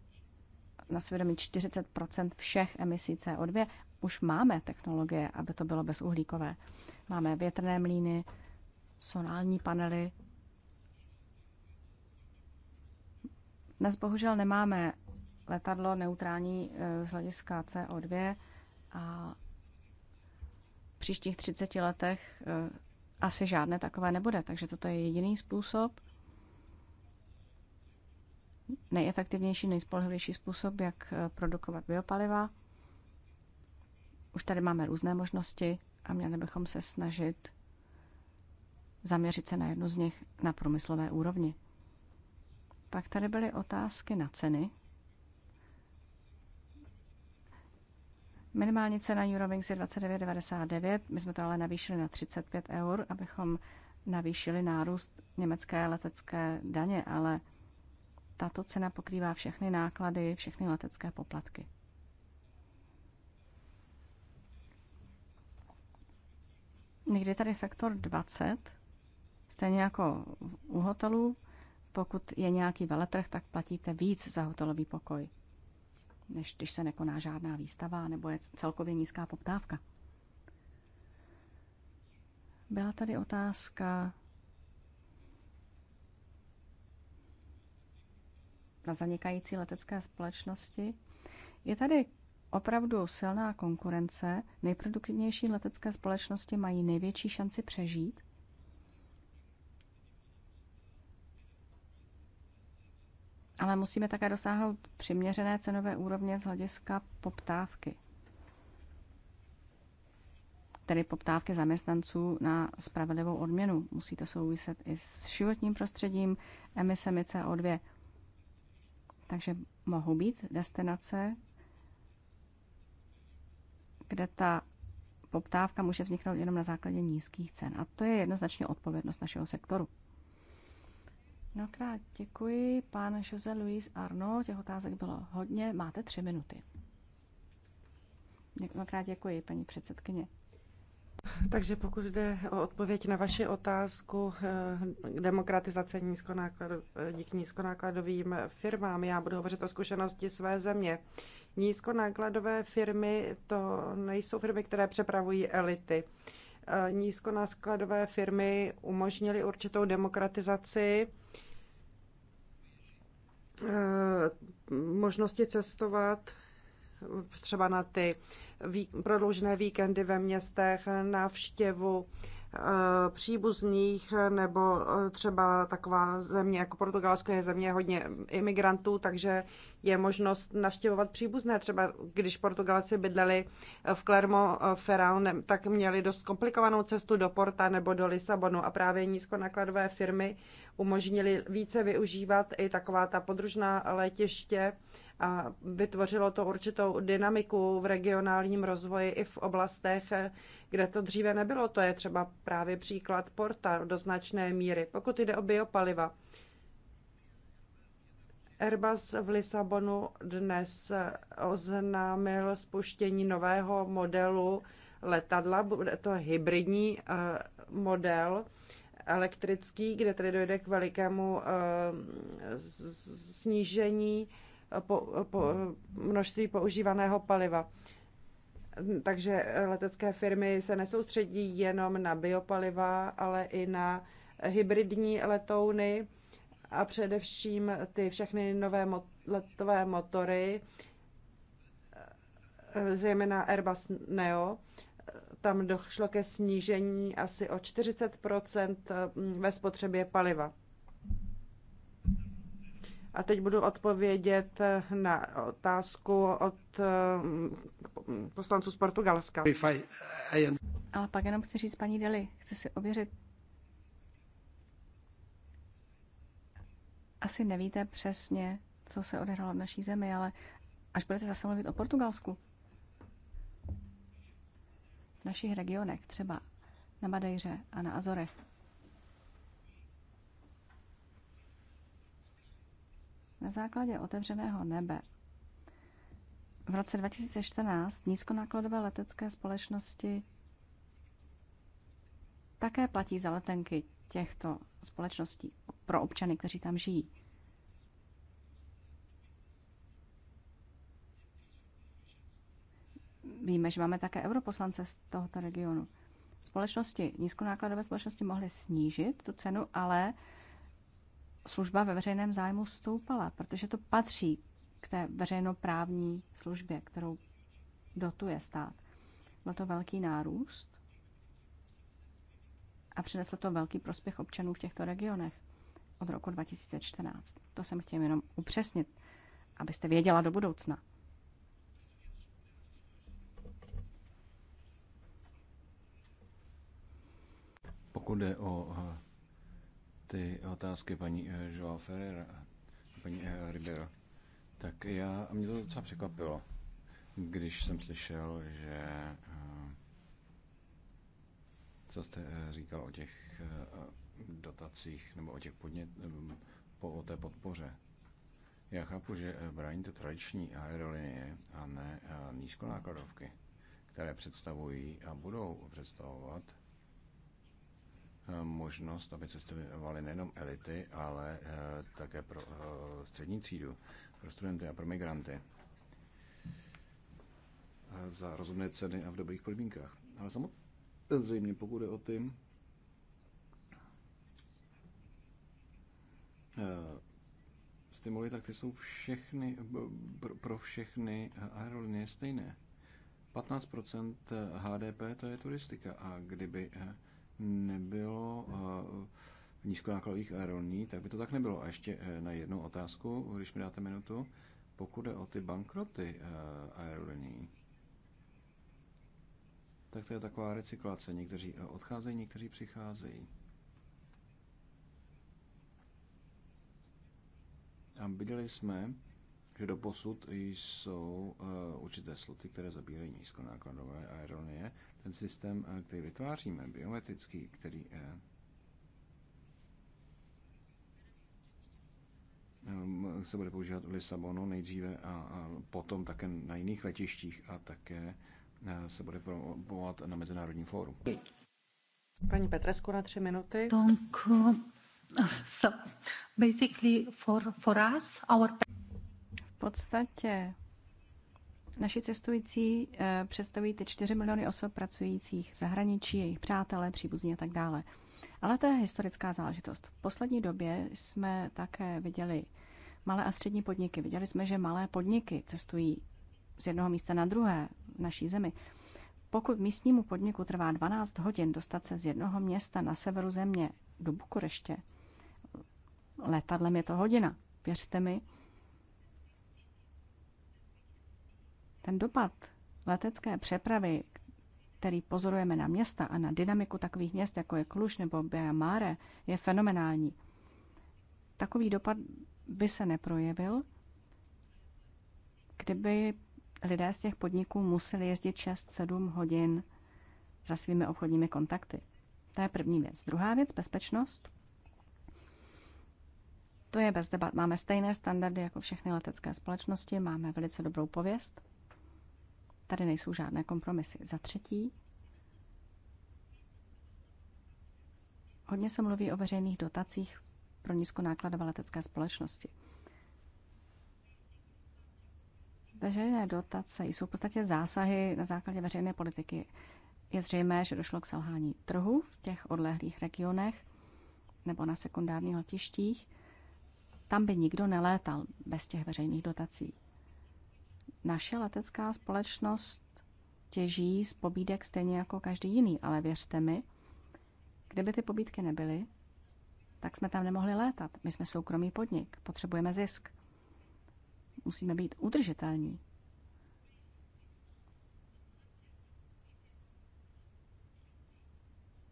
S4: na svědomí 40 všech emisí CO2, už máme technologie, aby to bylo bezuhlíkové. Máme větrné mlíny, solární panely, Dnes bohužel nemáme letadlo neutrální e, z hlediska CO2 a v příštích 30 letech e, asi žádné takové nebude. Takže toto je jediný způsob, nejefektivnější, nejspolehlivější způsob, jak e, produkovat biopaliva. Už tady máme různé možnosti a měli bychom se snažit zaměřit se na jednu z nich na průmyslové úrovni. Pak tady byly otázky na ceny. Minimální cena Eurowings je 29,99, my jsme to ale navýšili na 35 eur, abychom navýšili nárůst německé letecké daně, ale tato cena pokrývá všechny náklady, všechny letecké poplatky. Někdy tady faktor 20, stejně jako u hotelů, pokud je nějaký veletrh, tak platíte víc za hotelový pokoj, než když se nekoná žádná výstava nebo je celkově nízká poptávka. Byla tady otázka na zanikající letecké společnosti. Je tady opravdu silná konkurence. Nejproduktivnější letecké společnosti mají největší šanci přežít, ale musíme také dosáhnout přiměřené cenové úrovně z hlediska poptávky. Tedy poptávky zaměstnanců na spravedlivou odměnu. Musí to souviset i s životním prostředím, emisemi CO2. Takže mohou být destinace, kde ta poptávka může vzniknout jenom na základě nízkých cen. A to je jednoznačně odpovědnost našeho sektoru. Mnohokrát děkuji. Pán Jose Luis Arno, těch otázek bylo hodně. Máte tři minuty. Mnohokrát děkuji, paní předsedkyně.
S1: Takže pokud jde o odpověď na vaši otázku eh, demokratizace nízkonákladu, díky nízkonákladovým firmám, já budu hovořit o zkušenosti své země. Nízkonákladové firmy to nejsou firmy, které přepravují elity. Eh, nízkonáskladové firmy umožnily určitou demokratizaci eh, možnosti cestovat třeba na ty prodloužené víkendy ve městech, návštěvu Eh, příbuzných nebo eh, třeba taková země jako Portugalsko je země hodně imigrantů, takže je možnost navštěvovat příbuzné. Třeba když Portugalci bydleli v Clermo Ferraun, tak měli dost komplikovanou cestu do Porta nebo do Lisabonu a právě nízkonákladové firmy umožnili více využívat i taková ta podružná letiště a vytvořilo to určitou dynamiku v regionálním rozvoji i v oblastech, kde to dříve nebylo. To je třeba právě příklad Porta do značné míry, pokud jde o biopaliva. Airbus v Lisabonu dnes oznámil spuštění nového modelu letadla, bude to hybridní eh, model, elektrický, kde tedy dojde k velikému eh, snížení eh, po, eh, po, množství používaného paliva. Takže letecké firmy se nesoustředí jenom na biopaliva, ale i na hybridní letouny a především ty všechny nové mot- letové motory, zejména Airbus Neo, tam došlo ke snížení asi o 40 eh, ve spotřebě paliva. A teď budu odpovědět eh, na otázku od eh, poslanců z Portugalska. Ale pak jenom chci říct paní Deli, chci si ověřit.
S4: Asi nevíte přesně, co se odehrálo v naší zemi, ale až budete zase mluvit o Portugalsku, v našich regionech, třeba na Madejře a na Azorech. Na základě otevřeného nebe v roce 2014 nízkonákladové letecké společnosti také platí za letenky těchto společností pro občany, kteří tam žijí. víme, že máme také europoslance z tohoto regionu. Společnosti, nízkonákladové společnosti mohly snížit tu cenu, ale služba ve veřejném zájmu stoupala, protože to patří k té veřejnoprávní službě, kterou dotuje stát. Byl to velký nárůst a přineslo to velký prospěch občanů v těchto regionech od roku 2014. To jsem chtěl jenom upřesnit, abyste věděla do budoucna.
S3: Pokud jde o eh, ty otázky paní eh, Joao Ferreira, paní eh, Ribera, tak já, mě to docela překvapilo, když jsem slyšel, že co jste říkal o těch dotacích nebo o těch podnět, po, o té podpoře. Já chápu, že bráníte tradiční aerolinie a ne nízkonákladovky, které představují a budou představovat možnost, aby cestovaly nejenom elity, ale eh, také pro eh, střední třídu, pro studenty a pro migranty za rozumné ceny a v dobrých podmínkách. Ale samozřejmě, pokud je o ty eh, stimuly, tak ty jsou všechny, pro všechny aerolinie stejné. 15% HDP to je turistika a kdyby nebylo eh, nízkonákladových aeroní, tak by to tak nebylo. A ještě eh, na jednu otázku, když mi dáte minutu. Pokud jde o ty bankroty eh, aeroní, tak to je taková recyklace. Někteří odcházejí, někteří přicházejí. A viděli jsme, že do posud jsou eh, určité sloty, které zabírají nízkonákladové aeronie. Ten systém, eh, který vytváříme, biometrický, který eh, se bude používat v Lisabonu nejdříve a potom také na jiných letištích a také se bude promovat na Mezinárodním fóru.
S1: Paní Petresku na tři minuty. Tonku. Euh, so basically for, for us, our
S4: podstatě naši cestující eh, představují ty 4 miliony osob pracujících v zahraničí, jejich přátelé, příbuzní a tak dále. Ale to je historická záležitost. V poslední době jsme také viděli malé a střední podniky. Viděli jsme, že malé podniky cestují z jednoho místa na druhé v naší zemi. Pokud místnímu podniku trvá 12 hodin dostat se z jednoho města na severu země do Bukureště, letadlem je to hodina. Věřte mi, Ten dopad letecké přepravy, který pozorujeme na města a na dynamiku takových měst, jako je Kluž nebo Mare, je fenomenální. Takový dopad by se neprojevil, kdyby lidé z těch podniků museli jezdit 6-7 hodin za svými obchodními kontakty. To je první věc. Druhá věc, bezpečnost. To je bez debat. Máme stejné standardy jako všechny letecké společnosti, máme velice dobrou pověst. Tady nejsou žádné kompromisy. Za třetí, hodně se mluví o veřejných dotacích pro nízkonákladové letecké společnosti. Veřejné dotace jsou v podstatě zásahy na základě veřejné politiky. Je zřejmé, že došlo k selhání trhu v těch odlehlých regionech nebo na sekundárních letištích. Tam by nikdo nelétal bez těch veřejných dotací. Naše letecká společnost těží z pobídek stejně jako každý jiný, ale věřte mi, kdyby ty pobídky nebyly, tak jsme tam nemohli létat. My jsme soukromý podnik, potřebujeme zisk. Musíme být udržitelní.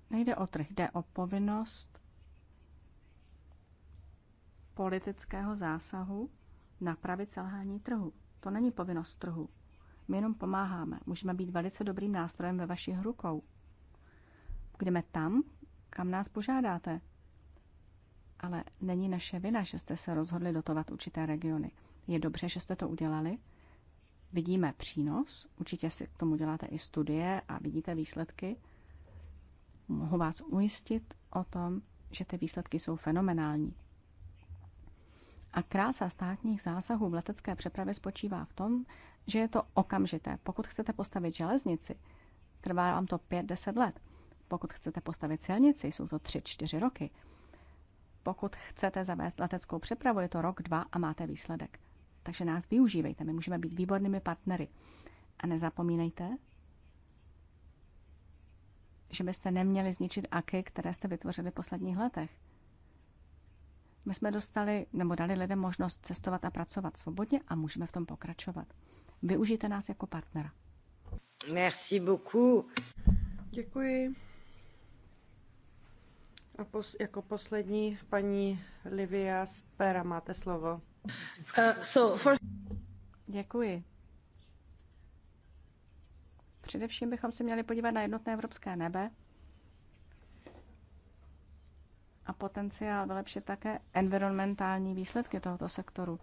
S4: Nejde o trh, jde o povinnost politického zásahu napravit selhání trhu. To není povinnost trhu. My jenom pomáháme. Můžeme být velice dobrým nástrojem ve vašich rukou. Budeme tam, kam nás požádáte. Ale není naše vina, že jste se rozhodli dotovat určité regiony. Je dobře, že jste to udělali. Vidíme přínos, určitě si k tomu děláte i studie a vidíte výsledky. Mohu vás ujistit o tom, že ty výsledky jsou fenomenální. A krása státních zásahů v letecké přepravě spočívá v tom, že je to okamžité. Pokud chcete postavit železnici, trvá vám to 5-10 let. Pokud chcete postavit silnici, jsou to 3-4 roky. Pokud chcete zavést leteckou přepravu, je to rok, dva a máte výsledek. Takže nás využívejte, my můžeme být výbornými partnery. A nezapomínejte, že byste neměli zničit aky, které jste vytvořili v posledních letech. My jsme dostali nebo dali lidem možnost cestovat a pracovat svobodně a můžeme v tom pokračovat. Využijte nás jako partnera.
S1: Merci beaucoup. Děkuji. A pos, jako poslední paní Livia Spera, máte slovo. Uh, so for...
S4: Děkuji. Především bychom se měli podívat na jednotné evropské nebe a potenciál vylepšit také environmentální výsledky tohoto sektoru.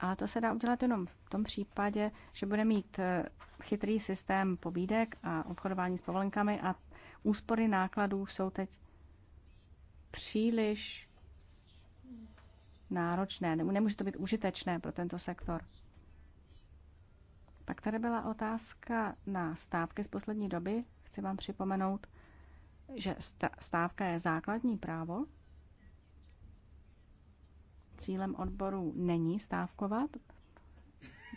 S4: A to se dá udělat jenom v tom případě, že bude mít eh, chytrý systém pobídek a obchodování s povolenkami a úspory nákladů jsou teď příliš náročné. Nemůže to být užitečné pro tento sektor. Pak tady byla otázka na stávky z poslední doby. Chci vám připomenout, že stávka je základní právo Cílem odboru není stávkovat.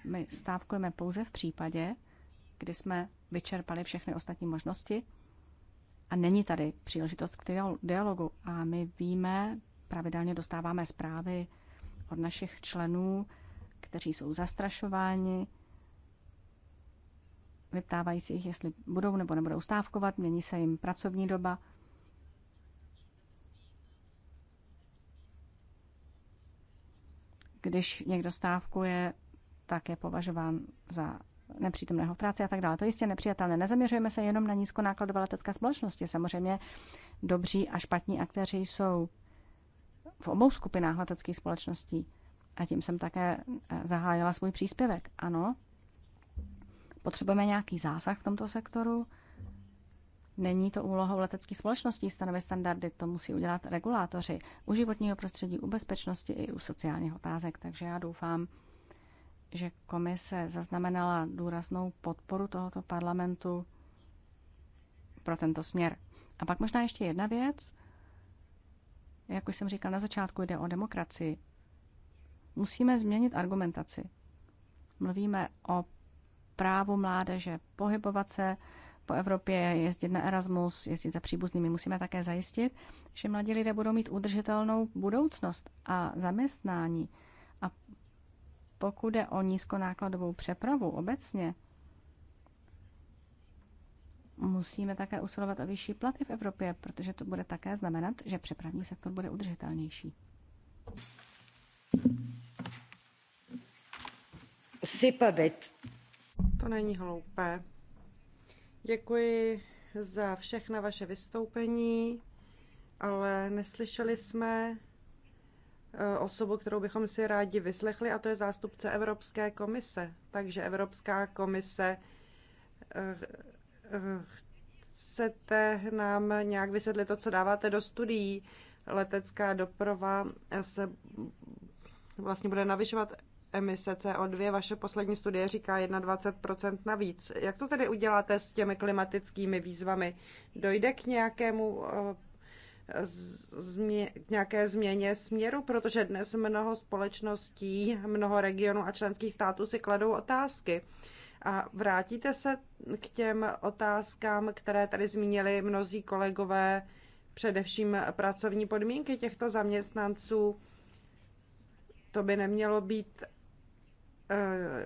S4: My stávkujeme pouze v případě, kdy jsme vyčerpali všechny ostatní možnosti a není tady příležitost k dialogu. A my víme, pravidelně dostáváme zprávy od našich členů, kteří jsou zastrašováni, vyptávají si jich, jestli budou nebo nebudou stávkovat, mění se jim pracovní doba. Když někdo stávkuje, tak je považován za nepřítomného v práci a tak dále. To je jistě nepřijatelné. Nezaměřujeme se jenom na nízkonákladové letecké společnosti. Samozřejmě dobří a špatní aktéři jsou v obou skupinách leteckých společností. A tím jsem také eh, zahájila svůj příspěvek. Ano, potřebujeme nějaký zásah v tomto sektoru, Není to úlohou leteckých společností stanovit standardy, to musí udělat regulátoři u životního prostředí, u bezpečnosti i u sociálních otázek. Takže já doufám, že komise zaznamenala důraznou podporu tohoto parlamentu pro tento směr. A pak možná ještě jedna věc. Jak už jsem říkal na začátku, jde o demokracii. Musíme změnit argumentaci. Mluvíme o právu mládeže pohybovat se, po Evropě, jezdit na Erasmus, jezdit za příbuznými. Musíme také zajistit, že mladí lidé budou mít udržitelnou budoucnost a zaměstnání. A pokud je o nízkonákladovou přepravu obecně, musíme také usilovat o vyšší platy v Evropě, protože to bude také znamenat, že přepravní sektor bude udržitelnější.
S1: Sipavit. To není hloupé. Děkuji za všechna vaše vystoupení, ale neslyšeli jsme eh, osobu, kterou bychom si rádi vyslechli, a to je zástupce Evropské komise. Takže Evropská komise eh, eh, chcete nám nějak vysvětlit to, co dáváte do studií. Letecká doprava se vlastně bude navyšovat emise CO2. Vaše poslední studie říká 21% navíc. Jak to tedy uděláte s těmi klimatickými výzvami? Dojde k nějakému eh, k nějaké změně směru, protože dnes mnoho společností, mnoho regionů a členských států si kladou otázky. A vrátíte se k těm otázkám, které tady zmínili mnozí kolegové, především pracovní podmínky těchto zaměstnanců. To by nemělo být Eh,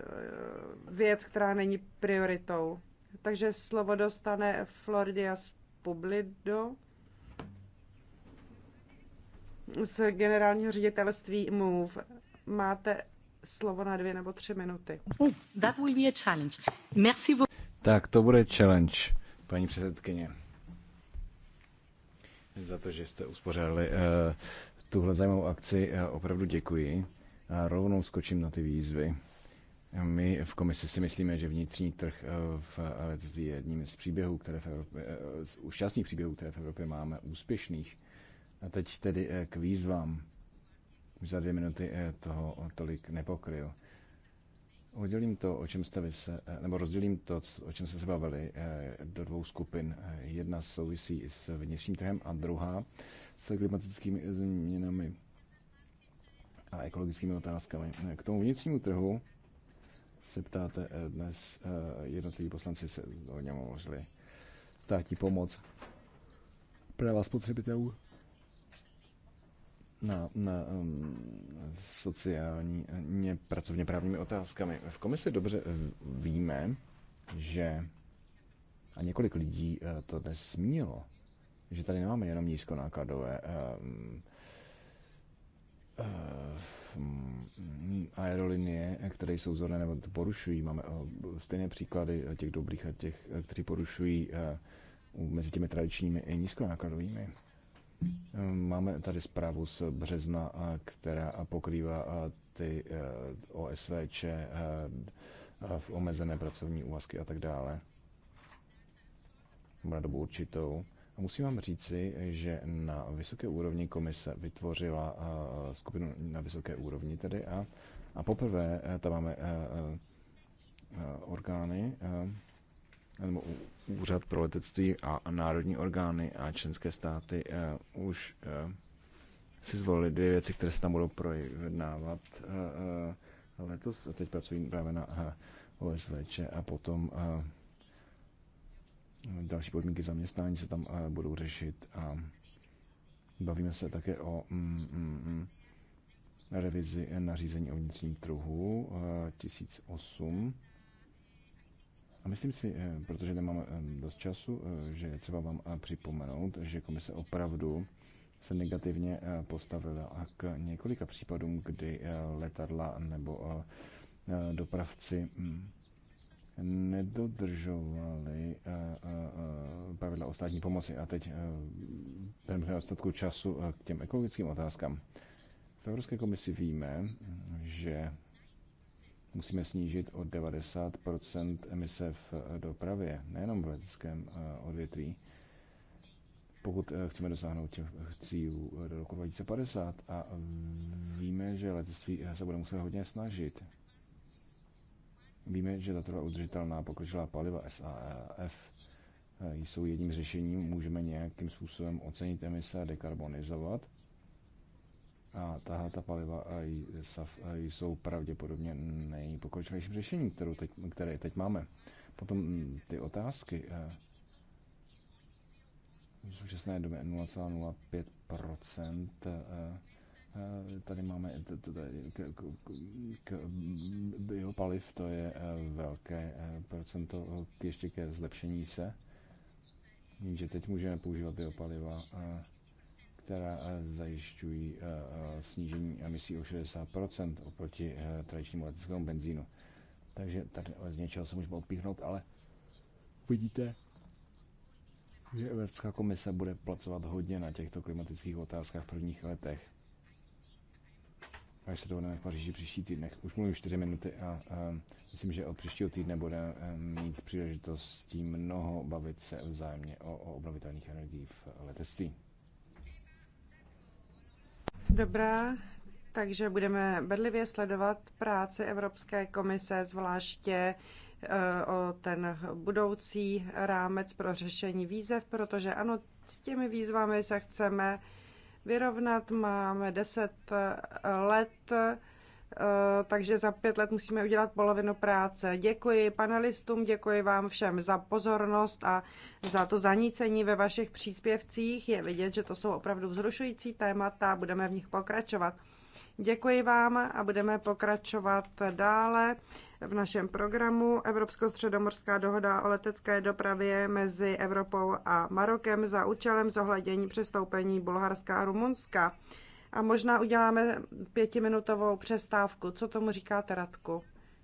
S1: věc, která není prioritou. Takže slovo dostane Floridias Publido z generálního ředitelství MOVE. Máte slovo na dvě nebo tři minuty. Oh, that will be a challenge. Merci.
S3: Tak to bude challenge, paní předsedkyně. Za to, že jste uspořádali uh, tuhle zajímavou akci, uh, opravdu děkuji. A rovnou skočím na ty výzvy. My v komisi si myslíme, že vnitřní trh eh, v letectví eh, je jedním z příběhů, které v Evropě, eh, z úžasných příběhů, které v Evropě máme, úspěšných. A teď tedy k výzvám. Už za dvě minuty toho tolik nepokryl. Oddělím to, o čem jste vy se, nebo rozdělím to, o čem jste se bavili, do dvou skupin. Jedna souvisí s vnitřním trhem a druhá s klimatickými změnami a ekologickými otázkami. K tomu vnitřnímu trhu se ptáte eh, dnes, eh, jednotliví poslanci se o něm hovořili. Státní pomoc, práva spotřebitelů na, na um, sociální, eh, ně, pracovně právními otázkami. V komisi dobře víme, že a několik lidí to dnes zmínilo, že tady nemáme jenom nízkonákladové um, uh, Mm, aerolinie, které jsou zorné nebo porušují. Máme eh, stejné příklady eh, těch dobrých a těch, eh, kteří porušují mezi těmi tradičními i nízkonákladovými. Máme tady zprávu z března, která pokrývá ty OSVČ v omezené pracovní úvazky a tak dále. Na dobu určitou Musím vám říci, že na vysoké úrovni komise vytvořila eh, skupinu na vysoké úrovni tedy a, a poprvé eh, tam máme eh, orgány, nebo úřad pro letectví a národní orgány a členské státy už si zvolili dvě věci, které se tam budou projednávat letos. Teď pracují právě na OSVČ a potom další podmínky zaměstnání se tam eh, budou řešit a bavíme se také o mm, mm, mm revizi nařízení o vnitřním trhu 1008. Eh, a myslím si, eh, protože nemáme dost času, že je třeba vám připomenout, že komise opravdu se negativně postavila k několika případům, kdy letadla nebo dopravci mm, nedodržovali eh, eh, eh, pravidla ostatní pomoci. A teď ten ostatku času k těm ekologickým otázkám. V Evropské komisi víme, že musíme snížit o 90 emise v dopravě, nejenom v leteckém odvětví, pokud chceme dosáhnout těch cílů do roku 2050. A víme, že letectví se bude muset hodně snažit. Víme, že za trvalé udržitelná pokročilá paliva SAF eh, jsou jedním řešením, můžeme nějakým způsobem ocenit emise a dekarbonizovat. A tahle ta paliva a SAF eh, jsou pravděpodobně nejpokročilejším řešením, kterou teď, které teď máme. Potom mm, ty otázky. Eh, v současné době 0,05 Eh, tady máme mm, biopaliv, to je eh, velké eh, procento ještě ke zlepšení se. Jenže teď můžeme používat biopaliva, která zajišťují snížení emisí o 60% oproti tradičnímu leteckému benzínu. Takže tady z něčeho se můžeme odpíchnout, ale vidíte, že Evropská komise bude placovat hodně na těchto klimatických otázkách v prvních letech až se dohodneme v Paříži příští týdnech. Už mluvím 4 minuty a, um, myslím, že od příštího týdne bude eh, mít příležitostí mnoho bavit se vzájemně o, o obnovitelných energií v letectví.
S1: Dobrá, takže budeme bedlivě sledovat práci Evropské komise, zvláště eh, o ten budoucí rámec pro řešení výzev, protože ano, s těmi výzvami se chceme vyrovnat. Máme 10 eh, let, eh, takže za pět let musíme udělat polovinu práce. Děkuji panelistům, děkuji vám všem za pozornost a za to zanícení ve vašich příspěvcích. Je vidět, že to jsou opravdu vzrušující témata a budeme v nich pokračovat. Děkuji vám a budeme pokračovat dále v našem programu. Evropsko-středomorská dohoda o letecké dopravě mezi Evropou a Marokem za účelem zohledění přestoupení Bulharska a Rumunska. A možná uděláme pětiminutovou přestávku. Co tomu říkáte, Radku?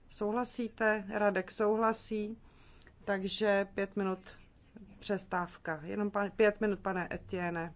S1: Souhlasíte? Radek souhlasí. Takže pět minut přestávka. Jenom pět minut, pane Etienne.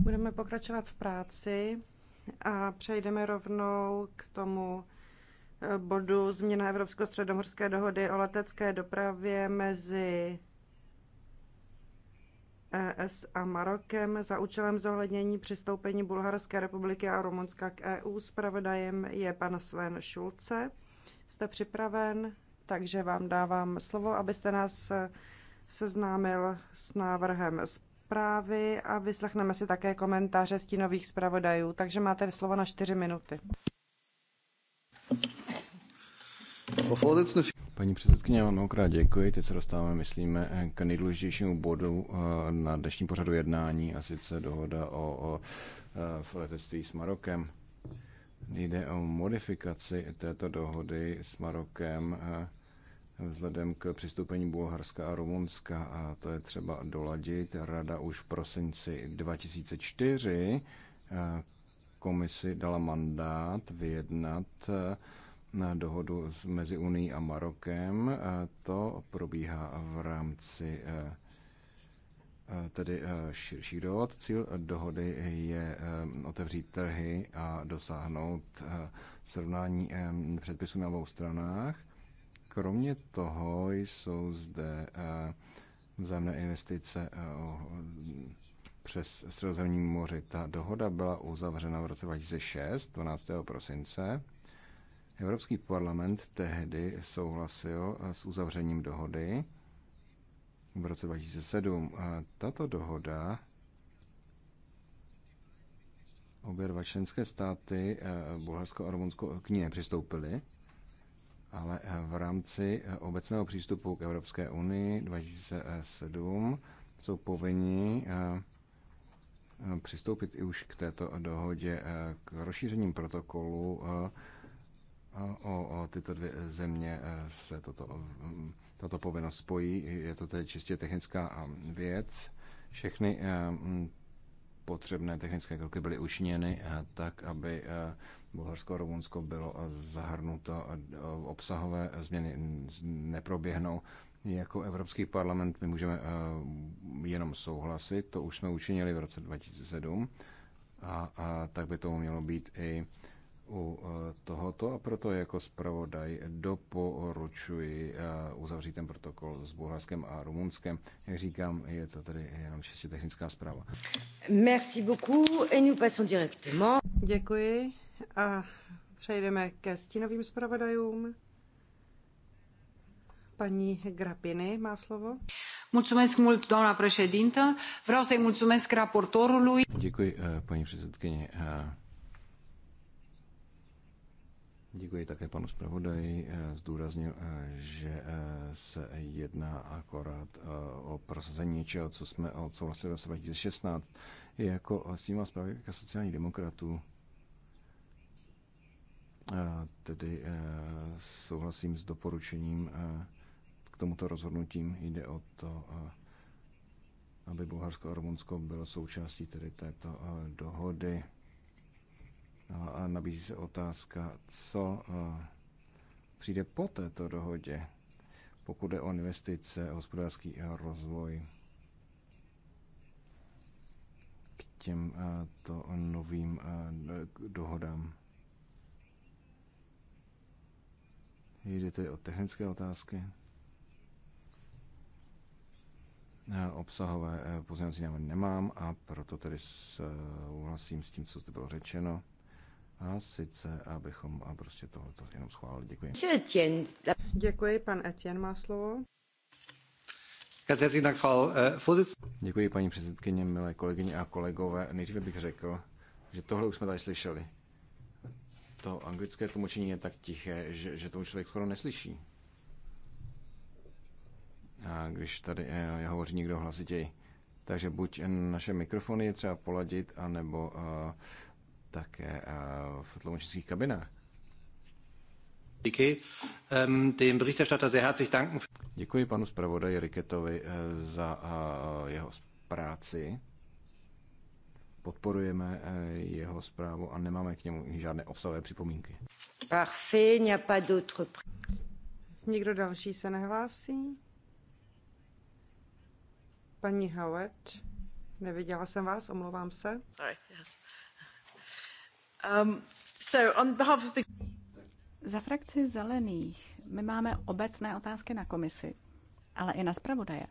S1: Budeme pokračovat v práci a přejdeme rovnou k tomu eh, bodu změna Evropsko-středomorské dohody o letecké dopravě mezi ES a Marokem za účelem zohlednění přistoupení Bulharské republiky a Rumunska k EU. Spravodajem je pan Sven Šulce. Jste připraven? Takže vám dávám slovo, abyste nás eh, seznámil s návrhem zprávy a vyslechneme si také komentáře stínových zpravodajů. Takže máte slovo na čtyři minuty.
S3: Paní předsedkyně, já vám mnohokrát děkuji. Teď se dostáváme, myslíme, k nejdůležitějšímu bodu eh, na dnešní pořadu jednání, a sice dohoda o, o o eh, letectví s Marokem. Jde o modifikaci této dohody s Marokem. A, eh, vzhledem k přistoupení Bulharska a Rumunska a to je třeba doladit. Rada už v prosinci 2004 eh, komisi dala mandát vyjednat eh, na dohodu mezi Unii a Marokem. Eh, to probíhá v rámci tedy širší dohod. Cíl dohody je otevřít trhy a dosáhnout srovnání předpisů na obou stranách Kromě toho jsou zde eh, vzájemné investice eh, přes Středozemní moři. Ta dohoda byla uzavřena v roce 2006, 12. prosince. Evropský parlament tehdy souhlasil eh, s uzavřením dohody v roce 2007. Tato dohoda obě dva členské státy, Bulharsko a Rumunsko, k ní nepřistoupily ale eh, v rámci eh, obecného přístupu k Evropské unii 2007 jsou povinni eh, přistoupit i už k této dohodě, k rozšířením protokolu o, o tyto dvě země se toto, tato povinnost spojí. Je to tedy čistě technická věc. Všechny potřebné technické kroky byly učiněny eh, tak, aby eh, Bulharsko a Rumunsko bylo eh, zahrnuto. Obsahové změny neproběhnou. Jako Evropský parlament my můžeme jenom souhlasit, to už jsme učinili v roce 2007 a, a tak by to mělo být i u eh, tohoto a proto jako zpravodaj doporučuji eh, uzavřít ten protokol s Bulharskem a Rumunskem. Jak říkám, je to tedy jenom čistě technická zpráva.
S1: Merci beaucoup et nous passons directement. Děkuji a přejdeme ke stínovým zpravodajům. Paní Grapiny má slovo.
S4: Mulțumesc mult, doamna președintă. Vreau să-i mulțumesc raportorului.
S3: Děkuji, eh, paní předsedkyně. Děkuji také panu zpravodaji. Eh, zdůraznil, eh, že eh, se jedná akorát o prosazení něčeho, co jsme odsouhlasili v roce 2016. Jako s tím zpravodajka jako sociálních demokratů tedy souhlasím s doporučením k tomuto rozhodnutím. Jde o to, aby Bulharsko a Rumunsko bylo součástí tedy této dohody. No a nabízí se otázka, co eh, přijde po této dohodě, pokud jde o investice, hospodářský eh, rozvoj k těmto eh, novým dohodám. Jde tedy o technické otázky. Obsahové pozměňovací návrhy nemám a proto tedy souhlasím s tím, co zde bylo řečeno. A sice, abychom a prostě tohoto jenom schválili. Děkuji.
S1: Děkuji, pan Etienne má slovo.
S3: Äh, Děkuji, paní předsedkyně, milé kolegyně a kolegové. Nejdříve bych řekl, že tohle už jsme tady slyšeli. To anglické tlumočení je tak tiché, že, že tomu člověk skoro neslyší. A když tady je eh, hovoří někdo hlasitěji. Takže buď naše mikrofony je třeba poladit, anebo uh, také eh, v tlumočnických kabinách. Ehm, Děkuji panu zpravodaji Riketovi eh, za eh, jeho práci. Podporujeme jeho zprávu a nemáme k němu žádné obsahové připomínky.
S1: Parfait, n'y a pas Nikdo další se nehlásí? Paní Howard, neviděla jsem vás, omlouvám se.
S2: Sorry, yes.
S1: Um, Za frakci
S4: zelených my máme obecné otázky na komisi, ale i na zpravodaje,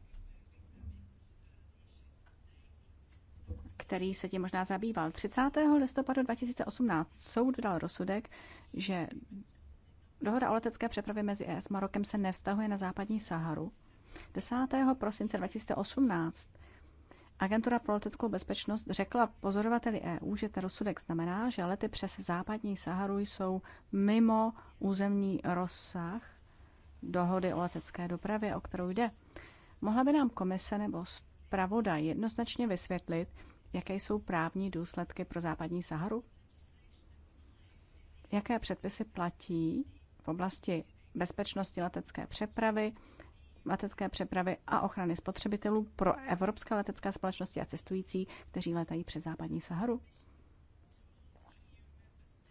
S4: který se tím možná zabýval. 30. listopadu 2018 soud vydal rozsudek, že dohoda o letecké přepravě mezi ES a Marokem se nevztahuje na západní Saharu. 10. prosince 2018 Agentura pro leteckou bezpečnost řekla pozorovateli EU, že ten rozsudek znamená, že lety přes západní Saharu jsou mimo územní rozsah dohody o letecké dopravě, o kterou jde. Mohla by nám komise nebo zpravoda jednoznačně vysvětlit, jaké jsou právní důsledky pro západní Saharu? Jaké předpisy platí v oblasti bezpečnosti letecké přepravy letecké přepravy a ochrany spotřebitelů pro evropské letecké společnosti a cestující, kteří letají přes západní Saharu?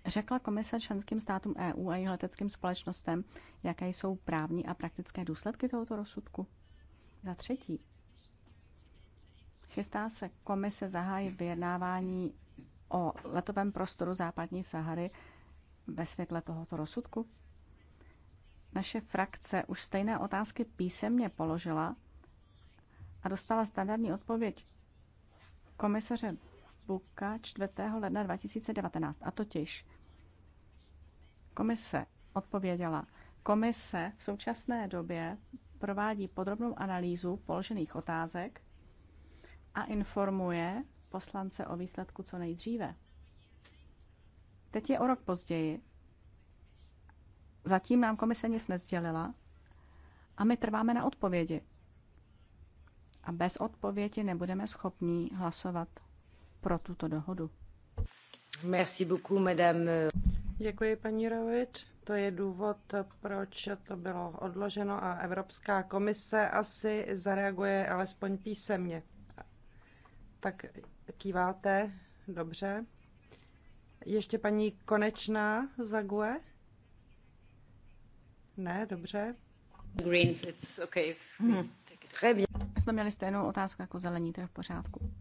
S4: Řekla komise členským státům EU a jejich leteckým společnostem, jaké jsou právní a praktické důsledky tohoto rozsudku? Za třetí, chystá se komise zahájit vyjednávání o letovém prostoru západní Sahary ve světle tohoto rozsudku? Naše frakce už stejné otázky písemně položila a dostala standardní odpověď komisaře Buka 4. ledna 2019. A totiž komise odpověděla, komise v současné době provádí podrobnou analýzu položených otázek a informuje poslance o výsledku co nejdříve. Teď je o rok později Zatím nám komise nic nezdělila a my trváme na odpovědi. A bez odpovědi nebudeme schopni hlasovat pro tuto dohodu.
S1: Merci beaucoup, madame. Děkuji, paní Rovič. To je důvod, proč to bylo odloženo a Evropská komise asi zareaguje alespoň písemně. Tak kýváte, dobře. Ještě paní Konečná Zague. Ne, dobře. Greens,
S4: it's okay. Hmm. Jsme měli stejnou otázku jako zelení, to je v pořádku.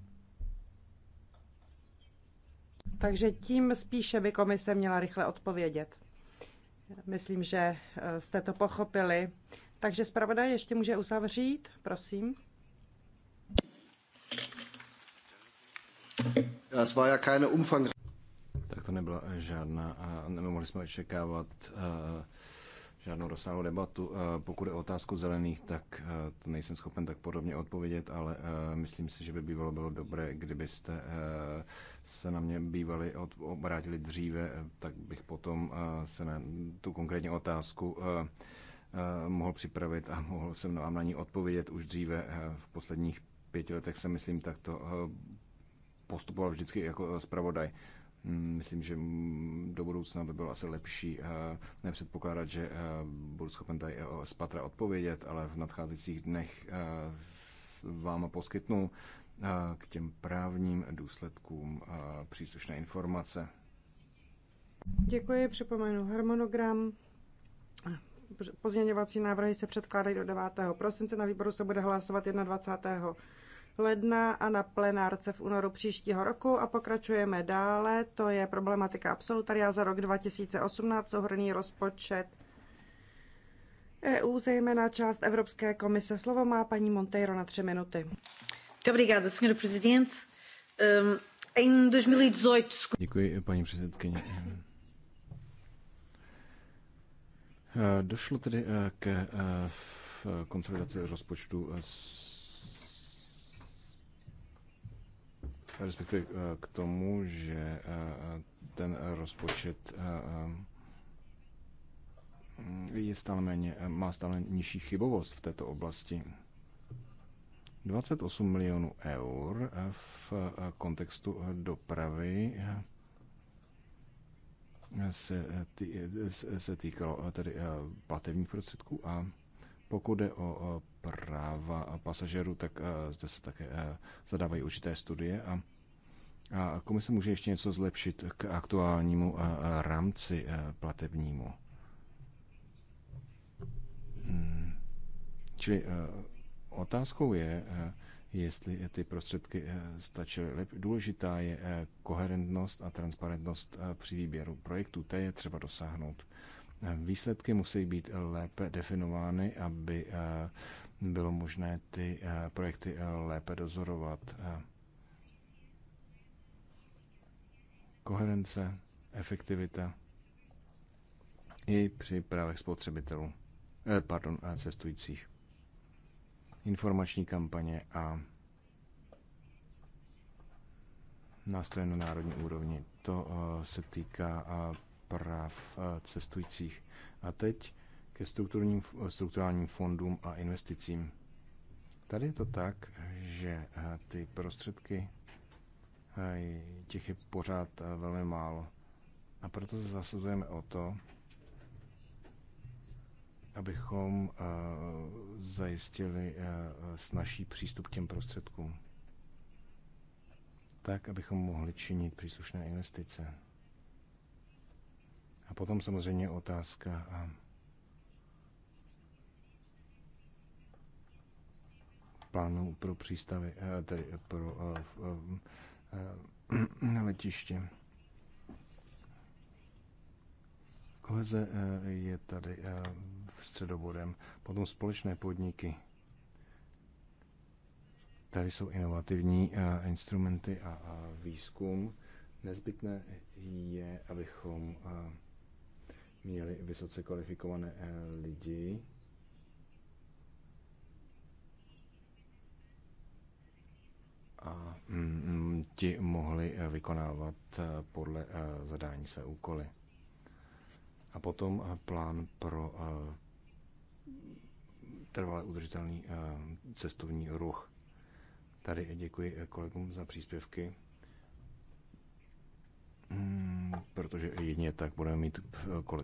S1: Takže tím spíše by komise měla rychle odpovědět. Myslím, že eh, jste to pochopili. Takže zpravodaj ještě může uzavřít, prosím.
S3: Tak to nebyla eh, žádná, eh, nemohli jsme očekávat žádnou rozsáhlou debatu. Eh, pokud je otázku zelených, tak eh, to nejsem schopen tak podobně odpovědět, ale eh, myslím si, že by bývalo bylo dobré, kdybyste se na mě bývali obrátili dříve, tak bych potom se na tu konkrétní otázku mohl připravit a mohl jsem vám na ní odpovědět už dříve. V posledních pěti letech se myslím, takto postupoval vždycky jako zpravodaj. Mm, myslím, že mm, do budoucna by bylo asi lepší eh, nepředpokládat, že eh, budu schopen tady z Patra odpovědět, ale v nadcházejících dnech eh, vám poskytnu k těm právním důsledkům
S1: příslušné informace. Děkuji, připomenu harmonogram. Pozměňovací návrhy se předkládají do 9. prosince, na výboru se bude hlasovat 21 ledna a na plenárce v únoru příštího roku a pokračujeme dále. To je problematika absolutaria za rok 2018, souhrný rozpočet EU, zejména část Evropské komise. Slovo má paní Monteiro na tři minuty. Obrigada, senhor presidente. Ehm, em 2018...
S3: E Děkuji, paní předsedkyně. Eh, došlo tedy eh, ke eh, konsolidaci rozpočtu s respektive eh, k tomu, že eh, ten rozpočet eh, je stále méně, má stále nižší chybovost v této oblasti. 28 milionů eur v kontextu dopravy se, tý, se týkalo tedy platebních prostředků a pokud jde o práva pasažerů, tak eh, zde se také eh, zadávají určité studie a a komise může ještě něco zlepšit k aktuálnímu eh, rámci platebnímu. Hmm. Čili otázkou je, jestli ty prostředky stačily. Důležitá je koherentnost a transparentnost při výběru projektů. Té je třeba dosáhnout. Výsledky musí být lépe definovány, aby bylo možné ty eh, projekty eh, lépe dozorovat. Eh, koherence, efektivita i při právech spotřebitelů, pardon, cestujících. Informační kampaně a nástroje na národní úrovni. To se týká práv cestujících. A teď ke strukturním, strukturálním fondům a investicím. Tady je to tak, že eh, ty prostředky eh, těch je pořád eh, velmi málo. A proto se zasazujeme o to, abychom zajistili snažší přístup k těm prostředkům. Tak, abychom mohli činit příslušné investice. A potom samozřejmě otázka plánu pro přístavy, eh, tedy pro eh, eh, letiště. Koheze je tady v středobodem. Potom společné podniky. Tady jsou inovativní instrumenty a výzkum. Nezbytné je, abychom měli vysoce kvalifikované lidi, a mm, mm, ti mohli eh, vykonávat eh, podle eh, zadání své úkoly. A potom plán pro trvalé udržitelný cestovní ruch. Tady děkuji kolegům za příspěvky, mm, protože jedině tak budeme mít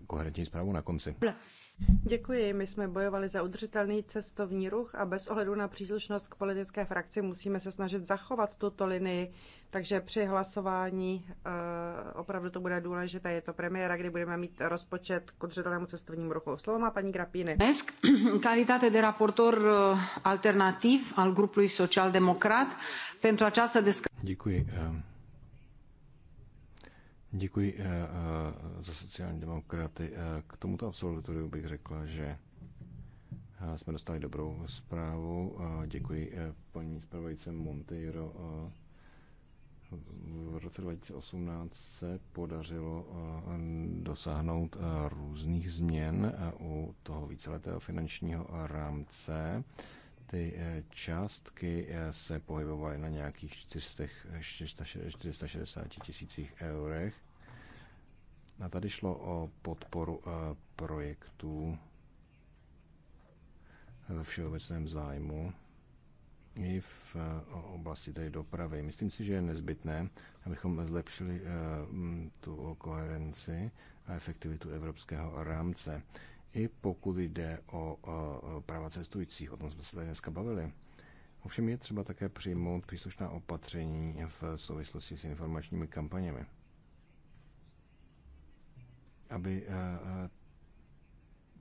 S3: koherentní zprávu na konci.
S1: Děkuji. My jsme bojovali za udržitelný cestovní ruch a bez ohledu na příslušnost k politické frakci musíme se snažit zachovat tuto linii. Takže při hlasování eh, opravdu to bude důležité. Je to premiéra, kdy budeme mít rozpočet k udržitelnému cestovnímu ruchu. Slovo má paní Grapíny. Dnes calitate de raportor eh, alternativ al grupului social-democrat pentru această
S3: Děkuji. Eh, Děkuji eh, eh, za sociální demokraty. Eh, k tomuto absolutoriu bych řekla, že jsme dostali dobrou zprávu. Děkuji paní zpravodajce Monteiro. V roce 2018 se podařilo dosáhnout různých změn u toho víceletého finančního rámce. Ty částky se pohybovaly na nějakých 400, 460 tisících eurech a tady šlo o podporu eh, projektů ve všeobecném zájmu i v eh, oblasti tady dopravy. Myslím si, že je nezbytné, abychom zlepšili eh, tu koherenci a efektivitu evropského rámce. I pokud jde o práva cestujících, o tom jsme se tady dneska bavili. Ovšem je třeba také přijmout příslušná opatření v souvislosti s informačními kampaněmi aby eh, eh,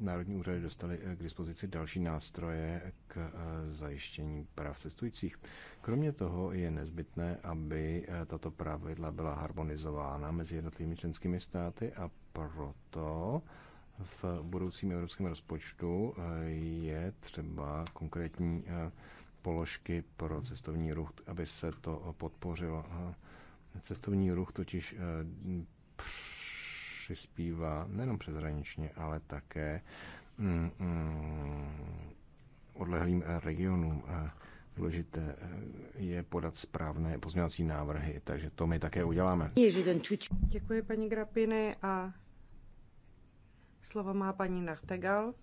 S3: národní úřady dostaly eh, k dispozici další nástroje k zajištění práv cestujících. Kromě toho je nezbytné, aby tato pravidla byla harmonizována mezi jednotlivými členskými státy a proto v budoucím evropském rozpočtu je třeba konkrétní položky pro cestovní ruch, aby se to podpořilo. Cestovní ruch totiž přispívá nejenom přeshraničně, ale také mm, mm, odlehlým regionům. Důležité eh, je podat správné pozměňovací návrhy, takže to my také uděláme.
S1: Děkuji paní Grapiny a slovo má paní Nachtegal.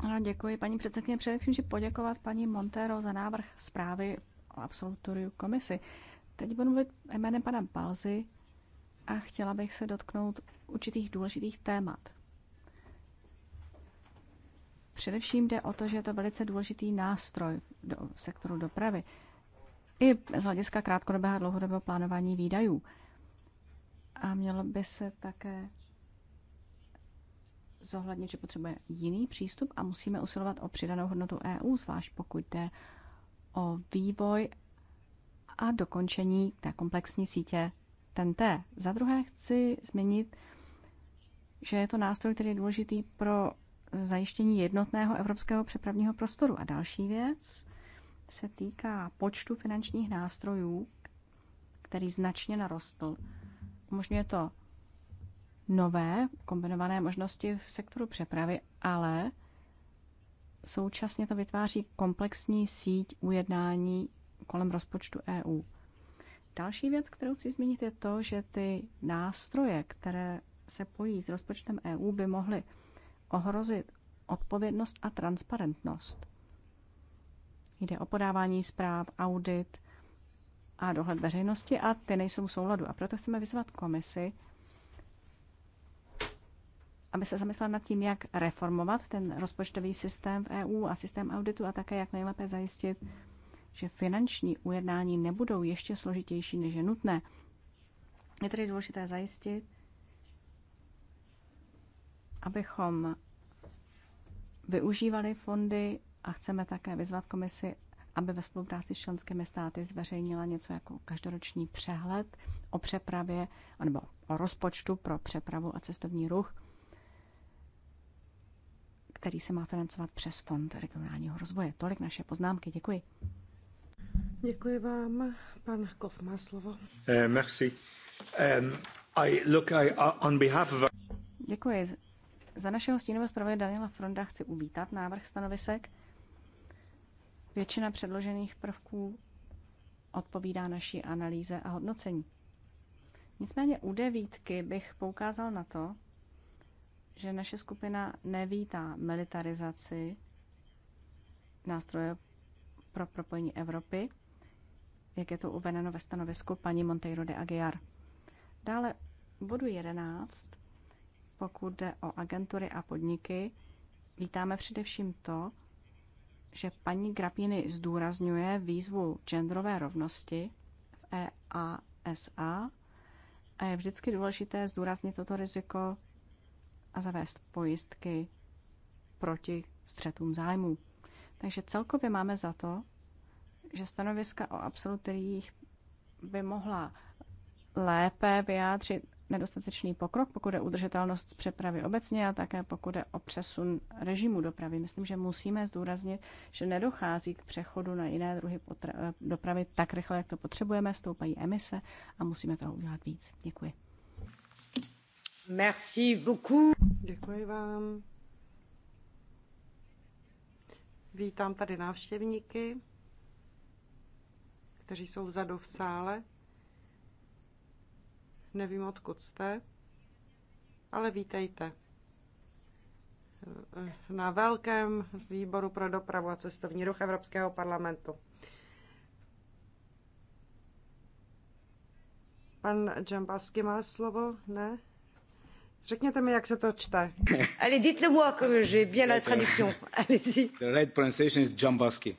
S4: Ano, děkuji paní předsedkyně. Především, že poděkovat paní Montero za návrh zprávy o absolutoriu komisy. Teď budu mluvit jménem pana Balzy, a chtěla bych se dotknout určitých důležitých témat. Především jde o to, že je to velice důležitý nástroj do sektoru dopravy i z hlediska krátkodobého a dlouhodobého plánování výdajů. A mělo by se také zohlednit, že potřebuje jiný přístup a musíme usilovat o přidanou hodnotu EU, zvlášť pokud jde o vývoj a dokončení té komplexní sítě ten T. Za druhé chci zmínit, že je to nástroj, který je důležitý pro zajištění jednotného evropského přepravního prostoru. A další věc se týká počtu finančních nástrojů, který značně narostl. Umožňuje to nové kombinované možnosti v sektoru přepravy, ale současně to vytváří komplexní síť ujednání kolem rozpočtu EU. Další věc, kterou chci zmínit, je to, že ty nástroje, které se pojí s rozpočtem EU, by mohly ohrozit odpovědnost a transparentnost. Jde o podávání zpráv, audit a dohled veřejnosti a ty nejsou v souladu. A proto chceme vyzvat komisi, aby se zamyslela nad tím, jak reformovat ten rozpočtový systém v EU a systém auditu a také jak nejlépe zajistit, že finanční ujednání nebudou ještě složitější, než je nutné. Je tedy důležité zajistit, abychom využívali fondy a chceme také vyzvat komisi, aby ve spolupráci s členskými státy zveřejnila něco jako každoroční přehled o přepravě nebo o rozpočtu pro přepravu a cestovní ruch, který se má financovat přes Fond regionálního rozvoje. Tolik naše poznámky. Děkuji.
S1: Děkuji vám. Pan Kov má slovo.
S2: Eh, merci. Um, I, look, I, uh, on behalf of...
S4: Děkuji. Za našeho stínového zpravodaje Daniela Fronda chci uvítat návrh stanovisek. Většina předložených prvků odpovídá naší analýze a hodnocení. Nicméně u devítky bych poukázal na to, že naše skupina nevítá militarizaci nástroje pro propojení Evropy jak je to uvedeno ve stanovisku paní Monteiro de Aguiar. Dále bodu 11, pokud jde o agentury a podniky, vítáme především to, že paní Grapiny zdůrazňuje výzvu genderové rovnosti v EASA a je vždycky důležité zdůraznit toto riziko a zavést pojistky proti střetům zájmů. Takže celkově máme za to, že stanoviska o absolutoriích by mohla lépe vyjádřit nedostatečný pokrok, pokud je udržitelnost přepravy obecně a také pokud je o přesun režimu dopravy. Myslím, že musíme zdůraznit, že nedochází k přechodu na jiné druhy dopravy tak rychle, jak to potřebujeme, stoupají emise a musíme toho udělat
S1: víc. Děkuji. Merci beaucoup. Děkuji vám. Vítám tady návštěvníky kteří jsou vzadu v sále. Nevím, odkud jste, ale vítejte na velkém výboru pro dopravu a cestovní ruch Evropského parlamentu. Pan Džambalsky má slovo, ne? Řekněte mi, jak se to čte. Ale dites-le moi, je j'ai bien la traduction.
S3: Allez-y. The right pronunciation is Džambasky.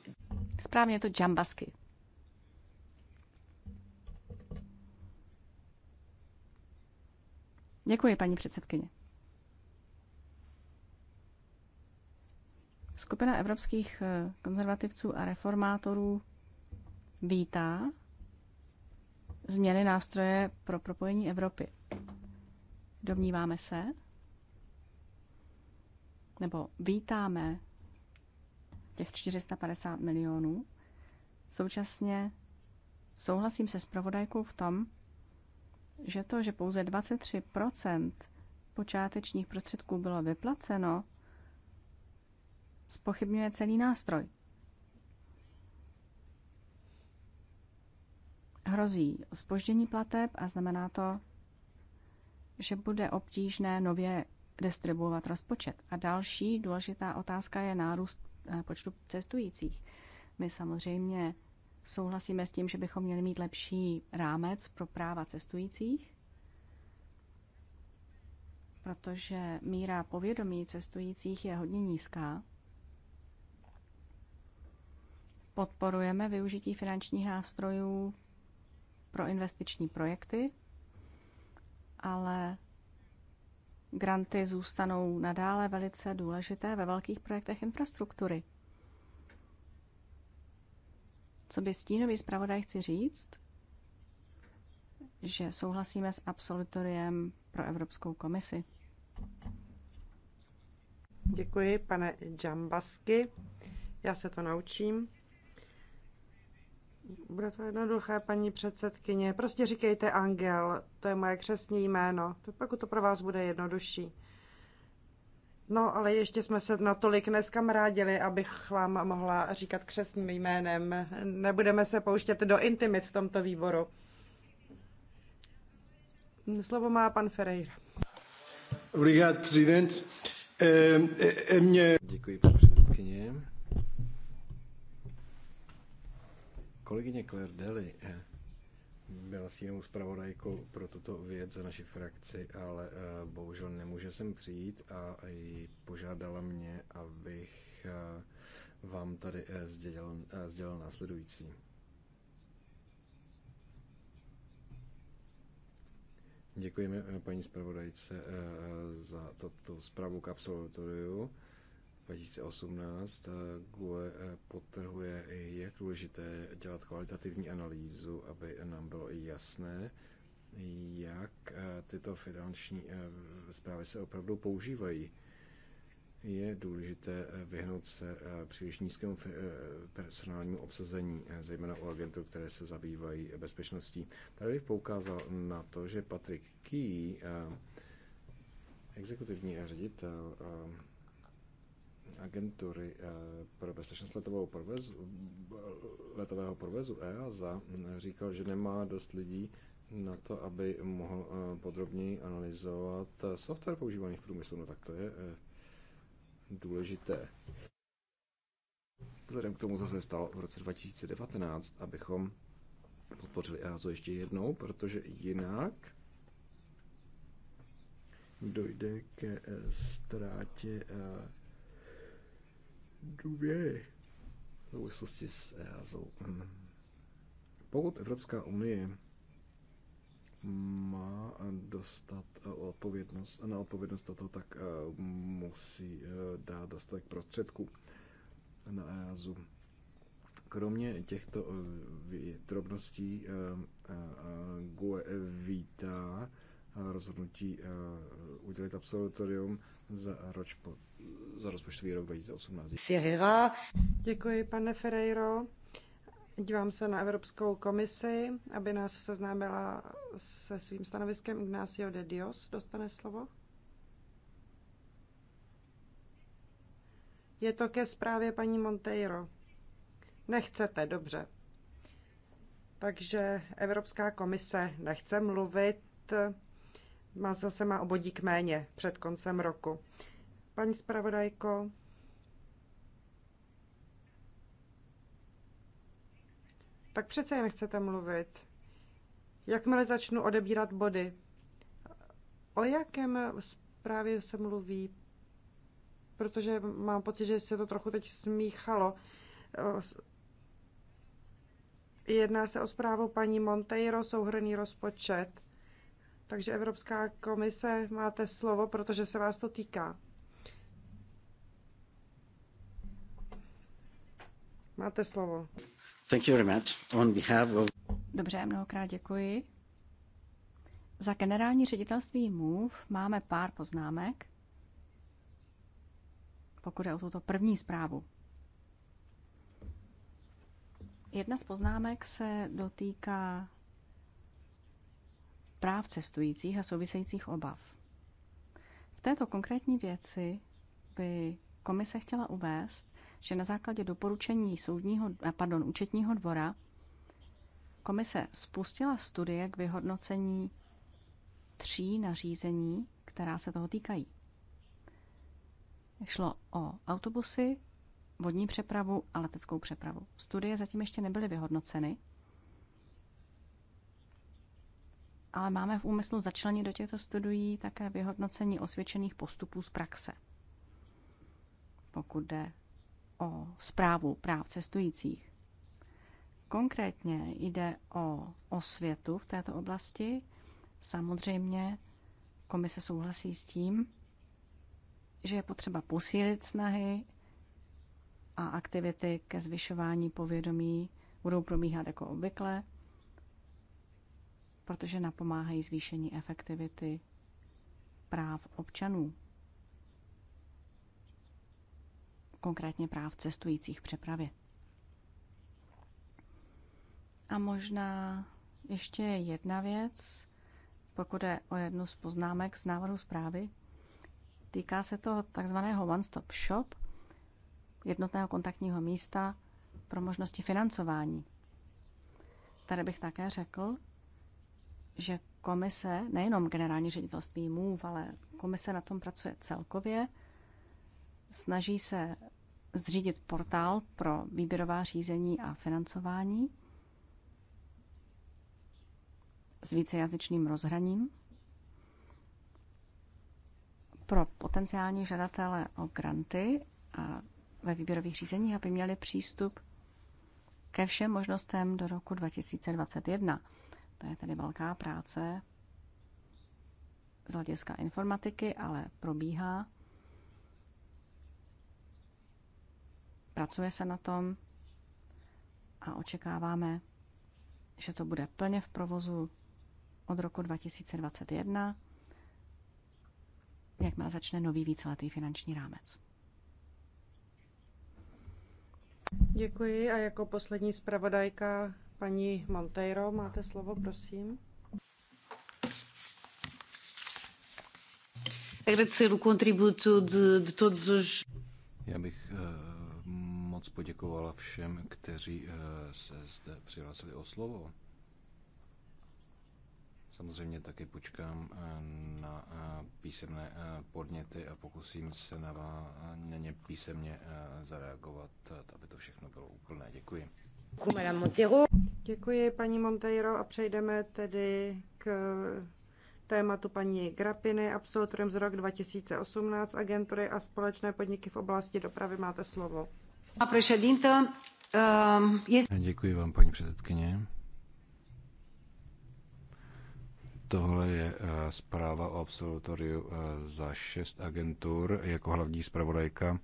S4: Správně je to Džambasky. Děkuji, paní předsedkyně. Skupina evropských eh, konzervativců a reformátorů vítá změny nástroje pro propojení Evropy. Domníváme se, nebo vítáme těch 450 milionů. Současně souhlasím se s provodajkou v tom, že to, že pouze 23 počátečních prostředků bylo vyplaceno, spochybňuje celý nástroj. Hrozí spoždění plateb a znamená to, že bude obtížné nově distribuovat rozpočet. A další důležitá otázka je nárůst eh, počtu cestujících. My samozřejmě Souhlasíme s tím, že bychom měli mít lepší rámec pro práva cestujících, protože míra povědomí cestujících je hodně nízká. Podporujeme využití finančních nástrojů pro investiční projekty, ale granty zůstanou nadále velice důležité ve velkých projektech infrastruktury. Co by stínový zpravodaj chci říct? Že souhlasíme s absolutoriem pro Evropskou komisi.
S1: Děkuji, pane Džambasky. Já se to naučím. Bude to jednoduché, paní předsedkyně. Prostě říkejte Angel, to je moje křesní jméno. Tak pokud to pro vás bude jednodušší. No, ale ještě jsme se natolik neskamrádili, abych vám mohla říkat křesným jménem. Nebudeme se pouštět do intimit v tomto výboru. Slovo má pan Ferreira.
S2: Obrigado, prezident.
S3: Eh, eh, eh, mě... Děkuji, paní předsedkyně. Kolegyně Claire Deli byla jinou zpravodajkou pro tuto věc za naši frakci, ale eh, bohužel nemůže sem přijít a požádala mě, abych eh, vám tady eh, sdělil, sdělil následující. Děkujeme paní zpravodajce za toto zprávu k absolutoriu. 2018 eh, GUE eh, potrhuje, jak důležité dělat kvalitativní analýzu, aby nám bylo jasné, jak eh, tyto finanční zprávy se opravdu používají. Je důležité vyhnout se příliš nízkému personálnímu obsazení, zejména u agentů, které se zabývají bezpečností. Tady bych poukázal na to, že Patrick Key, exekutivní ředitel agentury eh, pro bezpečnost letového provozu, letového provozu EASA říkal, že nemá dost lidí na to, aby mohl eh, podrobněji analyzovat eh, software používaný v průmyslu. No tak to je důležité. Vzhledem k tomu, co se stalo v roce 2019, abychom podpořili EASO ještě jednou, protože jinak dojde ke ztrátě důvěry v souvislosti s EASO. Mhm. Pokud Evropská unie má dostat eh, odpovědnost, na odpovědnost toto, tak eh, musí eh, dát dostatek prostředků na EASu. Kromě těchto drobností GUE vítá rozhodnutí eh, udělit absolutorium za, roč po, za rozpočtový rok 2018.
S1: Ferreira. Děkuji, pane Ferreiro. Dívám se na Evropskou komisi, aby nás seznámila se svým stanoviskem. Ignacio de Dios dostane slovo. Je to ke zprávě paní Monteiro. Nechcete, dobře. Takže Evropská komise nechce mluvit má zase má obodík méně před koncem roku. Paní zpravodajko, tak přece jen chcete mluvit. Jakmile začnu odebírat body, o jakém zprávě se mluví? Protože mám pocit, že se to trochu teď smíchalo. Jedná se o zprávu paní Monteiro, souhrný rozpočet. Takže Evropská komise, máte slovo, protože se vás to týká. Máte
S4: slovo.
S3: Thank you very much. On behalf of...
S4: Dobře, mnohokrát děkuji. Za generální ředitelství MOVE máme pár poznámek, pokud je o tuto první zprávu. Jedna z poznámek se dotýká práv cestujících a souvisejících obav. V této konkrétní věci by komise chtěla uvést, že na základě doporučení soudního, eh, pardon, účetního dvora komise spustila studie k vyhodnocení tří nařízení, která se toho týkají. Šlo o autobusy, vodní přepravu a leteckou přepravu. Studie zatím ještě nebyly vyhodnoceny, ale máme v úmyslu začlenit do těchto studií také vyhodnocení osvědčených postupů z praxe. Pokud jde o zprávu práv cestujících. Konkrétně jde o osvětu v této oblasti. Samozřejmě komise souhlasí s tím, že je potřeba posílit snahy a aktivity ke zvyšování povědomí budou probíhat jako obvykle protože napomáhají zvýšení efektivity práv občanů, konkrétně práv cestujících v přepravě. A možná ještě jedna věc, pokud je o jednu z poznámek z návrhu zprávy. Týká se to takzvaného one-stop shop, jednotného kontaktního místa pro možnosti financování. Tady bych také řekl, že komise, nejenom generální ředitelství MOVE, ale komise na tom pracuje celkově, snaží se zřídit portál pro výběrová řízení a financování s vícejazyčným rozhraním pro potenciální žadatele o granty a ve výběrových řízeních, aby měli přístup ke všem možnostem do roku 2021. To je tedy velká práce z hlediska informatiky, ale probíhá. Pracuje se na tom a očekáváme, že to bude plně v provozu od roku 2021, jakmile začne nový víceletý finanční rámec.
S1: Děkuji a jako poslední zpravodajka Paní Monteiro, máte slovo, prosím.
S4: Agradecer o contributo de, de todos os.
S3: Já bych eh, moc poděkovala všem, kteří eh, se zde přihlásili o slovo. Samozřejmě taky počkám eh, na písemné podněty a pokusím se na ně písemně zareagovat, aby to všechno bylo úplné. Děkuji.
S1: Děkuji, paní Monteiro, a přejdeme tedy k tématu paní Grapiny, absolutorem z rok 2018, agentury a společné podniky v oblasti dopravy. Máte slovo. Ehm,
S3: Děkuji vám, paní předsedkyně. Tohle je eh, zpráva o absolutoriu eh, za šest agentur jako hlavní zpravodajka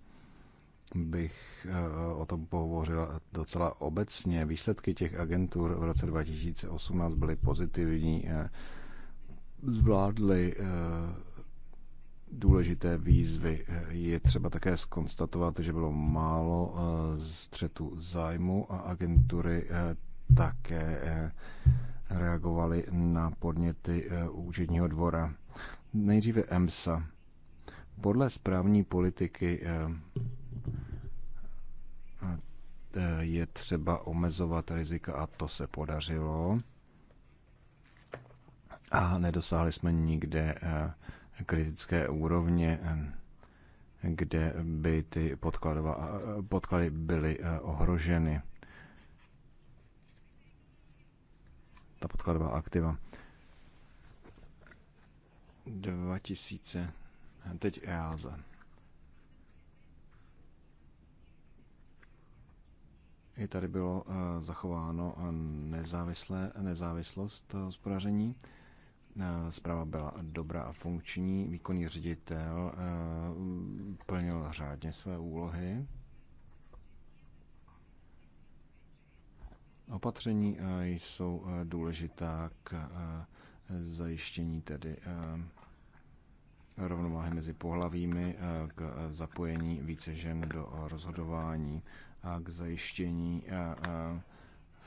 S3: bych eh, o tom pohovořil docela obecně. Výsledky těch agentur v roce 2018 byly pozitivní. Eh, zvládly eh, důležité výzvy. Je třeba také skonstatovat, že bylo málo střetu zájmu a agentury také reagovaly na podněty účetního dvora. Nejdříve EMSA. Podle správní politiky je třeba omezovat rizika a to se podařilo. A nedosáhli jsme nikde eh, kritické úrovně, eh, kde by ty eh, podklady byly ohroženy. Ta podkladová aktiva. 2000. Teď EASA. i tady bylo eh, zachováno eh, nezávislé, nezávislost eh, hospodaření. Zpráva byla dobrá a funkční, výkonný ředitel plnil řádně své úlohy. Opatření jsou důležitá k zajištění tedy rovnováhy mezi pohlavími, k zapojení více žen do rozhodování k zajištění eh, eh,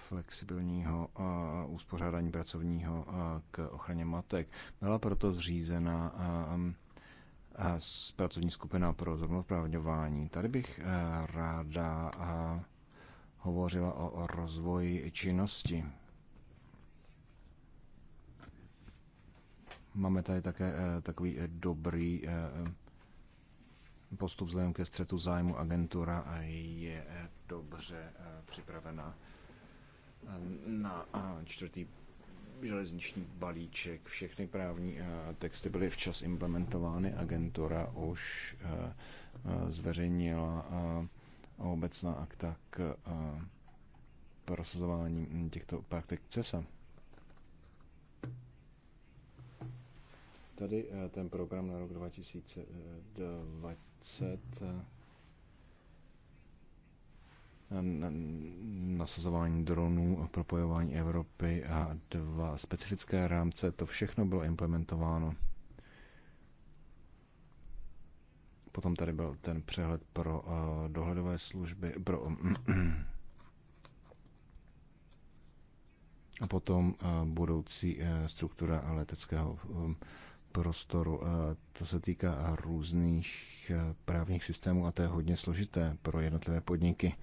S3: flexibilního eh, uspořádání pracovního k ochraně matek. Byla proto zřízena pracovní skupina pro zrovnoprávňování. Tady bych ráda hovořila o rozvoji činnosti. Máme tady také takový dobrý postup vzhledem ke střetu zájmu agentura je dobře eh, připravena eh, na eh, čtvrtý železniční balíček. Všechny právní texty byly včas implementovány. Agentura už zveřejnila obecná akta k prosazování těchto praktik CESA. Tady ten program na rok 2020 20 eh, nasazování dronů, propojování Evropy a dva specifické rámce. To všechno bylo implementováno. Potom tady byl ten přehled pro eh, dohledové služby, pro eh, a potom budoucí struktura leteckého prostoru. To se týká různých e, právních systémů a to je hodně složité pro jednotlivé podniky.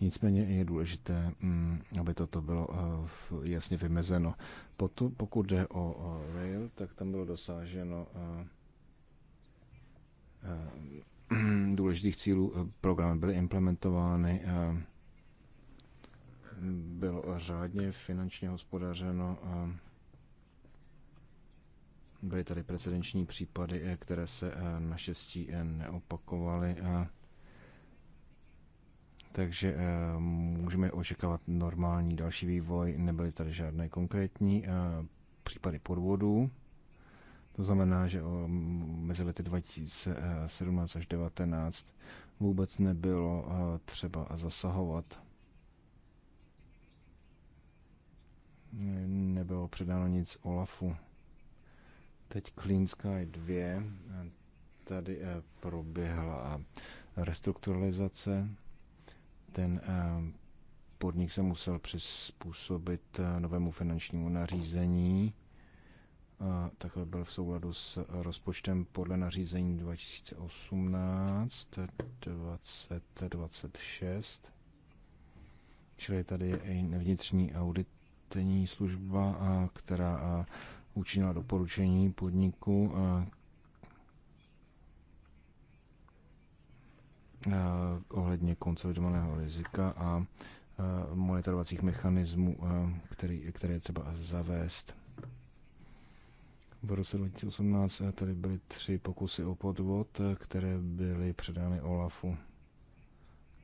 S3: Nicméně je důležité, mm, aby toto bylo e, jasně vymezeno. Potom, pokud jde o rail, tak tam bylo dosáženo e, důležitých cílů. Programy byly implementovány, bylo řádně finančně hospodařeno. Byly tady precedenční případy, eh, které se eh, naštěstí eh, neopakovaly. Takže můžeme očekávat normální další vývoj. Nebyly tady žádné konkrétní případy podvodů. To znamená, že mezi lety 2017 až 2019 vůbec nebylo třeba zasahovat. Nebylo předáno nic Olafu. Teď Clean Sky 2. Tady eh, proběhla restrukturalizace. Ten eh, podnik se musel přizpůsobit eh, novému finančnímu nařízení. Takhle byl v souladu s rozpočtem podle nařízení 2018 2026. Čili tady je i vnitřní auditní služba, která učinila doporučení podniku, eh, eh, ohledně konsolidovaného rizika a eh, monitorovacích mechanismů, který, které je třeba zavést. V roce 2018 tady byly tři pokusy o podvod, které byly předány OLAFu.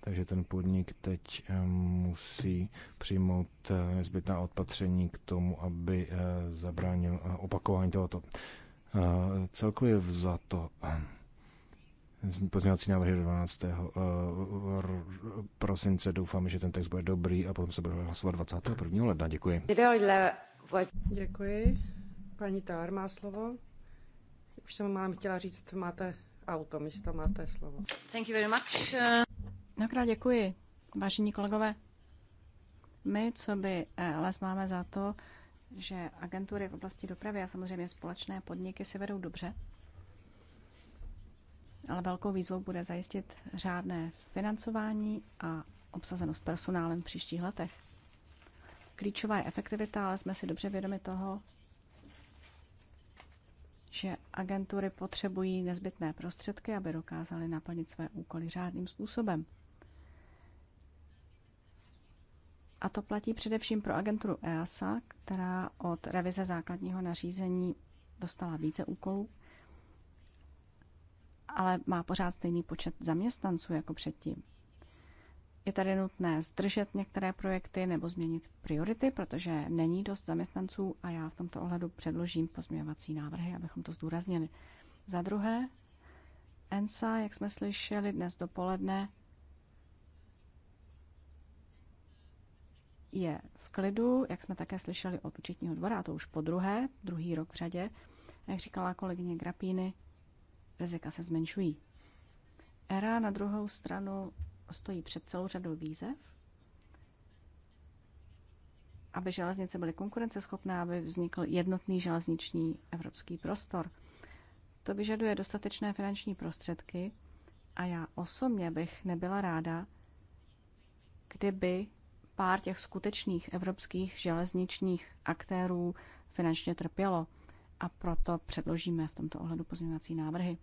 S3: Takže ten podnik teď eh, musí přijmout eh, nezbytná odpatření k tomu, aby eh, zabránil opakování tohoto. Celkově vzato pozměňovací návrhy 12. prosince. Doufám, že ten text bude dobrý a potom se bude hlasovat 21. ledna. Děkuji.
S1: Děkuji. Paní Tár má slovo. Už jsem vám chtěla říct, máte auto, místo máte slovo.
S4: Thank you very much. Mnohokrát děkuji, vážení kolegové. My, co by eh, les máme za to, že agentury v oblasti dopravy a samozřejmě společné podniky si vedou dobře, ale velkou výzvou bude zajistit řádné financování a obsazenost personálem v příštích letech. Klíčová je efektivita, ale jsme si dobře vědomi toho, že agentury potřebují nezbytné prostředky, aby dokázaly naplnit své úkoly řádným způsobem. A to platí především pro agenturu EASA, která od revize základního nařízení dostala více úkolů, ale má pořád stejný počet zaměstnanců jako předtím. Je tady nutné zdržet některé projekty nebo změnit priority, protože není dost zaměstnanců a já v tomto ohledu předložím pozměňovací návrhy, abychom to zdůraznili. Za druhé, ENSA, jak jsme slyšeli dnes dopoledne, je v klidu, jak jsme také slyšeli od účetního dvora, a to už po druhé, druhý rok v řadě, jak říkala kolegyně Grapíny, rizika se zmenšují. ERA na druhou stranu stojí před celou řadou výzev, aby železnice byly konkurenceschopné, aby vznikl jednotný železniční evropský prostor. To vyžaduje dostatečné finanční prostředky a já osobně bych nebyla ráda, kdyby pár těch skutečných evropských železničních aktérů finančně trpělo a proto předložíme v tomto ohledu pozměňovací návrhy.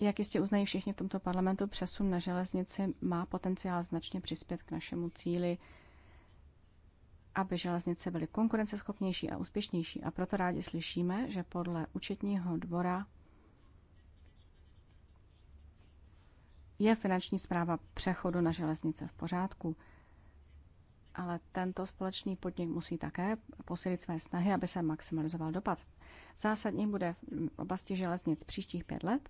S4: Jak jistě uznají všichni v tomto parlamentu, přesun na železnici má potenciál značně přispět k našemu cíli, aby železnice byly konkurenceschopnější a úspěšnější. A proto rádi slyšíme, že podle účetního dvora je finanční zpráva přechodu na železnice v pořádku. Ale tento společný podnik musí také posilit své snahy, aby se maximalizoval dopad. Zásadní bude v oblasti železnic příštích pět let.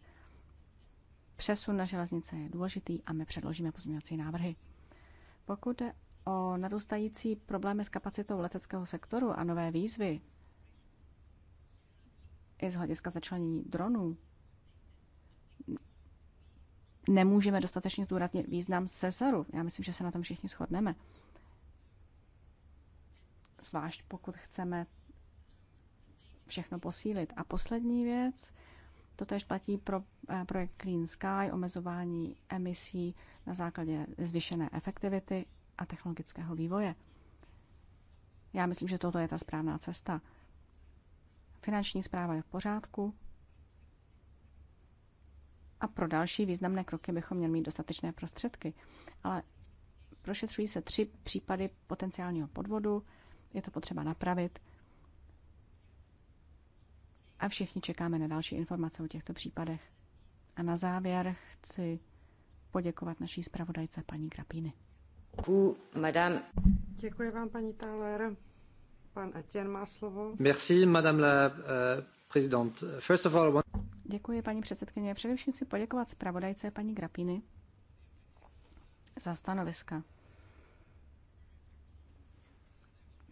S4: Přesun na železnice je důležitý a my předložíme pozměňovací návrhy. Pokud jde o narůstající problémy s kapacitou leteckého sektoru a nové výzvy i z hlediska začlenění dronů, nemůžeme dostatečně zdůraznit význam Cezaru. Já myslím, že se na tom všichni shodneme. Zvlášť pokud chceme všechno posílit. A poslední věc, to tež platí pro eh, projekt Clean Sky, omezování emisí na základě zvýšené efektivity a technologického vývoje. Já myslím, že toto je ta správná cesta. Finanční zpráva je v pořádku, a pro další významné kroky bychom měli mít dostatečné prostředky. Ale prošetřují se tři případy potenciálního podvodu, je to potřeba napravit. A všichni čekáme na další informace o těchto případech. A na závěr chci poděkovat naší zpravodajce paní Krapíny.
S1: Děkuji vám, paní Thaler. Pan Etienne má slovo. Merci, madame la uh,
S3: présidente. First of all,
S4: Děkuji, paní předsedkyně. Především si poděkovat zpravodajce paní Grapiny za stanoviska.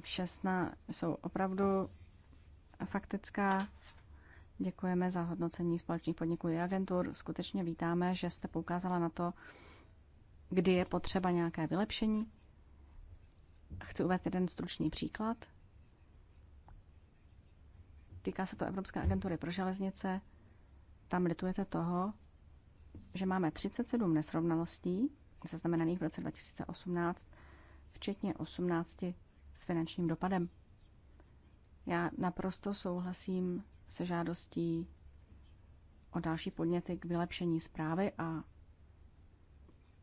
S4: Šestna jsou opravdu faktická. Děkujeme za hodnocení společných podniků i agentur. Skutečně vítáme, že jste poukázala na to, kdy je potřeba nějaké vylepšení. Chci uvést jeden stručný příklad. Týká se to Evropské agentury pro železnice. Tam litujete toho, že máme 37 nesrovnalostí, zaznamenaných v roce 2018, včetně 18 s finančním dopadem. Já naprosto souhlasím se žádostí o další podněty k vylepšení zprávy a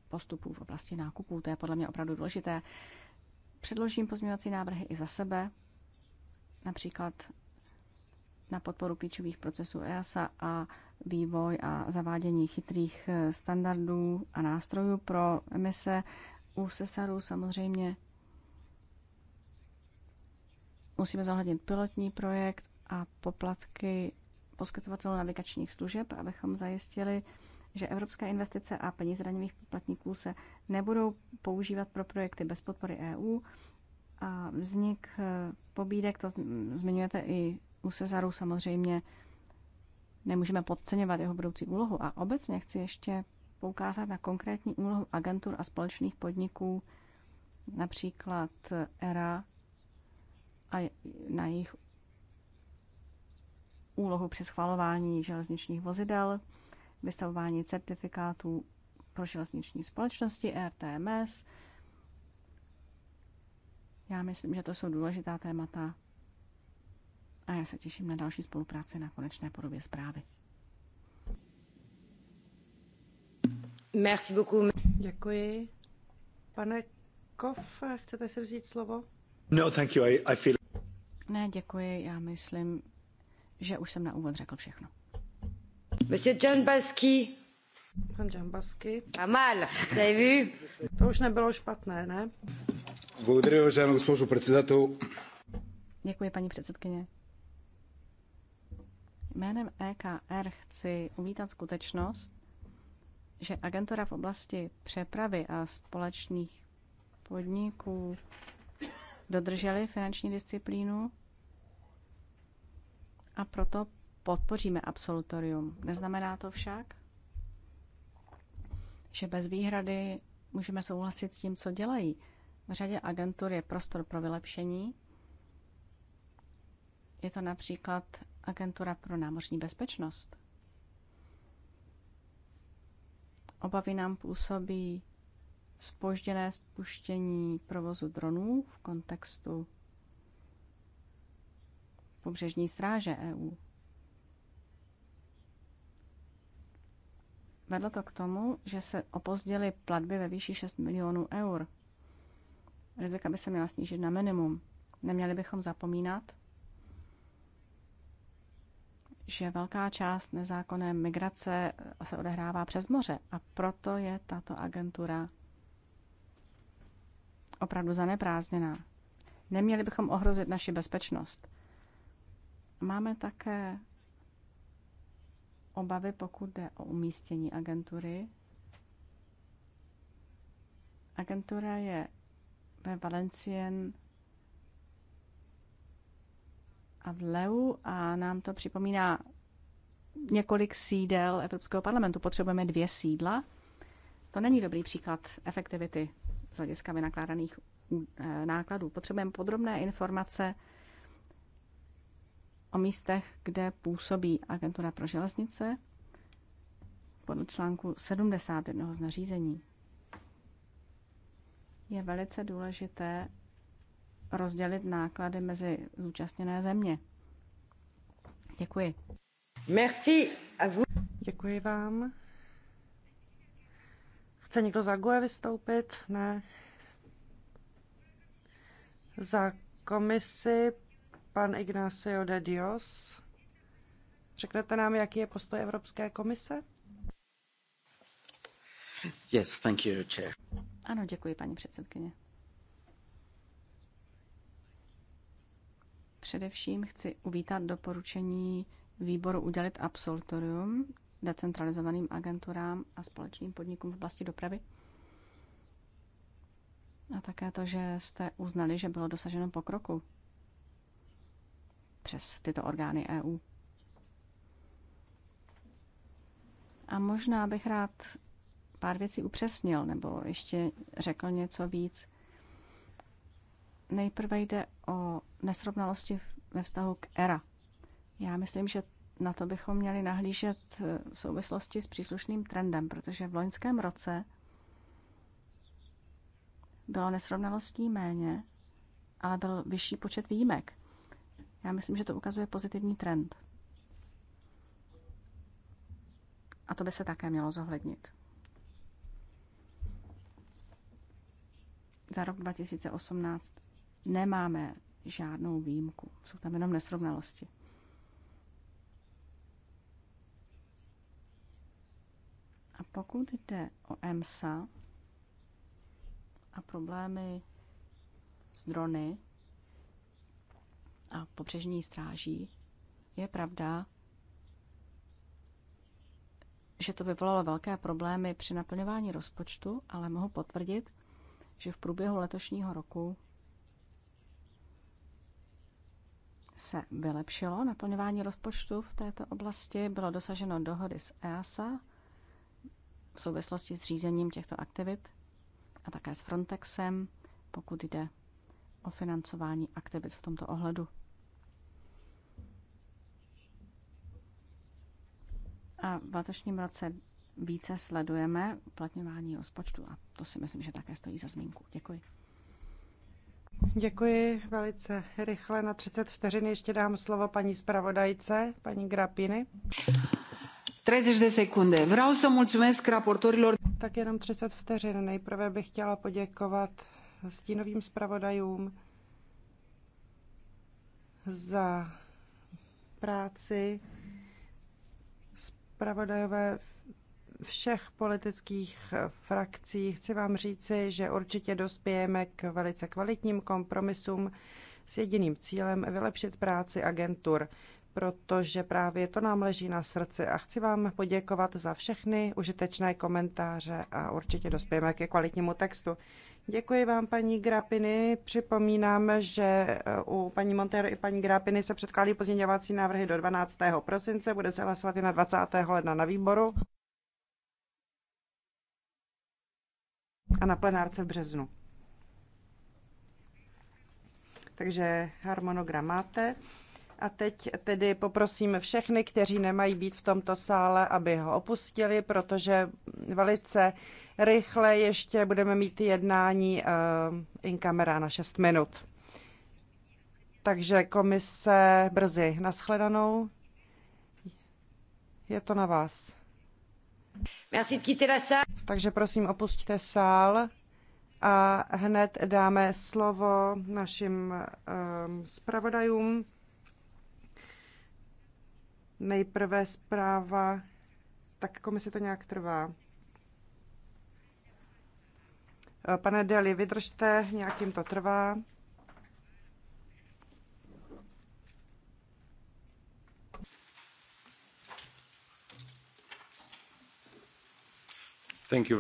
S4: postupů v oblasti nákupů. To je podle mě opravdu důležité. Předložím pozměňovací návrhy i za sebe, například na podporu klíčových procesů EASA a vývoj a zavádění chytrých eh, standardů a nástrojů pro emise. U sesaru samozřejmě musíme zohlednit pilotní projekt a poplatky poskytovatelů navigačních služeb, abychom zajistili, že evropské investice a peníze daňových poplatníků se nebudou používat pro projekty bez podpory EU. A vznik eh, pobídek, to zmiňujete i u Cezaru samozřejmě nemůžeme podceňovat jeho budoucí úlohu. A obecně chci ještě poukázat na konkrétní úlohu agentur a společných podniků, například ERA a na jejich úlohu při schvalování železničních vozidel, vystavování certifikátů pro železniční společnosti, RTMS. Já myslím, že to jsou důležitá témata a já se těším na další spolupráci
S1: na konečné podobě zprávy. Merci beaucoup. Děkuji. Pane Kov, chcete si vzít slovo?
S2: No, thank you. I, I feel...
S1: Ne, děkuji. Já myslím, že už
S4: jsem na úvod řekl všechno. Monsieur John Basky. Pan John Basky.
S1: A mal, jste vu? To už nebylo špatné, ne? Děkuji, paní předsedkyně.
S4: Jménem EKR chci uvítat skutečnost, že agentura v oblasti přepravy a společných podniků dodržely finanční disciplínu a proto podpoříme absolutorium. Neznamená to však, že bez výhrady můžeme souhlasit s tím, co dělají. V řadě agentur je prostor pro vylepšení. Je to například agentura pro námořní bezpečnost. Obavy nám působí spožděné spuštění provozu dronů v kontextu pobřežní stráže EU. Vedlo to k tomu, že se opozdily platby ve výši 6 milionů eur. Rizika by se měla snížit na minimum. Neměli bychom zapomínat, že velká část nezákonné migrace se odehrává přes moře a proto je tato agentura opravdu zaneprázdněná. Neměli bychom ohrozit naši bezpečnost. Máme také obavy, pokud jde o umístění agentury. Agentura je ve Valencien a v Leu a nám to připomíná několik sídel Evropského parlamentu. Potřebujeme dvě sídla. To není dobrý příklad efektivity z hlediska vynakládaných eh, nákladů. Potřebujeme podrobné informace o místech, kde působí agentura pro železnice podle článku 71 z nařízení. Je velice důležité, rozdělit náklady mezi zúčastněné země. Děkuji.
S1: Merci a vous. Děkuji vám. Chce někdo za GUE vystoupit? Ne. Za komisi pan Ignacio de Dios. Řeknete nám, jaký je postoj Evropské komise?
S4: Yes, thank you, chair.
S1: Ano, děkuji, paní předsedkyně.
S4: Především chci uvítat doporučení výboru udělit absolutorium decentralizovaným agenturám a společným podnikům v oblasti dopravy. A také to, že jste uznali, že bylo dosaženo pokroku přes tyto orgány EU. A možná bych rád pár věcí upřesnil nebo ještě řekl něco víc Nejprve jde o nesrovnalosti ve vztahu k ERA. Já myslím, že na to bychom měli nahlížet eh, v souvislosti s příslušným trendem, protože v loňském roce bylo nesrovnalostí méně, ale byl vyšší počet výjimek. Já myslím, že to ukazuje pozitivní trend. A to by se také mělo zohlednit. Za rok 2018 nemáme žádnou výjimku. Jsou tam jenom nesrovnalosti. A pokud jde o EMSA a problémy s drony a pobřežní stráží, je pravda, že to vyvolalo velké problémy při naplňování rozpočtu, ale mohu potvrdit, že v průběhu letošního roku se vylepšilo naplňování rozpočtu v této oblasti. Bylo dosaženo dohody s EASA v souvislosti s řízením těchto aktivit a také s Frontexem, pokud jde o financování aktivit v tomto ohledu. A v letošním roce více sledujeme
S1: uplatňování rozpočtu a to si myslím, že také stojí za zmínku. Děkuji. Děkuji velice rychle. Na 30 vteřin ještě dám slovo paní zpravodajce, paní Grapiny. 30 de Vrau Vreau să mulțumesc raportorilor. Tak jenom 30 vteřin. Nejprve bych chtěla poděkovat stínovým zpravodajům za práci zpravodajové všech politických eh, frakcí chci vám říci, že určitě dospějeme k velice kvalitním kompromisům s jediným cílem vylepšit práci agentur, protože právě to nám leží na srdci a chci vám poděkovat za všechny užitečné komentáře a určitě dospějeme ke kvalitnímu textu. Děkuji vám, paní Grapiny. Připomínám, že eh, u paní Montero i paní Grapiny se předkládají pozměňovací návrhy do 12. prosince. Bude se hlasovat i na 20. ledna na výboru. a na plenárce v březnu. Takže harmonogram máte. A teď tedy poprosím všechny, kteří nemají být v tomto sále, aby ho opustili, protože velice rychle ještě budeme mít jednání eh, in kamera na 6 minut. Takže komise brzy. Naschledanou. Je to na vás. Takže prosím opustíte sál a hned dáme slovo našim um, zpravodajům. Nejprve zpráva, tak komise to nějak trvá. Pane Deli, vydržte, nějakým to trvá.
S2: Thank you very